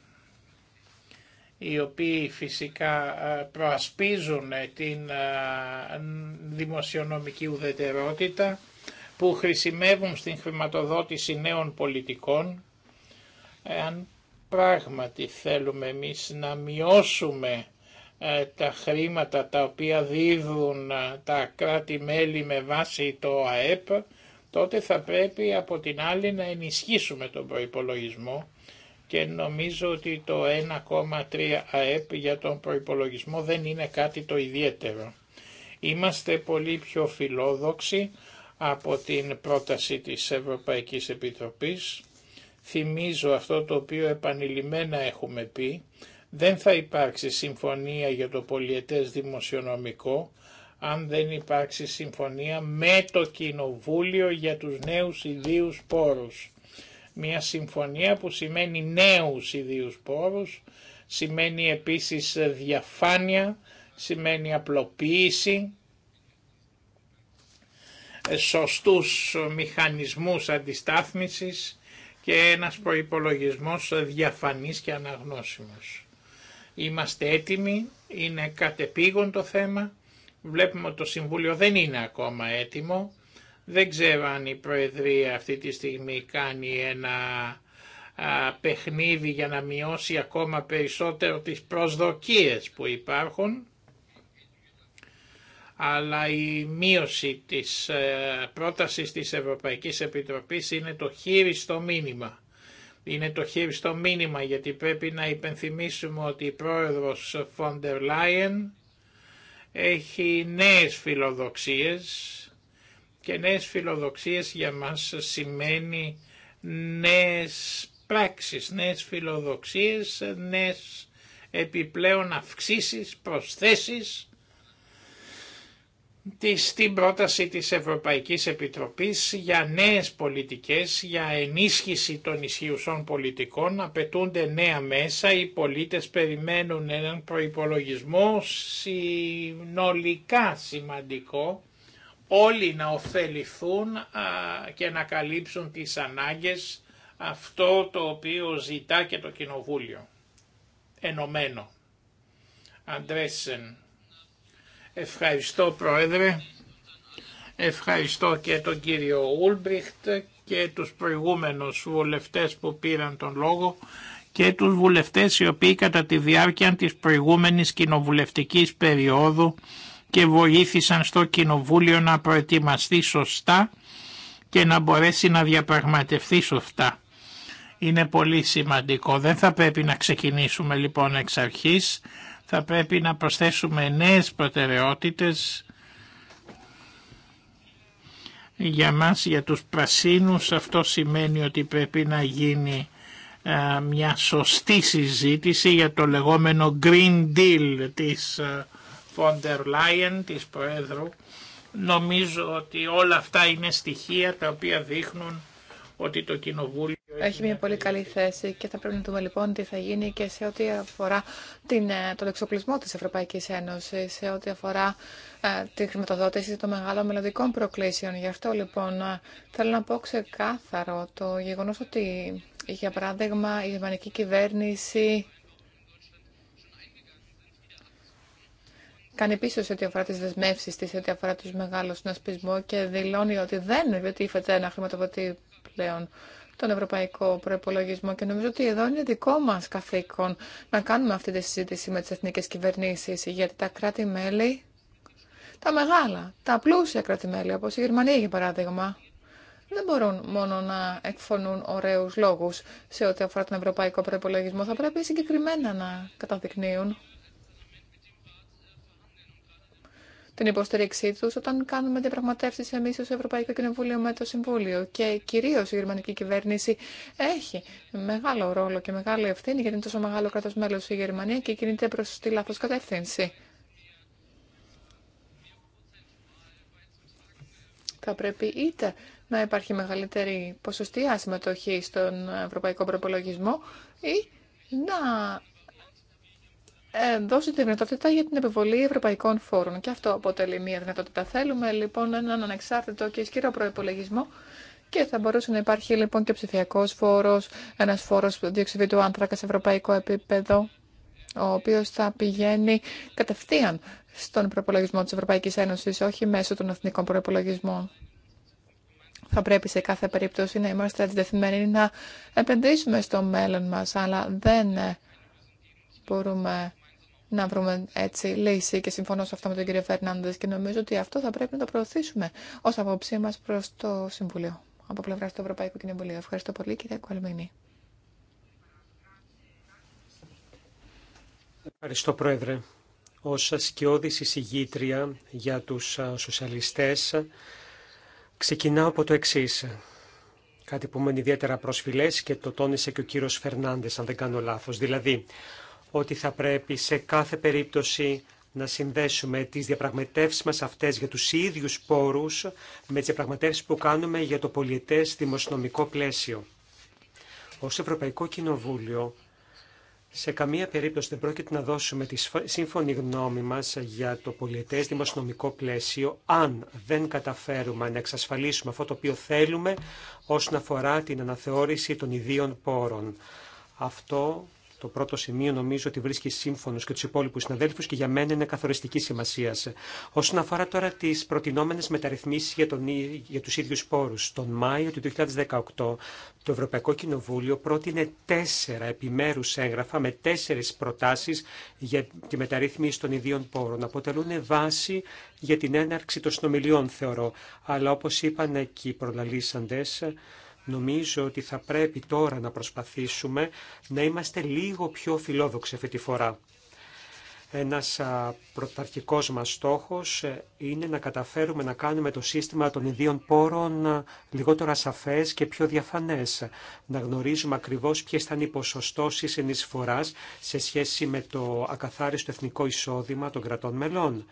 S2: οι οποίοι φυσικά προασπίζουν ε, την δημοσιονομική ουδετερότητα που χρησιμεύουν στην χρηματοδότηση νέων πολιτικών. Αν πράγματι θέλουμε εμείς να μειώσουμε ε, τα χρήματα τα οποία δίδουν ε, τα κράτη-μέλη με βάση το ΑΕΠ, τότε θα πρέπει από την άλλη να ενισχύσουμε τον προϋπολογισμό και νομίζω ότι το 1,3 ΑΕΠ για τον προϋπολογισμό δεν είναι κάτι το ιδιαίτερο. Είμαστε πολύ πιο φιλόδοξοι από την πρόταση της Ευρωπαϊκής Επιτροπής. Θυμίζω αυτό το οποίο επανειλημμένα έχουμε πει, δεν θα υπάρξει συμφωνία για το πολιετές δημοσιονομικό αν δεν υπάρξει συμφωνία με το Κοινοβούλιο για τους νέους ιδίους πόρους. Μια συμφωνία που σημαίνει νέους ιδίους πόρους, σημαίνει επίσης διαφάνεια, σημαίνει απλοποίηση, σωστούς μηχανισμούς αντιστάθμισης και ένας προϋπολογισμός διαφανής και αναγνώσιμος. Είμαστε έτοιμοι, είναι κατεπήγον το θέμα. Βλέπουμε ότι το Συμβούλιο δεν είναι ακόμα έτοιμο. Δεν ξέρω αν η Προεδρία αυτή τη στιγμή κάνει ένα παιχνίδι για να μειώσει ακόμα περισσότερο τις προσδοκίες που υπάρχουν αλλά η μείωση της ε, πρότασης της Ευρωπαϊκής Επιτροπής είναι το χείριστο μήνυμα είναι το χείριστο μήνυμα γιατί πρέπει να υπενθυμίσουμε ότι η πρόεδρος Φόντερ Λάιεν έχει νέες φιλοδοξίες και νέες φιλοδοξίες για μας σημαίνει νέες πράξεις, νέες φιλοδοξίες, νέες επιπλέον αυξήσεις, προσθέσεις στην πρόταση της Ευρωπαϊκής Επιτροπής για νέες πολιτικές, για ενίσχυση των ισχυουσών πολιτικών, απαιτούνται νέα μέσα, οι πολίτες περιμένουν έναν προϋπολογισμό συνολικά σημαντικό, όλοι να ωφεληθούν και να καλύψουν τις ανάγκες αυτό το οποίο ζητά και το Κοινοβούλιο. Ενωμένο. Αντρέσεν. Ευχαριστώ Πρόεδρε, ευχαριστώ και τον κύριο Ούλμπριχτ και τους προηγούμενους βουλευτές που πήραν τον λόγο και τους βουλευτές οι οποίοι κατά τη διάρκεια της προηγούμενης κοινοβουλευτικής περίοδου και βοήθησαν στο Κοινοβούλιο να προετοιμαστεί σωστά και να μπορέσει να διαπραγματευτεί σωστά. Είναι πολύ σημαντικό. Δεν θα πρέπει να ξεκινήσουμε λοιπόν εξ αρχής θα πρέπει να προσθέσουμε νέες προτεραιότητες για μας, για τους πρασίνους. Αυτό σημαίνει ότι πρέπει να γίνει ε, μια σωστή συζήτηση για το λεγόμενο Green Deal της Φόντερ Λάιεν, της Προέδρου. Νομίζω ότι όλα αυτά είναι στοιχεία τα οποία δείχνουν ότι το Κοινοβούλιο...
S3: Έχει μια πολύ καλή θέση και θα πρέπει να δούμε λοιπόν τι θα γίνει και σε ό,τι αφορά την, ε, τον εξοπλισμό της Ευρωπαϊκής Ένωσης, σε ό,τι αφορά ε, τη χρηματοδότηση των μεγάλων μελλοντικών προκλήσεων. Γι' αυτό λοιπόν ε, θέλω να πω ξεκάθαρο το γεγονός ότι για παράδειγμα η γερμανική κυβέρνηση κάνει πίσω σε ό,τι αφορά τι δεσμεύσει τη, σε ό,τι αφορά του μεγάλου συνασπισμού και δηλώνει ότι δεν επιτίθεται να χρηματοδοτεί πλέον τον ευρωπαϊκό προπολογισμό και νομίζω ότι εδώ είναι δικό μας καθήκον να κάνουμε αυτή τη συζήτηση με τι εθνικές κυβερνήσεις γιατί τα κράτη-μέλη, τα μεγάλα, τα πλούσια κράτη-μέλη όπως η Γερμανία για παράδειγμα δεν μπορούν μόνο να εκφωνούν ωραίους λόγους σε ό,τι αφορά τον ευρωπαϊκό προπολογισμό. Θα πρέπει συγκεκριμένα να καταδεικνύουν την υποστήριξή του όταν κάνουμε διαπραγματεύσει εμεί ω Ευρωπαϊκό Κοινοβούλιο με το Συμβούλιο. Και κυρίως η γερμανική κυβέρνηση έχει μεγάλο ρόλο και μεγάλη ευθύνη γιατί είναι τόσο μεγάλο κράτος μέλος η Γερμανία και κινείται προ τη λάθο κατεύθυνση. Θα πρέπει είτε να υπάρχει μεγαλύτερη ποσοστία συμμετοχή στον ευρωπαϊκό προπολογισμό ή να ε, δώσει τη δυνατότητα για την επιβολή ευρωπαϊκών φόρων. Και αυτό αποτελεί μια δυνατότητα. Θέλουμε λοιπόν έναν ανεξάρτητο και ισχυρό προπολογισμό και θα μπορούσε να υπάρχει λοιπόν και ψηφιακό φόρο, ένα φόρο διοξιδίου άνθρακα σε ευρωπαϊκό επίπεδο, ο οποίο θα πηγαίνει κατευθείαν στον προπολογισμό τη Ευρωπαϊκή Ένωση, όχι μέσω των εθνικών προπολογισμών. Θα πρέπει σε κάθε περίπτωση να είμαστε αντιτεθειμένοι να επενδύσουμε στο μέλλον μα, αλλά δεν μπορούμε να βρούμε έτσι λύση και συμφωνώ σε αυτό με τον κύριο Φερνάνδες και νομίζω ότι αυτό θα πρέπει να το προωθήσουμε ως απόψη μας προς το Συμβουλίο από πλευρά του Ευρωπαϊκού Κοινοβουλίου. Ευχαριστώ πολύ κύριε Κουαλμίνη.
S1: Ευχαριστώ Πρόεδρε. Ως η εισηγήτρια για τους σοσιαλιστές ξεκινάω από το εξή. Κάτι που με ιδιαίτερα προσφυλές και το τόνισε και ο κύριος Φερνάνδε, αν δεν κάνω λάθος. Δηλαδή, ότι θα πρέπει σε κάθε περίπτωση να συνδέσουμε τις διαπραγματεύσεις μας αυτές για τους ίδιους πόρους με τις διαπραγματεύσεις που κάνουμε για το πολιετές δημοσιονομικό πλαίσιο. Ως Ευρωπαϊκό Κοινοβούλιο, σε καμία περίπτωση δεν πρόκειται να δώσουμε τη σύμφωνη γνώμη μας για το πολιετές δημοσιονομικό πλαίσιο αν δεν καταφέρουμε να εξασφαλίσουμε αυτό το οποίο θέλουμε όσον αφορά την αναθεώρηση των ιδίων πόρων. Αυτό το πρώτο σημείο νομίζω ότι βρίσκει σύμφωνο και του υπόλοιπου συναδέλφου και για μένα είναι καθοριστική σημασία. Όσον αφορά τώρα τι προτινόμενε μεταρρυθμίσει για, για του ίδιου πόρου, τον Μάιο του 2018 το Ευρωπαϊκό Κοινοβούλιο πρότεινε τέσσερα επιμέρου έγγραφα με τέσσερι προτάσει για τη μεταρρύθμιση των ιδίων πόρων. Αποτελούν βάση για την έναρξη των συνομιλιών, θεωρώ. Αλλά όπω είπαν και οι προλαλήσαντε, Νομίζω ότι θα πρέπει τώρα να προσπαθήσουμε να είμαστε λίγο πιο φιλόδοξοι αυτή τη φορά. Ένας πρωταρχικός μας στόχος ε, είναι να καταφέρουμε να κάνουμε το σύστημα των ιδίων πόρων λιγότερο ασαφές και πιο διαφανές. Να γνωρίζουμε ακριβώς ποιες θα είναι οι ποσοστώσεις ενισφοράς σε σχέση με το ακαθάριστο εθνικό εισόδημα των κρατών μελών.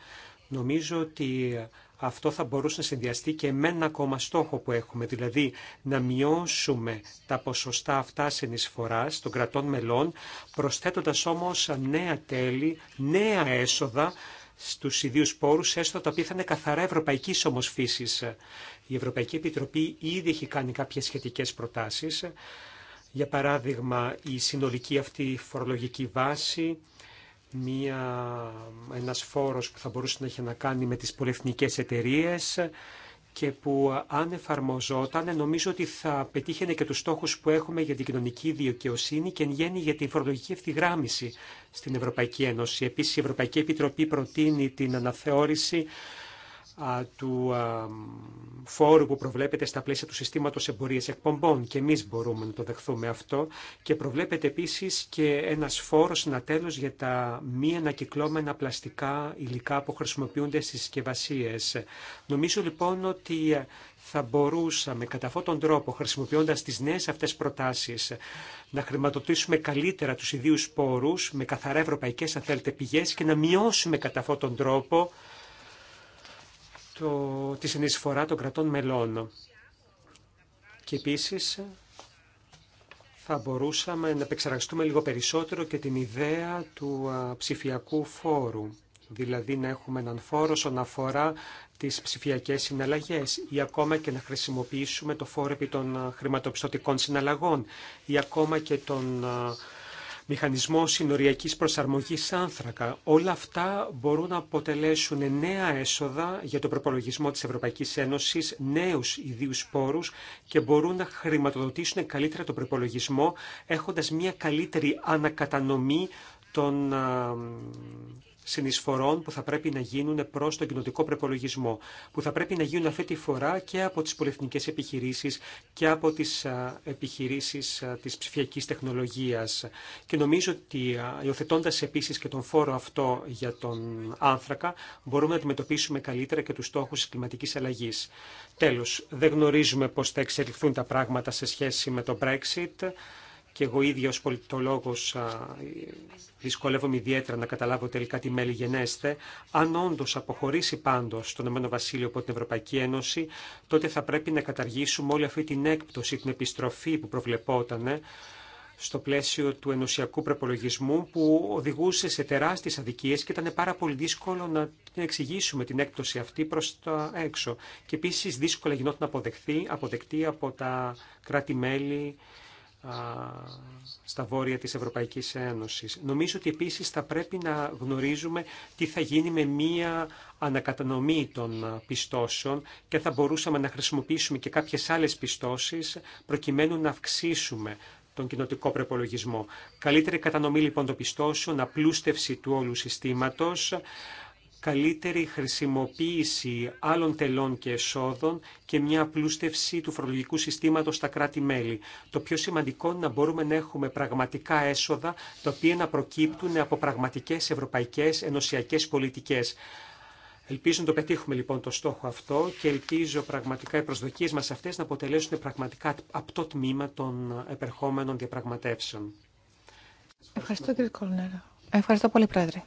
S1: Νομίζω ότι αυτό θα μπορούσε να συνδυαστεί και με ένα ακόμα στόχο που έχουμε, δηλαδή να μειώσουμε τα ποσοστά αυτά συνεισφοράς των κρατών μελών, προσθέτοντας όμως νέα τέλη, νέα έσοδα στους ιδίους πόρους, έστω τα οποία θα είναι καθαρά ευρωπαϊκής όμως φύσης. Η Ευρωπαϊκή Επιτροπή ήδη έχει κάνει κάποιες σχετικές προτάσεις, για παράδειγμα η συνολική αυτή φορολογική βάση, μία, ένας φόρος που θα μπορούσε να έχει να κάνει με τις πολυεθνικές εταιρείες και που αν εφαρμοζόταν νομίζω ότι θα πετύχαινε και τους στόχους που έχουμε για την κοινωνική δικαιοσύνη και εν γέννη για την φορολογική ευθυγράμμιση στην Ευρωπαϊκή Ένωση. Επίσης η Ευρωπαϊκή Επιτροπή προτείνει την αναθεώρηση του φόρου που προβλέπεται στα πλαίσια του συστήματος εμπορίας εκπομπών και εμείς μπορούμε να το δεχθούμε αυτό και προβλέπεται επίσης και ένας φόρος να τέλος για τα μη ανακυκλώμενα πλαστικά υλικά που χρησιμοποιούνται στις συσκευασίε. Νομίζω λοιπόν ότι θα μπορούσαμε κατά αυτόν τον τρόπο, χρησιμοποιώντας τις νέες αυτές προτάσεις, να χρηματοδοτήσουμε καλύτερα τους ιδίους πόρους με καθαρά ευρωπαϊκές αν θέλετε πηγές και να μειώσουμε κατά αυτόν τον τρόπο το, τη συνεισφορά των κρατών μελών. Και επίσης θα μπορούσαμε να επεξεργαστούμε λίγο περισσότερο και την ιδέα του ψηφιακού φόρου. Δηλαδή να έχουμε έναν φόρο όσον αφορά τις ψηφιακές συναλλαγές ή ακόμα και να χρησιμοποιήσουμε το φόρο επί των χρηματοπιστωτικών συναλλαγών ή ακόμα και των μηχανισμό συνοριακής προσαρμογής άνθρακα. Όλα αυτά μπορούν να αποτελέσουν νέα έσοδα για τον προπολογισμό της Ευρωπαϊκής Ένωσης, νέους ιδίους πόρους και μπορούν να χρηματοδοτήσουν καλύτερα τον προπολογισμό έχοντας μια καλύτερη ανακατανομή των συνεισφορών που θα πρέπει να γίνουν προ τον κοινοτικό προπολογισμό, που θα πρέπει να γίνουν αυτή τη φορά και από τι πολυεθνικέ επιχειρήσει και από τι επιχειρήσει τη ψηφιακή τεχνολογία. Και νομίζω ότι υιοθετώντα επίση και τον φόρο αυτό για τον άνθρακα, μπορούμε να αντιμετωπίσουμε καλύτερα και του στόχου τη κλιματική αλλαγή. Τέλο, δεν γνωρίζουμε πώ θα εξελιχθούν τα πράγματα σε σχέση με το Brexit και εγώ ίδια ως πολιτολόγος δυσκολεύομαι ιδιαίτερα να καταλάβω τελικά τι μέλη γενέστε. Αν όντω αποχωρήσει πάντως το Ηνωμένο Βασίλειο από την Ευρωπαϊκή Ένωση, τότε θα πρέπει να καταργήσουμε όλη αυτή την έκπτωση, την επιστροφή που προβλεπόταν στο πλαίσιο του ενωσιακού προπολογισμού που οδηγούσε σε τεράστιες αδικίες και ήταν πάρα πολύ δύσκολο να την εξηγήσουμε την έκπτωση αυτή προς τα έξω. Και επίσης δύσκολα γινόταν αποδεκτή από τα κράτη-μέλη στα βόρεια της Ευρωπαϊκής Ένωσης. Νομίζω ότι επίσης θα πρέπει να γνωρίζουμε τι θα γίνει με μία ανακατανομή των πιστώσεων και θα μπορούσαμε να χρησιμοποιήσουμε και κάποιες άλλες πιστώσεις προκειμένου να αυξήσουμε τον κοινοτικό προπολογισμό. Καλύτερη κατανομή λοιπόν των πιστώσεων, απλούστευση του όλου συστήματος, καλύτερη χρησιμοποίηση άλλων τελών και εσόδων και μια απλούστευση του φορολογικού συστήματος στα κράτη-μέλη. Το πιο σημαντικό είναι να μπορούμε να έχουμε πραγματικά έσοδα τα οποία να προκύπτουν από πραγματικές ευρωπαϊκές ενωσιακές πολιτικές. Ελπίζω να το πετύχουμε λοιπόν το στόχο αυτό και ελπίζω πραγματικά οι προσδοκίες μας αυτές να αποτελέσουν πραγματικά από το τμήμα των επερχόμενων διαπραγματεύσεων.
S3: Ευχαριστώ κύριε Κολνέρα. Ευχαριστώ πολύ πρόεδρε.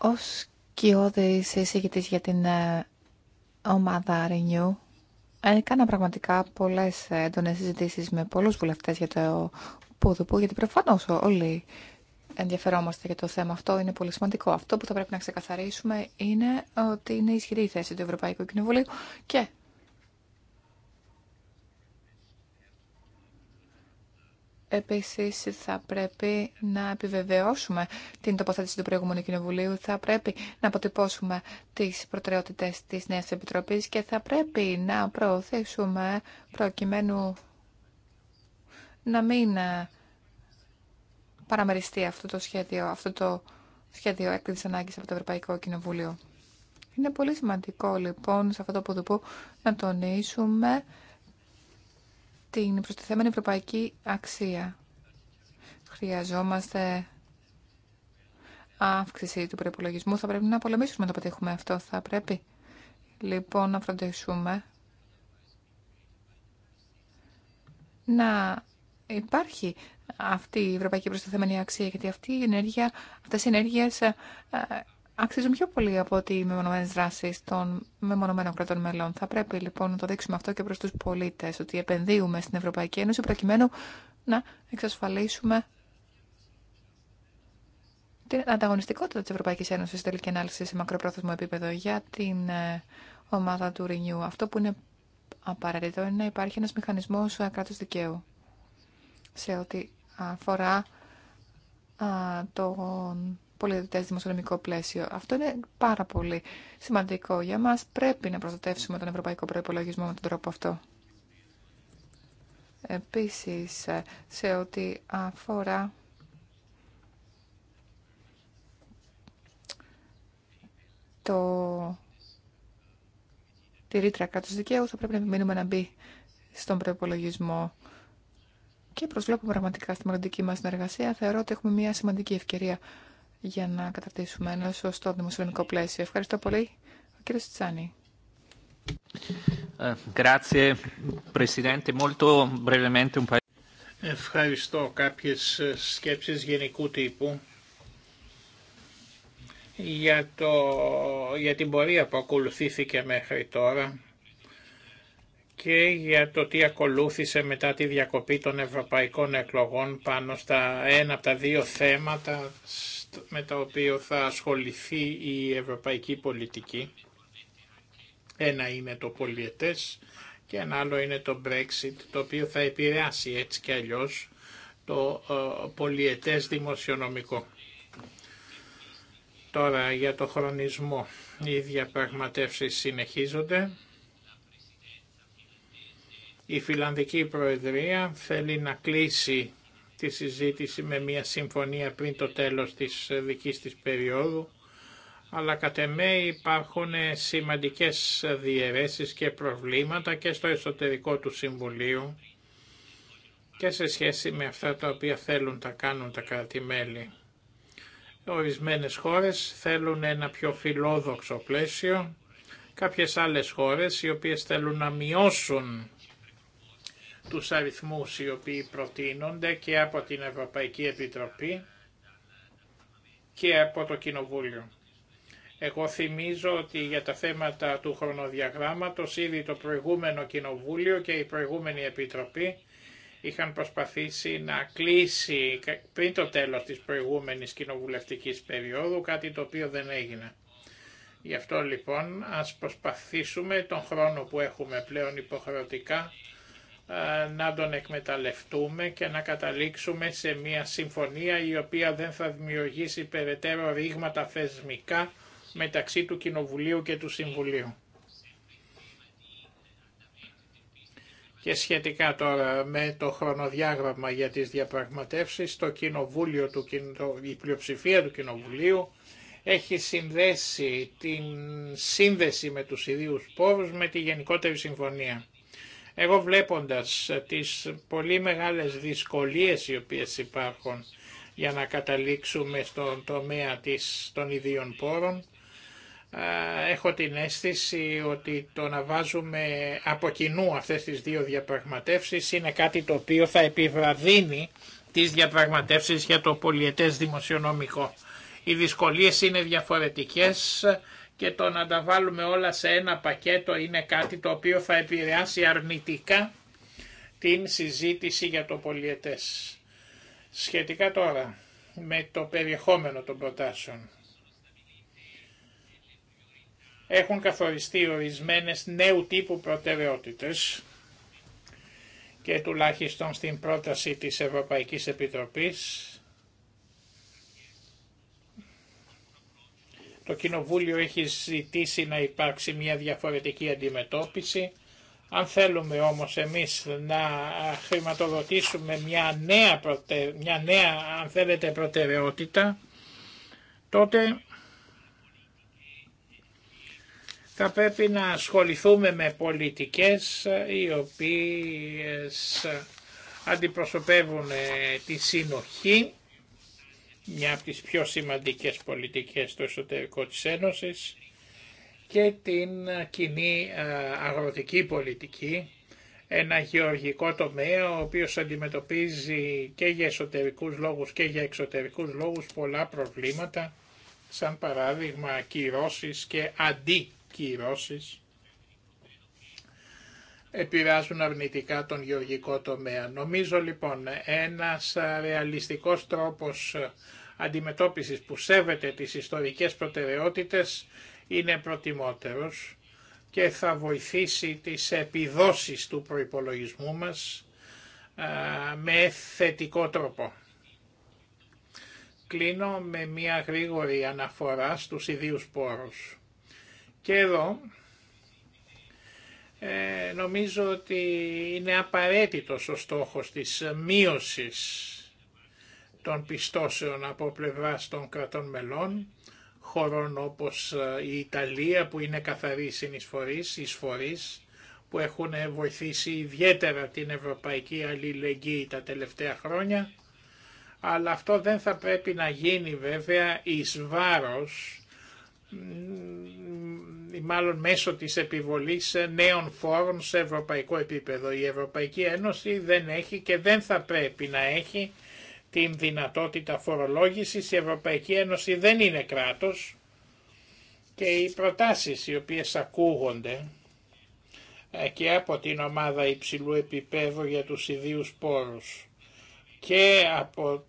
S3: Ως κοιόδης εισηγητής για την ε, ομάδα Renew, έκανα πραγματικά πολλές έντονες συζητήσει με πολλούς βουλευτές για το Πουδουπού, γιατί προφανώς όλοι ενδιαφερόμαστε για το θέμα αυτό, είναι πολύ σημαντικό. Αυτό που θα πρέπει να ξεκαθαρίσουμε είναι ότι είναι ισχυρή η θέση του Ευρωπαϊκού Κοινοβουλίου και Επίσης θα πρέπει να επιβεβαιώσουμε την τοποθέτηση του προηγούμενου Κοινοβουλίου, θα πρέπει να αποτυπώσουμε τις προτεραιότητες της Νέας Επιτροπής και θα πρέπει να προωθήσουμε προκειμένου να μην ε, παραμεριστεί αυτό το σχέδιο, αυτό το σχέδιο ανάγκης από το Ευρωπαϊκό Κοινοβούλιο. Είναι πολύ σημαντικό λοιπόν σε αυτό το ποδοπού να τονίσουμε την προστιθέμενη ευρωπαϊκή αξία. Χρειαζόμαστε αύξηση του προπολογισμού. Θα πρέπει να πολεμήσουμε να το πετύχουμε αυτό. Θα πρέπει λοιπόν να φροντίσουμε να υπάρχει αυτή η ευρωπαϊκή προστιθέμενη αξία, γιατί αυτή η ενέργεια, αυτές οι ενέργειες ε, αξίζουν πιο πολύ από ότι οι μεμονωμένε δράσει των μεμονωμένων κρατών μελών. Θα πρέπει λοιπόν να το δείξουμε αυτό και προ του πολίτε, ότι επενδύουμε στην Ευρωπαϊκή Ένωση προκειμένου να εξασφαλίσουμε την ανταγωνιστικότητα τη Ευρωπαϊκή Ένωση τελική ανάλυση σε μακροπρόθεσμο επίπεδο για την ε, ομάδα του Renew. Αυτό που είναι απαραίτητο είναι να υπάρχει ένα μηχανισμό ε, κράτου δικαίου σε ό,τι αφορά τον πολιτευτές δημοσιονομικό πλαίσιο. Αυτό είναι πάρα πολύ σημαντικό για μας. Πρέπει να προστατεύσουμε τον ευρωπαϊκό προϋπολογισμό με τον τρόπο αυτό. Επίσης, σε ό,τι αφορά το... τη ρήτρα κράτου δικαίου, θα πρέπει να μείνουμε να μπει στον προπολογισμό και προσβλέπω πραγματικά στη μελλοντική μας συνεργασία. Θεωρώ ότι έχουμε μια σημαντική ευκαιρία για να καταρτήσουμε ένα σωστό δημοσιονομικό πλαίσιο. Ευχαριστώ πολύ. Ο κύριος Τσάνη.
S2: Ε, Ευχαριστώ. Κάποιες ε, σκέψεις γενικού τύπου για, το, για την πορεία που ακολουθήθηκε μέχρι τώρα και για το τι ακολούθησε μετά τη διακοπή των ευρωπαϊκών εκλογών πάνω στα ένα από τα δύο θέματα τεστ με τα οποία θα ασχοληθεί η ευρωπαϊκή πολιτική. Ένα είναι το πολιετές και ένα άλλο είναι το Brexit, το οποίο θα επηρεάσει έτσι και αλλιώς το ε, πολιετές δημοσιονομικό. Τώρα για το χρονισμό. Οι διαπραγματεύσεις συνεχίζονται. Η Φιλανδική Προεδρία θέλει να κλείσει τη συζήτηση με μια συμφωνία πριν το τέλος της δικής της περίοδου, αλλά κατ' εμέ υπάρχουν σημαντικές διαιρέσεις και προβλήματα και στο εσωτερικό του Συμβουλίου και σε σχέση με αυτά τα οποία θέλουν τα κάνουν τα κράτη-μέλη. Ορισμένες χώρες θέλουν ένα πιο φιλόδοξο πλαίσιο, κάποιες άλλες χώρες οι οποίες θέλουν να μειώσουν τους αριθμούς οι οποίοι προτείνονται και από την Ευρωπαϊκή Επιτροπή και από το Κοινοβούλιο. Εγώ θυμίζω ότι για τα θέματα του χρονοδιαγράμματος ήδη το προηγούμενο Κοινοβούλιο και η προηγούμενη Επιτροπή είχαν προσπαθήσει να κλείσει πριν το τέλος της προηγούμενης κοινοβουλευτικής περίοδου, κάτι το οποίο δεν έγινε. Γι' αυτό λοιπόν ας προσπαθήσουμε τον χρόνο που έχουμε πλέον υποχρεωτικά ε, να τον εκμεταλλευτούμε και να καταλήξουμε σε μια συμφωνία η οποία δεν θα δημιουργήσει περαιτέρω ρήγματα θεσμικά μεταξύ του Κοινοβουλίου και του Συμβουλίου. Και σχετικά τώρα με το χρονοδιάγραμμα για τις διαπραγματεύσεις, το κοινοβούλιο του, η πλειοψηφία του Κοινοβουλίου έχει συνδέσει την σύνδεση με τους ιδίους πόρους με τη Γενικότερη Συμφωνία. Εγώ βλέποντας ε, τις πολύ μεγάλες δυσκολίες οι οποίες υπάρχουν για να καταλήξουμε στον τομέα της, των ιδίων πόρων, ε, έχω την αίσθηση ότι το να βάζουμε από κοινού αυτές τις δύο διαπραγματεύσεις είναι κάτι το οποίο θα επιβραδύνει τις διαπραγματεύσεις για το πολιετές δημοσιονομικό. Οι δυσκολίες είναι διαφορετικές και το να τα βάλουμε όλα σε ένα πακέτο είναι κάτι το οποίο θα επηρεάσει αρνητικά την συζήτηση για το πολιετές. Σχετικά τώρα με το περιεχόμενο των προτάσεων. Έχουν καθοριστεί ορισμένες νέου τύπου προτεραιότητες και τουλάχιστον στην πρόταση της Ευρωπαϊκής Επιτροπής Το Κοινοβούλιο έχει ζητήσει να υπάρξει μια διαφορετική αντιμετώπιση. Αν θέλουμε όμως εμείς να χρηματοδοτήσουμε μια νέα, προτε... μια νέα αν θέλετε, προτεραιότητα, τότε θα πρέπει να ασχοληθούμε με πολιτικές οι οποίες αντιπροσωπεύουν τη συνοχή μια από τις πιο σημαντικές πολιτικές στο εσωτερικό της Ένωσης και την κοινή αγροτική πολιτική, ένα γεωργικό τομέα ο οποίος αντιμετωπίζει και για εσωτερικούς λόγους και για εξωτερικούς λόγους πολλά προβλήματα, σαν παράδειγμα κυρώσεις και αντικυρώσεις επηρεάζουν αρνητικά τον γεωργικό τομέα. Νομίζω λοιπόν ένας ρεαλιστικός τρόπος αντιμετώπισης που σέβεται τις ιστορικές προτεραιότητες είναι προτιμότερος και θα βοηθήσει τις επιδόσεις του προϋπολογισμού μας με θετικό τρόπο. Κλείνω με μια γρήγορη αναφορά στους ιδίους πόρους. Και εδώ ε, νομίζω ότι είναι απαραίτητος ο στόχος της μείωσης των πιστώσεων από πλευρά των κρατών μελών, χωρών όπως ε, η Ιταλία που είναι καθαρή συνεισφορής, εισφορής που έχουν βοηθήσει ιδιαίτερα την ευρωπαϊκή αλληλεγγύη τα τελευταία χρόνια, αλλά αυτό δεν θα πρέπει να γίνει βέβαια εις βάρος, ή μάλλον μέσω της επιβολής νέων φόρων σε ευρωπαϊκό επίπεδο. Η Ευρωπαϊκή Ένωση δεν έχει και δεν θα πρέπει να έχει την δυνατότητα φορολόγησης. Η Ευρωπαϊκή Ένωση δεν είναι κράτος και οι προτάσεις οι οποίες ακούγονται ε, και από την ομάδα υψηλού επίπεδου για τους ιδίους πόρους και από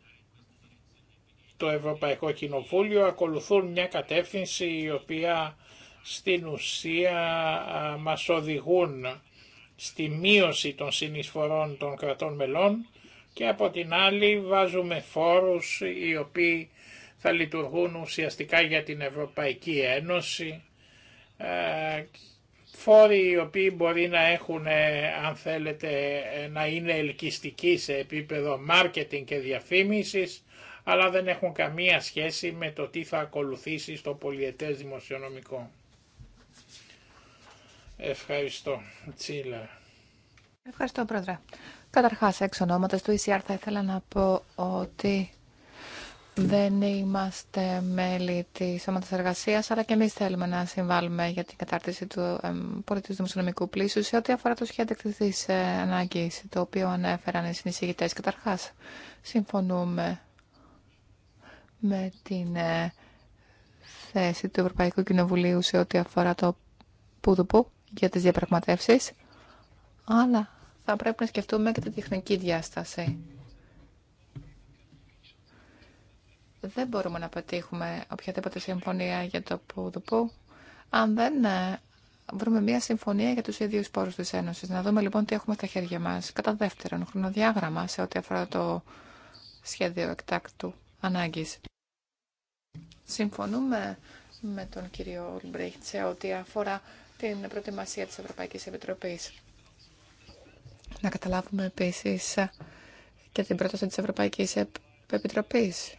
S2: το Ευρωπαϊκό Κοινοβούλιο ακολουθούν μια κατεύθυνση η οποία στην ουσία μας οδηγούν στη μείωση των συνεισφορών των κρατών μελών και από την άλλη βάζουμε φόρους οι οποίοι θα λειτουργούν ουσιαστικά για την Ευρωπαϊκή Ένωση, ε, φόροι οι οποίοι μπορεί να έχουν, ε, αν θέλετε, ε, να είναι ελκυστικοί σε επίπεδο μάρκετινγκ και διαφήμισης, αλλά δεν έχουν καμία σχέση με το τι θα ακολουθήσει στο πολιετές δημοσιονομικό. Ευχαριστώ. Τσίλα.
S3: Ευχαριστώ, Πρόεδρε. Καταρχάς, εξ ονόματος του ECR θα ήθελα να πω ότι δεν είμαστε μέλη τη Σώματο Εργασία, αλλά και εμεί θέλουμε να συμβάλλουμε για την κατάρτιση του πολιτικού δημοσιονομικού πλήσου σε ό,τι αφορά το σχέδιο ε, ανάγκη, το οποίο ανέφεραν οι συνεισηγητέ. Καταρχά, συμφωνούμε με την ε, θέση του Ευρωπαϊκού Κοινοβουλίου σε ό,τι αφορά το πουδουπού για τις διαπραγματεύσεις, αλλά θα πρέπει να σκεφτούμε και τη τεχνική διάσταση. Δεν μπορούμε να πετύχουμε οποιαδήποτε συμφωνία για το που το που, αν δεν ε, βρούμε μια συμφωνία για τους ίδιους πόρους της Ένωσης. Να δούμε λοιπόν τι έχουμε στα χέρια μας. Κατά δεύτερον, χρονοδιάγραμμα σε ό,τι αφορά το σχέδιο εκτάκτου ανάγκης. Συμφωνούμε με τον κύριο Ολμπρίχτ σε ό,τι αφορά την προετοιμασία της Ευρωπαϊκής Επιτροπής. Να καταλάβουμε επίσης και την πρόταση της Ευρωπαϊκής Επιτροπής.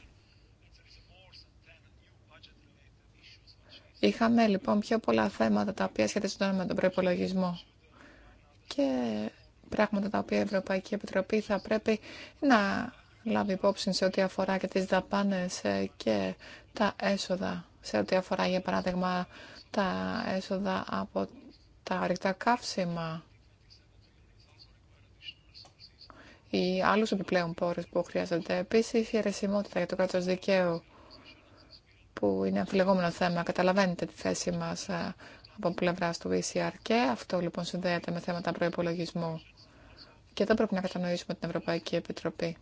S3: Είχαμε λοιπόν πιο πολλά θέματα τα οποία σχετίζονται με τον προπολογισμό και πράγματα τα οποία η Ευρωπαϊκή Επιτροπή θα πρέπει να λάβει υπόψη σε ό,τι αφορά και τις δαπάνες ε, και τα έσοδα. Σε ό,τι αφορά για παράδειγμα τα έσοδα από τα ορυκτά καύσιμα ή άλλους επιπλέον πόρους που χρειάζονται. Επίσης, η άλλου επιπλεον πορου που χρειαζονται επισης η αιρεσιμοτητα για το κράτο δικαίου, που είναι αμφιλεγόμενο θέμα. Καταλαβαίνετε τη θέση μα ε, από πλευρά του ECR και αυτό λοιπόν συνδέεται με θέματα προπολογισμού Και εδώ πρέπει να κατανοήσουμε την Ευρωπαϊκή Επιτροπή.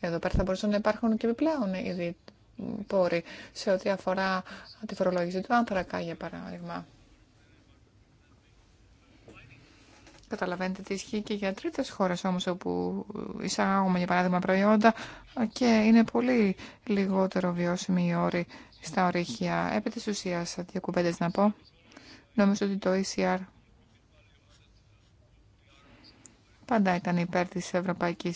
S3: Εδώ πέρα θα μπορούσαν να υπάρχουν και επιπλέον ήδη πόροι σε ό,τι αφορά τη φορολογήση του άνθρακα, για παράδειγμα. Καταλαβαίνετε τι ισχύει και για τρίτες χώρε όμω όπου εισάγουμε για παράδειγμα προϊόντα και είναι πολύ λιγότερο βιώσιμη η όρη στα ορίχια. Επί τη ουσία δύο κουμπέντε να πω, νομίζω ότι το ECR πάντα ήταν υπέρ τη Ευρωπαϊκή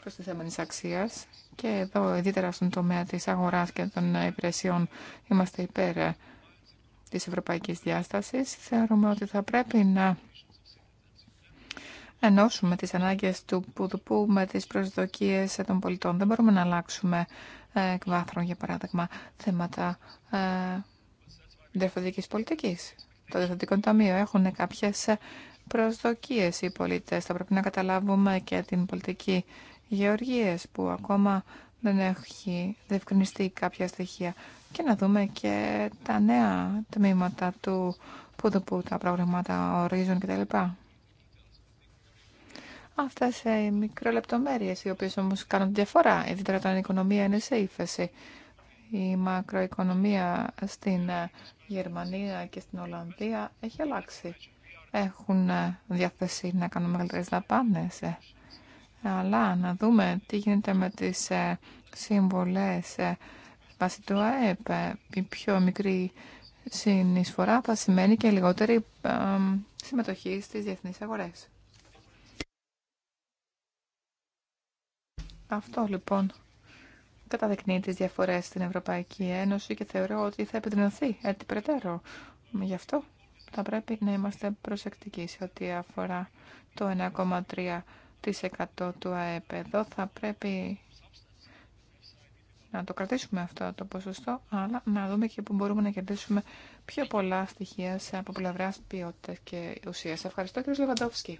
S3: προστιθέμενη αξίας και εδώ ιδιαίτερα στον τομέα τη αγορά και των υπηρεσιών είμαστε υπέρ τη ευρωπαϊκής διάστασης. Θεωρούμε ότι θα πρέπει να ενώσουμε τις ανάγκες του Πουδουπού με τις προσδοκίες των πολιτών. Δεν μπορούμε να αλλάξουμε ε, εκ βάθρων, για παράδειγμα, θέματα ε, διευθυντικής πολιτικής. Το διευθυντικό ταμείο έχουν κάποιες ε, προσδοκίες οι πολίτες. Θα πρέπει να καταλάβουμε και την πολιτική γεωργίες που ακόμα δεν έχει διευκρινιστεί κάποια στοιχεία και να δούμε και τα νέα τμήματα του που, που τα προγραμμάτα ορίζουν κτλ αυτές ε, οι μικρολεπτομέρειες οι οποίες όμως κάνουν διαφορά, ιδιαίτερα όταν η οικονομία είναι σε ύφεση. Η μακροοικονομία στην ε, Γερμανία και στην Ολλανδία έχει αλλάξει. Έχουν ε, διαθέσει να κάνουν μεγαλύτερε δαπάνε. Αλλά να δούμε τι γίνεται με τι σύμβολες βάσει του ΑΕΠ. Η πιο μικρή συνεισφορά θα σημαίνει και λιγότερη συμμετοχή στι διεθνεί αγορέ. Αυτό λοιπόν καταδεικνύει τις διαφορές στην Ευρωπαϊκή Ένωση και θεωρώ ότι θα επιδεινωθεί έτσι περαιτέρω. Γι' αυτό θα πρέπει να είμαστε προσεκτικοί σε ό,τι αφορά το 1,3% του ΑΕΠ. Εδώ θα πρέπει να το κρατήσουμε αυτό το ποσοστό, αλλά να δούμε και που μπορούμε να κερδίσουμε πιο πολλά στοιχεία σε από πλευρά ποιότητα και ουσία. Ευχαριστώ, κύριε Λεβαντόφσκι.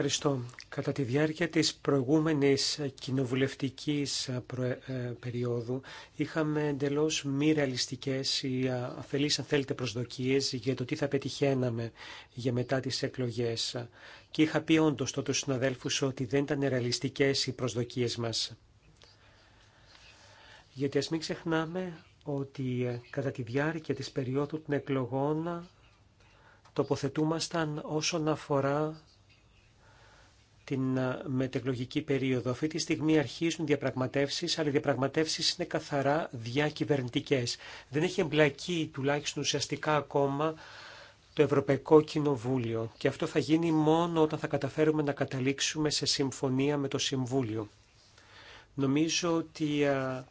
S1: Ευχαριστώ. Κατά τη διάρκεια της προηγούμενης κοινοβουλευτικής ε, ε, περίοδου είχαμε εντελώς μη ρεαλιστικές ή αφελείς αν θέλετε προσδοκίες για το τι θα πετυχαίναμε για μετά τις εκλογές και είχα πει όντω τότε στους συναδέλφους ότι δεν ήταν ρεαλιστικές οι προσδοκίες μας. Γιατί ας μην ξεχνάμε ότι ε, κατά τη διάρκεια της περίοδου των εκλογών τοποθετούμασταν όσον αφορά την ε, μετεκλογική περίοδο. Αυτή τη στιγμή αρχίζουν διαπραγματεύσεις, αλλά οι διαπραγματεύσεις είναι καθαρά διακυβερνητικές. Δεν έχει εμπλακεί τουλάχιστον ουσιαστικά ακόμα το Ευρωπαϊκό Κοινοβούλιο και αυτό θα γίνει μόνο όταν θα καταφέρουμε να καταλήξουμε σε συμφωνία με το Συμβούλιο. Νομίζω ότι ε,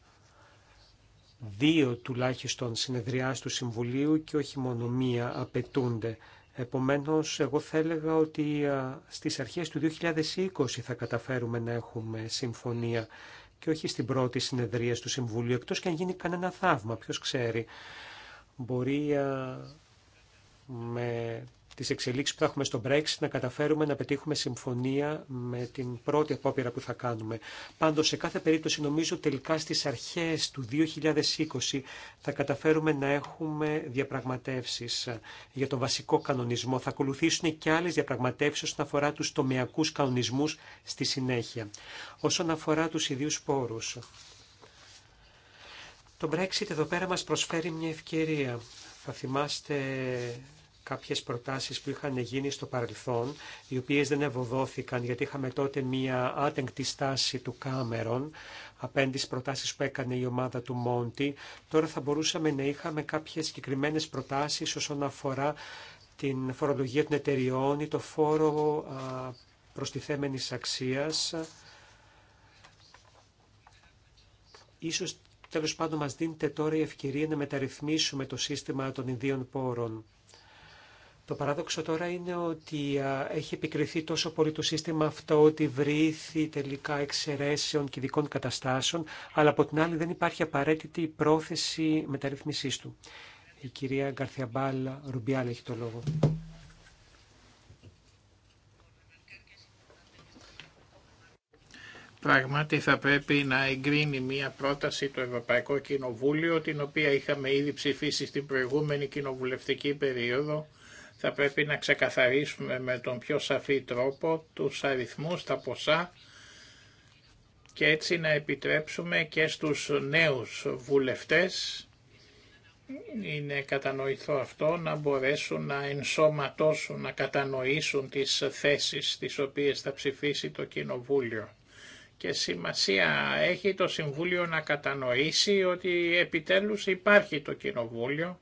S1: δύο τουλάχιστον συνεδριάς του Συμβουλίου και όχι μόνο μία απαιτούνται. Επομένως, εγώ θα έλεγα ότι στις αρχές του 2020 θα καταφέρουμε να έχουμε συμφωνία και όχι στην πρώτη συνεδρία του Συμβουλίου, εκτός και αν γίνει κανένα θαύμα, ποιος ξέρει. Μπορεί με τις εξελίξεις που θα έχουμε στο Brexit να καταφέρουμε να πετύχουμε συμφωνία με την πρώτη απόπειρα που θα κάνουμε. Πάντω, σε κάθε περίπτωση νομίζω τελικά στι αρχέ του 2020 θα καταφέρουμε να έχουμε διαπραγματεύσει για τον βασικό κανονισμό. Θα ακολουθήσουν και άλλε διαπραγματεύσει όσον αφορά του τομεακού κανονισμού στη συνέχεια. Όσον αφορά του ιδίου πόρου. Το Brexit εδώ πέρα μας προσφέρει μια ευκαιρία. Θα θυμάστε κάποιες προτάσεις που είχαν γίνει στο παρελθόν, οι οποίες δεν ευωδόθηκαν γιατί είχαμε τότε μία άτεγκτη στάση του Κάμερον απέναντι προτάσεις που έκανε η ομάδα του Μόντι. Τώρα θα μπορούσαμε να είχαμε κάποιες συγκεκριμένε προτάσεις όσον αφορά την φορολογία των εταιριών ή το φόρο προστιθέμενης αξίας. Ίσως τέλος πάντων μας δίνεται τώρα η ευκαιρία να μεταρρυθμίσουμε το σύστημα των ιδίων πόρων. Το παράδοξο τώρα είναι ότι έχει επικριθεί τόσο πολύ το σύστημα αυτό ότι βρήθη τελικά εξαιρέσεων και ειδικών καταστάσεων, αλλά από την άλλη δεν υπάρχει απαραίτητη πρόθεση μεταρρύθμισής του. Η κυρία Γκαρθιαμπάλ Ρουμπιάλ έχει το λόγο.
S2: Πράγματι θα πρέπει να εγκρίνει μία πρόταση το Ευρωπαϊκό Κοινοβούλιο, την οποία είχαμε ήδη ψηφίσει στην προηγούμενη κοινοβουλευτική περίοδο θα πρέπει να ξεκαθαρίσουμε με τον πιο σαφή τρόπο τους αριθμούς, τα ποσά και έτσι να επιτρέψουμε και στους νέους βουλευτές είναι κατανοηθό αυτό να μπορέσουν να ενσωματώσουν, να κατανοήσουν τις θέσεις τις οποίες θα ψηφίσει το Κοινοβούλιο. Και σημασία έχει το Συμβούλιο να κατανοήσει ότι επιτέλους υπάρχει το Κοινοβούλιο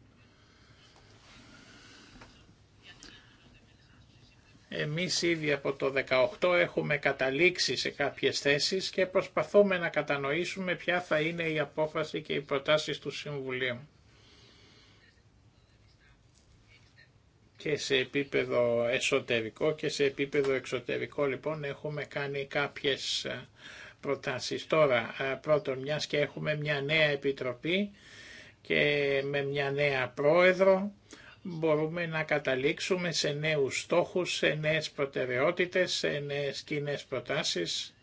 S2: Εμείς ήδη από το 18 έχουμε καταλήξει σε κάποιες θέσεις και προσπαθούμε να κατανοήσουμε ποια θα είναι η απόφαση και οι προτάσεις του Συμβουλίου. Και σε επίπεδο εσωτερικό και σε επίπεδο εξωτερικό λοιπόν έχουμε κάνει κάποιες ε, προτάσεις. Τώρα ε, πρώτον μιας και έχουμε μια νέα επιτροπή και με μια νέα πρόεδρο μπορούμε να καταλήξουμε σε νέους στόχους, σε νέες προτεραιότητες, σε νέες κοινέ προτάσεις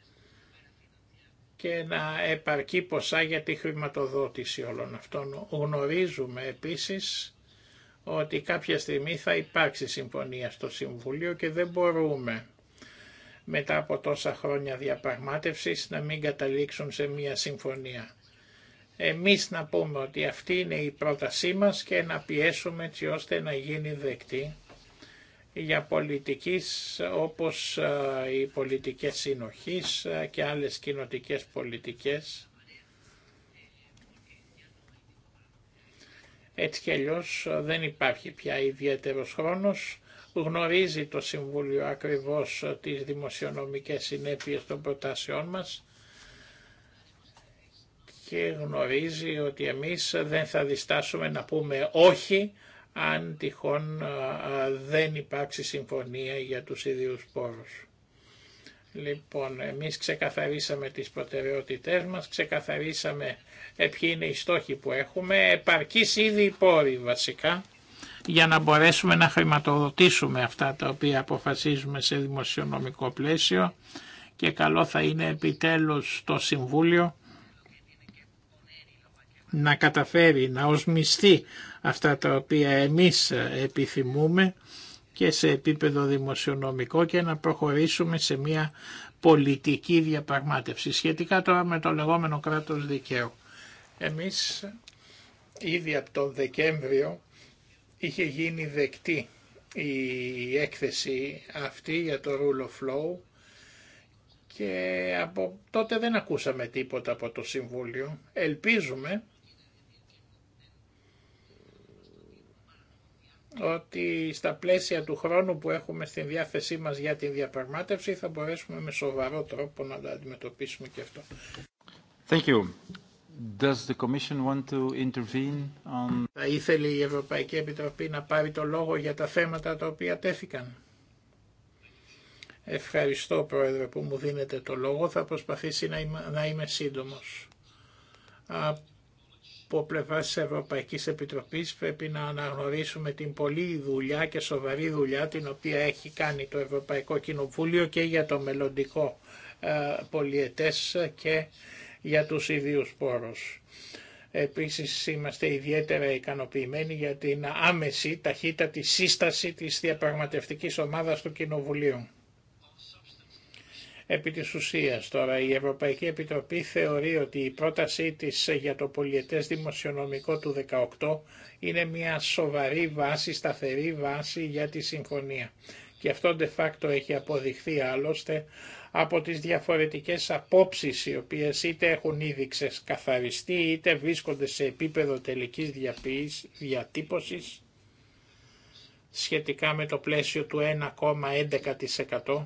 S2: και να επαρκεί ποσά για τη χρηματοδότηση όλων αυτών. Γνωρίζουμε επίσης ότι κάποια στιγμή θα υπάρξει συμφωνία στο Συμβούλιο και δεν μπορούμε μετά από τόσα χρόνια διαπραγμάτευσης να μην καταλήξουν σε μια συμφωνία εμείς να πούμε ότι αυτή είναι η πρότασή μας και να πιέσουμε έτσι ώστε να γίνει δεκτή για πολιτικής όπως οι πολιτικές συνοχής και άλλες κοινοτικές πολιτικές. Έτσι κι αλλιώς δεν υπάρχει πια ιδιαίτερος χρόνος. Γνωρίζει το Συμβούλιο ακριβώς τις δημοσιονομικές συνέπειες των προτάσεών μας και γνωρίζει ότι εμείς δεν θα διστάσουμε να πούμε όχι αν τυχόν δεν υπάρξει συμφωνία για τους ίδιους πόρους. Λοιπόν, εμείς ξεκαθαρίσαμε τις προτεραιότητές μας, ξεκαθαρίσαμε ποιοι είναι οι στόχοι που έχουμε, επαρκείς ήδη οι πόροι βασικά, για να μπορέσουμε να χρηματοδοτήσουμε αυτά τα οποία αποφασίζουμε σε δημοσιονομικό πλαίσιο και καλό θα είναι επιτέλους το Συμβούλιο να καταφέρει να οσμιστεί αυτά τα οποία εμείς επιθυμούμε και σε επίπεδο δημοσιονομικό και να προχωρήσουμε σε μια πολιτική διαπραγμάτευση σχετικά τώρα με το λεγόμενο κράτος δικαίου. Εμείς ήδη από τον Δεκέμβριο είχε γίνει δεκτή η έκθεση αυτή για το Rule of Law και από τότε δεν ακούσαμε τίποτα από το Συμβούλιο. Ελπίζουμε ότι στα πλαίσια του χρόνου που έχουμε στην διάθεσή μας για την διαπραγμάτευση θα μπορέσουμε με σοβαρό τρόπο να τα αντιμετωπίσουμε και αυτό.
S4: Thank you. Does the Commission want to
S2: intervene on... Θα ήθελε η Ευρωπαϊκή Επιτροπή να πάρει το λόγο για τα θέματα τα οποία τέθηκαν. Ευχαριστώ Πρόεδρε που μου δίνετε το λόγο. Θα προσπαθήσει να είμαι, να είμαι σύντομος από πλευρά τη ευρωπαϊκή Επιτροπή πρέπει να αναγνωρίσουμε την πολλή δουλειά και σοβαρή δουλειά την οποία έχει κάνει το Ευρωπαϊκό Κοινοβούλιο και για το μελλοντικό ε, πολιετές και για τους ιδίους πόρους. Επίσης είμαστε ιδιαίτερα ικανοποιημένοι για την άμεση ταχύτατη σύσταση της διαπραγματευτικής ομάδας του Κοινοβουλίου. Επί της ουσίας τώρα η Ευρωπαϊκή Επιτροπή θεωρεί ότι η πρότασή της για το πολιετές δημοσιονομικό του 18 είναι μια σοβαρή βάση, σταθερή βάση για τη συμφωνία. Και αυτό de facto έχει αποδειχθεί άλλωστε από τις διαφορετικές απόψεις οι οποίες είτε έχουν ήδη ξεκαθαριστεί είτε βρίσκονται σε επίπεδο τελικής διατύπωσης σχετικά με το πλαίσιο του 1,11%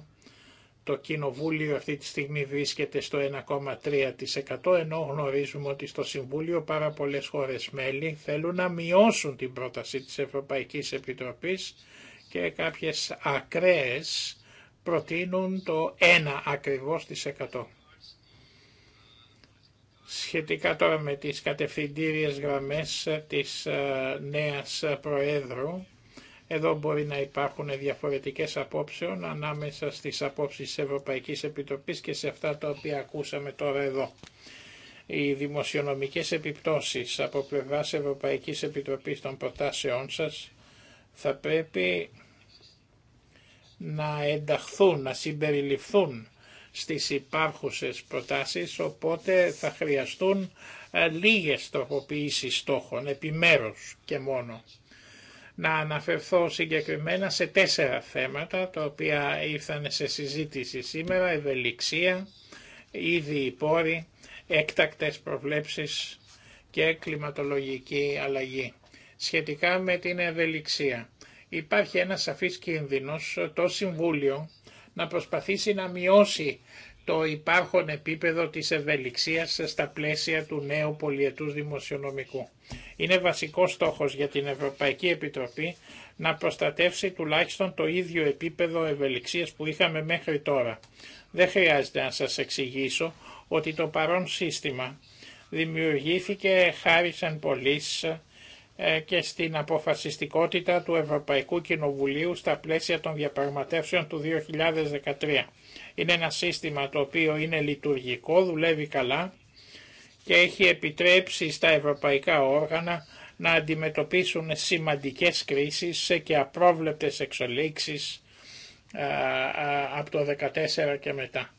S2: το Κοινοβούλιο αυτή τη στιγμή βρίσκεται στο 1,3% ενώ γνωρίζουμε ότι στο Συμβούλιο πάρα πολλές χώρες μέλη θέλουν να μειώσουν την πρόταση της Ευρωπαϊκής Επιτροπής και κάποιες ακραίες προτείνουν το 1 ακριβώς της 100. Σχετικά τώρα με τις κατευθυντήριες γραμμές της ε, νέας Προέδρου, εδώ μπορεί να υπάρχουν διαφορετικές απόψεων ανάμεσα στις απόψεις της Ευρωπαϊκής Επιτροπής και σε αυτά τα οποία ακούσαμε τώρα εδώ. Οι δημοσιονομικές επιπτώσεις από πλευράς Ευρωπαϊκής Επιτροπής των προτάσεών σας θα πρέπει να ενταχθούν, να συμπεριληφθούν στις υπάρχουσες προτάσεις, οπότε θα χρειαστούν ε, λίγες τροποποιήσεις στόχων, επιμέρους και μόνο να αναφερθώ συγκεκριμένα σε τέσσερα θέματα τα οποία ήρθαν σε συζήτηση σήμερα, ευελιξία, ήδη πόροι, έκτακτες προβλέψεις και κλιματολογική αλλαγή. Σχετικά με την ευελιξία, υπάρχει ένα σαφής κίνδυνος το Συμβούλιο να προσπαθήσει να μειώσει το υπάρχον επίπεδο της ευελιξίας στα πλαίσια του νέου πολιετούς δημοσιονομικού. Είναι βασικός στόχος για την Ευρωπαϊκή Επιτροπή να προστατεύσει τουλάχιστον το ίδιο επίπεδο ευελιξίας που είχαμε μέχρι τώρα. Δεν χρειάζεται να σας εξηγήσω ότι το παρόν σύστημα δημιουργήθηκε χάρη σαν ε, και στην αποφασιστικότητα του Ευρωπαϊκού Κοινοβουλίου στα πλαίσια των διαπραγματεύσεων του 2013. Είναι ένα σύστημα το οποίο είναι λειτουργικό, δουλεύει καλά και έχει επιτρέψει στα ευρωπαϊκά όργανα να αντιμετωπίσουν σημαντικές κρίσεις και απρόβλεπτες εξελίξεις ε, ε, από το 2014 και μετά.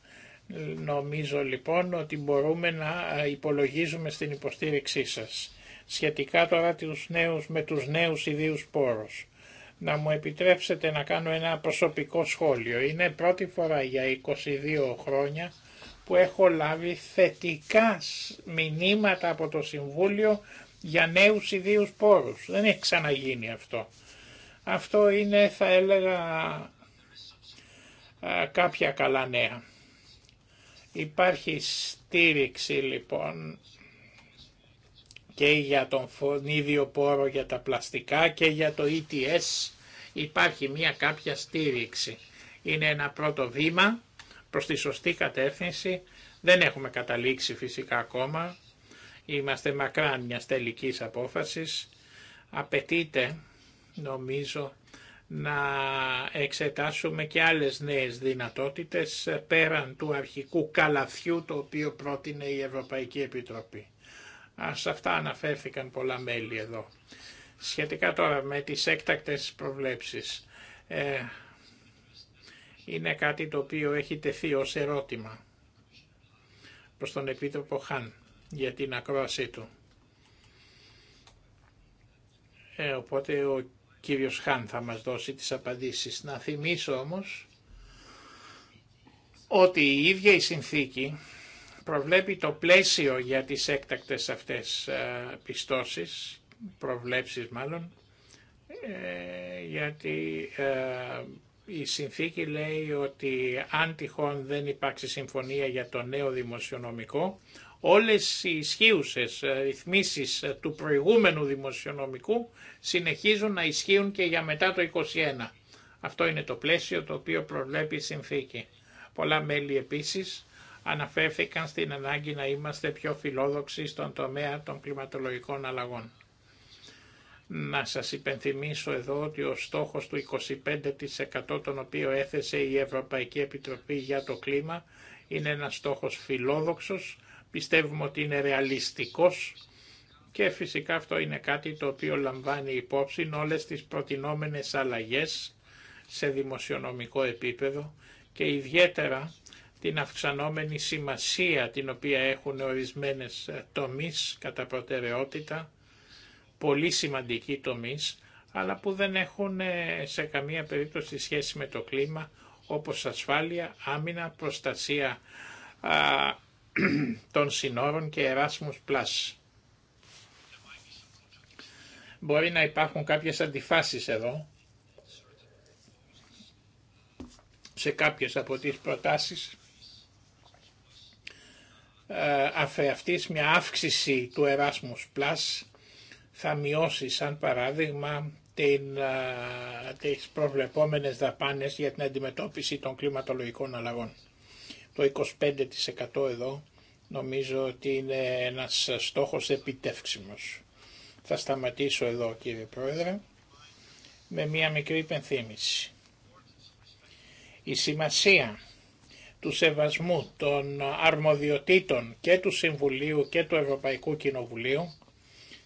S2: Νομίζω λοιπόν ότι μπορούμε να υπολογίζουμε στην υποστήριξή σας σχετικά τώρα τους νέους, με τους νέους ιδίους πόρους. Να μου επιτρέψετε να κάνω ένα προσωπικό σχόλιο. Είναι πρώτη φορά για 22 χρόνια που έχω λάβει θετικά μηνύματα από το Συμβούλιο για νέους ιδίους πόρους. Δεν έχει ξαναγίνει αυτό. Αυτό είναι θα έλεγα κάποια καλά νέα. Υπάρχει στήριξη λοιπόν και για τον ίδιο πόρο για τα πλαστικά και για το ETS υπάρχει μια κάποια στήριξη. Είναι ένα πρώτο βήμα προς τη σωστή κατεύθυνση. Δεν έχουμε καταλήξει φυσικά ακόμα. Είμαστε μακράν μιας τελικής απόφασης. Απαιτείται, νομίζω, να εξετάσουμε και άλλες νέες δυνατότητες πέραν του αρχικού καλαθιού το οποίο πρότεινε η Ευρωπαϊκή Επιτροπή. Σε αυτά αναφέρθηκαν πολλά μέλη εδώ. Σχετικά τώρα με τις έκτακτες προβλέψεις. Ε, είναι κάτι το οποίο έχει τεθεί ως ερώτημα προς τον Επίτροπο Χάν για την ακρόασή του. Ε, οπότε ο κύριος Χάν θα μας δώσει τις απαντήσεις. Να θυμίσω όμως ότι η ίδια η συνθήκη προβλέπει το πλαίσιο για τις έκτακτες αυτές ε, πιστώσεις, προβλέψεις μάλλον, ε, γιατί ε, η συνθήκη λέει ότι αν τυχόν δεν υπάρξει συμφωνία για το νέο δημοσιονομικό, όλες οι ισχύουσες ρυθμίσεις του προηγούμενου δημοσιονομικού συνεχίζουν να ισχύουν και για μετά το 2021. Αυτό είναι το πλαίσιο το οποίο προβλέπει η συνθήκη. Πολλά μέλη επίσης αναφέρθηκαν στην ανάγκη να είμαστε πιο φιλόδοξοι στον τομέα των κλιματολογικών αλλαγών. Να σας υπενθυμίσω εδώ ότι ο στόχος του 25% τον οποίο έθεσε η Ευρωπαϊκή Επιτροπή για το κλίμα είναι ένας στόχος φιλόδοξος, πιστεύουμε ότι είναι ρεαλιστικός και φυσικά αυτό είναι κάτι το οποίο λαμβάνει υπόψη όλες τις προτινόμενες αλλαγές σε δημοσιονομικό επίπεδο και ιδιαίτερα την αυξανόμενη σημασία την οποία έχουν ορισμένες ε, τομείς κατά προτεραιότητα, πολύ σημαντικοί τομείς, αλλά που δεν έχουν ε, σε καμία περίπτωση σχέση με το κλίμα, όπως ασφάλεια, άμυνα, προστασία των συνόρων και Erasmus Plus. Μπορεί να υπάρχουν κάποιες αντιφάσεις εδώ, σε κάποιες από τις προτάσεις ε, αφεαυτής μια αύξηση του Erasmus Plus θα μειώσει σαν παράδειγμα την, ε, τις προβλεπόμενες δαπάνες για την αντιμετώπιση των κλιματολογικών αλλαγών. Το 25% εδώ νομίζω ότι είναι ένας στόχος επιτεύξιμος. Θα σταματήσω εδώ κύριε Πρόεδρε με μία μικρή υπενθύμηση. Η σημασία του σεβασμού των αρμοδιοτήτων και του Συμβουλίου και του Ευρωπαϊκού Κοινοβουλίου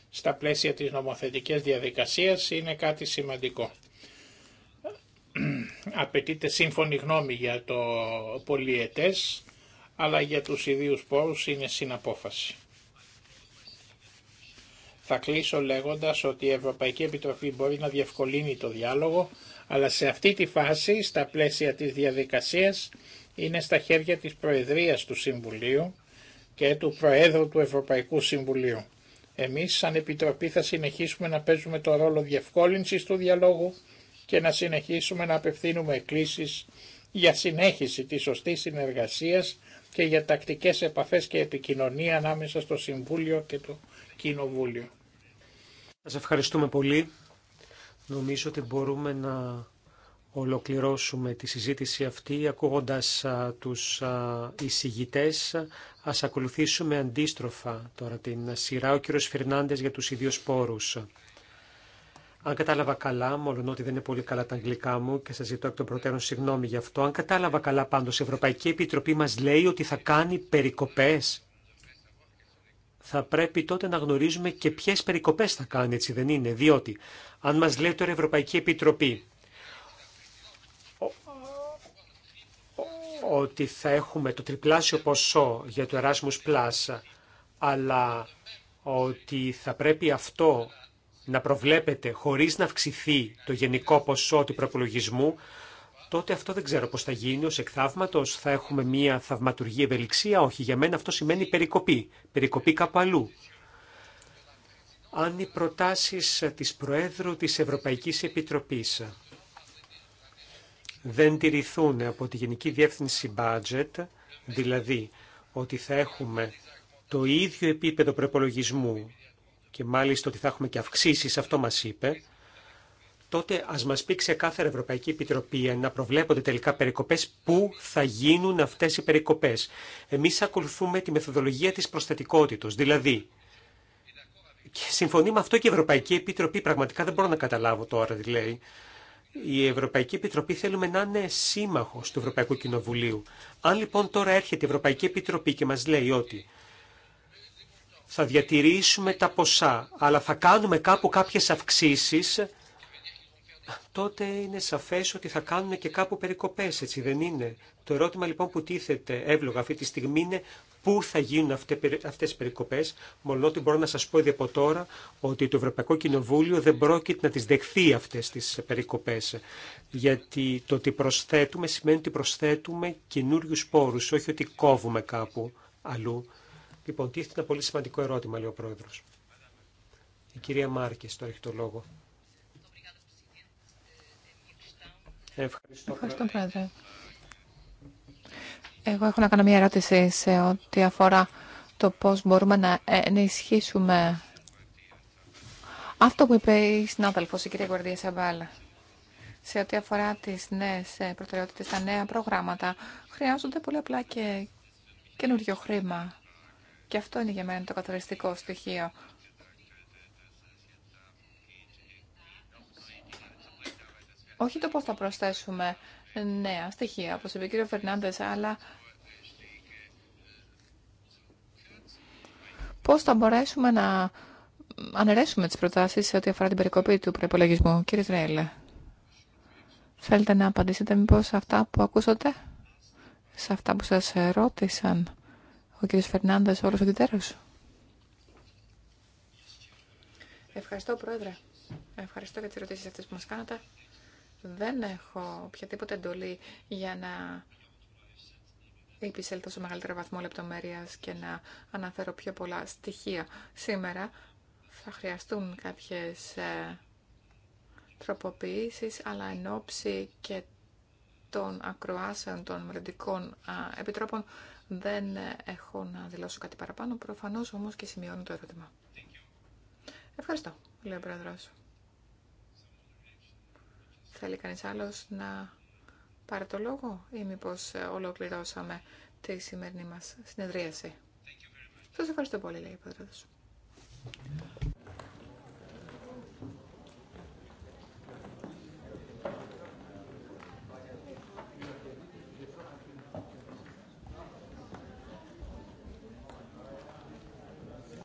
S2: στα πλαίσια της νομοθετικής διαδικασίας είναι κάτι σημαντικό. Απαιτείται σύμφωνη γνώμη για το πολιετές, αλλά για τους ιδίους πόρους είναι συναπόφαση. Θα κλείσω λέγοντας ότι η Ευρωπαϊκή Επιτροπή μπορεί να διευκολύνει το διάλογο, αλλά σε αυτή τη φάση, στα πλαίσια της διαδικασίας, είναι στα χέρια της Προεδρίας του Συμβουλίου και του Προέδρου του Ευρωπαϊκού Συμβουλίου. Εμείς σαν Επιτροπή θα συνεχίσουμε να παίζουμε το ρόλο διευκόλυνσης του διαλόγου και να συνεχίσουμε να απευθύνουμε εκκλήσεις για συνέχιση της σωστής συνεργασίας και για τακτικές επαφές και επικοινωνία ανάμεσα στο Συμβούλιο και το Κοινοβούλιο.
S1: Σας ευχαριστούμε πολύ. Νομίζω ότι μπορούμε να ολοκληρώσουμε τη συζήτηση αυτή ακούγοντας τους εισηγητές. Ας ακολουθήσουμε αντίστροφα τώρα την σειρά ο κύριος Φερνάντες για τους ιδίους πόρους. Αν κατάλαβα καλά, μόλον ότι δεν είναι πολύ καλά τα αγγλικά μου και σας ζητώ εκ των προτέρων συγγνώμη γι' αυτό, αν κατάλαβα καλά πάντως, η Ευρωπαϊκή Επιτροπή μας λέει ότι θα κάνει περικοπές. Θα πρέπει τότε να γνωρίζουμε και ποιες περικοπές θα κάνει, έτσι δεν είναι, διότι αν μας λέει τώρα η Ευρωπαϊκή Επιτροπή ότι θα έχουμε το τριπλάσιο ποσό για το Erasmus Plus, αλλά ότι θα πρέπει αυτό να προβλέπεται χωρίς να αυξηθεί το γενικό ποσό του προπολογισμού, τότε αυτό δεν ξέρω πώς θα γίνει ως εκθαύματος. Θα έχουμε μια θαυματουργή ευελιξία. Όχι, για μένα αυτό σημαίνει περικοπή. Περικοπή κάπου αλλού. Αν οι προτάσεις της Προέδρου της Ευρωπαϊκής Επιτροπής δεν τηρηθούν από τη Γενική Διεύθυνση Budget, δηλαδή ότι θα έχουμε το ίδιο επίπεδο προπολογισμού και μάλιστα ότι θα έχουμε και αυξήσεις, αυτό μας είπε, τότε ας μας πει ξεκάθαρα Ευρωπαϊκή Επιτροπή να προβλέπονται τελικά περικοπές, πού θα γίνουν αυτές οι περικοπές. Εμείς ακολουθούμε τη μεθοδολογία της προσθετικότητος, δηλαδή και συμφωνεί με αυτό και η Ευρωπαϊκή Επιτροπή. Πραγματικά δεν μπορώ να καταλάβω τώρα τι λέει. Δηλαδή η Ευρωπαϊκή Επιτροπή θέλουμε να είναι σύμμαχο του Ευρωπαϊκού Κοινοβουλίου. Αν λοιπόν τώρα έρχεται η Ευρωπαϊκή Επιτροπή και μας λέει ότι θα διατηρήσουμε τα ποσά, αλλά θα κάνουμε κάπου κάποιες αυξήσει, τότε είναι σαφές ότι θα κάνουν και κάπου περικοπές, έτσι δεν είναι. Το ερώτημα λοιπόν που τίθεται εύλογα αυτή τη στιγμή είναι πού θα γίνουν αυτές οι περικοπέ, μόνο ότι μπορώ να σας πω ήδη από τώρα ότι το Ευρωπαϊκό Κοινοβούλιο δεν πρόκειται να τις δεχθεί αυτές τις περικοπέ. Γιατί το ότι προσθέτουμε σημαίνει ότι προσθέτουμε καινούριου πόρου, όχι ότι κόβουμε κάπου αλλού. Λοιπόν, τίθεται ένα πολύ σημαντικό ερώτημα, λέει ο Πρόεδρο. Η κυρία Μάρκε, τώρα έχει το λόγο. Ευχαριστώ,
S3: Πρόεδρε. Εγώ έχω να κάνω μια ερώτηση σε ό,τι αφορά το πώς μπορούμε να ενισχύσουμε αυτό που είπε η συνάδελφος, η κυρία Γουαρδία Σαμπάλ, Σε ό,τι αφορά τις νέες προτεραιότητες, τα νέα προγράμματα, χρειάζονται πολύ απλά και καινούριο χρήμα. Και αυτό είναι για μένα το καθοριστικό στοιχείο. Όχι το πώς θα προσθέσουμε νέα στοιχεία, όπως είπε ο κύριο Φερνάντες, αλλά πώς θα μπορέσουμε να αναιρέσουμε τις προτάσεις σε ό,τι αφορά την περικοπή του προϋπολογισμού. Κύριε Τρέιλε, θέλετε να απαντήσετε μήπως σε αυτά που ακούσατε, σε αυτά που σας ρώτησαν ο κύριος Φερνάντες όλος ο Ευχαριστώ, Πρόεδρε. Ευχαριστώ για τις ερωτήσεις αυτές που μας κάνατε δεν έχω οποιαδήποτε εντολή για να επισέλθω σε μεγαλύτερο βαθμό λεπτομέρειας και να αναφέρω πιο πολλά στοιχεία. Σήμερα θα χρειαστούν κάποιες ε, τροποποιήσεις, αλλά εν ώψη και των ακροάσεων των μελλοντικών επιτρόπων δεν έχω να δηλώσω κάτι παραπάνω. Προφανώς όμως και σημειώνω το ερώτημα. Ευχαριστώ, λέει ο Πρόεδρος. Θέλει κανείς άλλος να πάρει το λόγο ή μήπως ε, ολοκληρώσαμε τη σημερινή μας συνεδρίαση. Σας ευχαριστώ πολύ, λέει η μηπως ολοκληρωσαμε τη σημερινη μας συνεδριαση σας ευχαριστω πολυ λεει η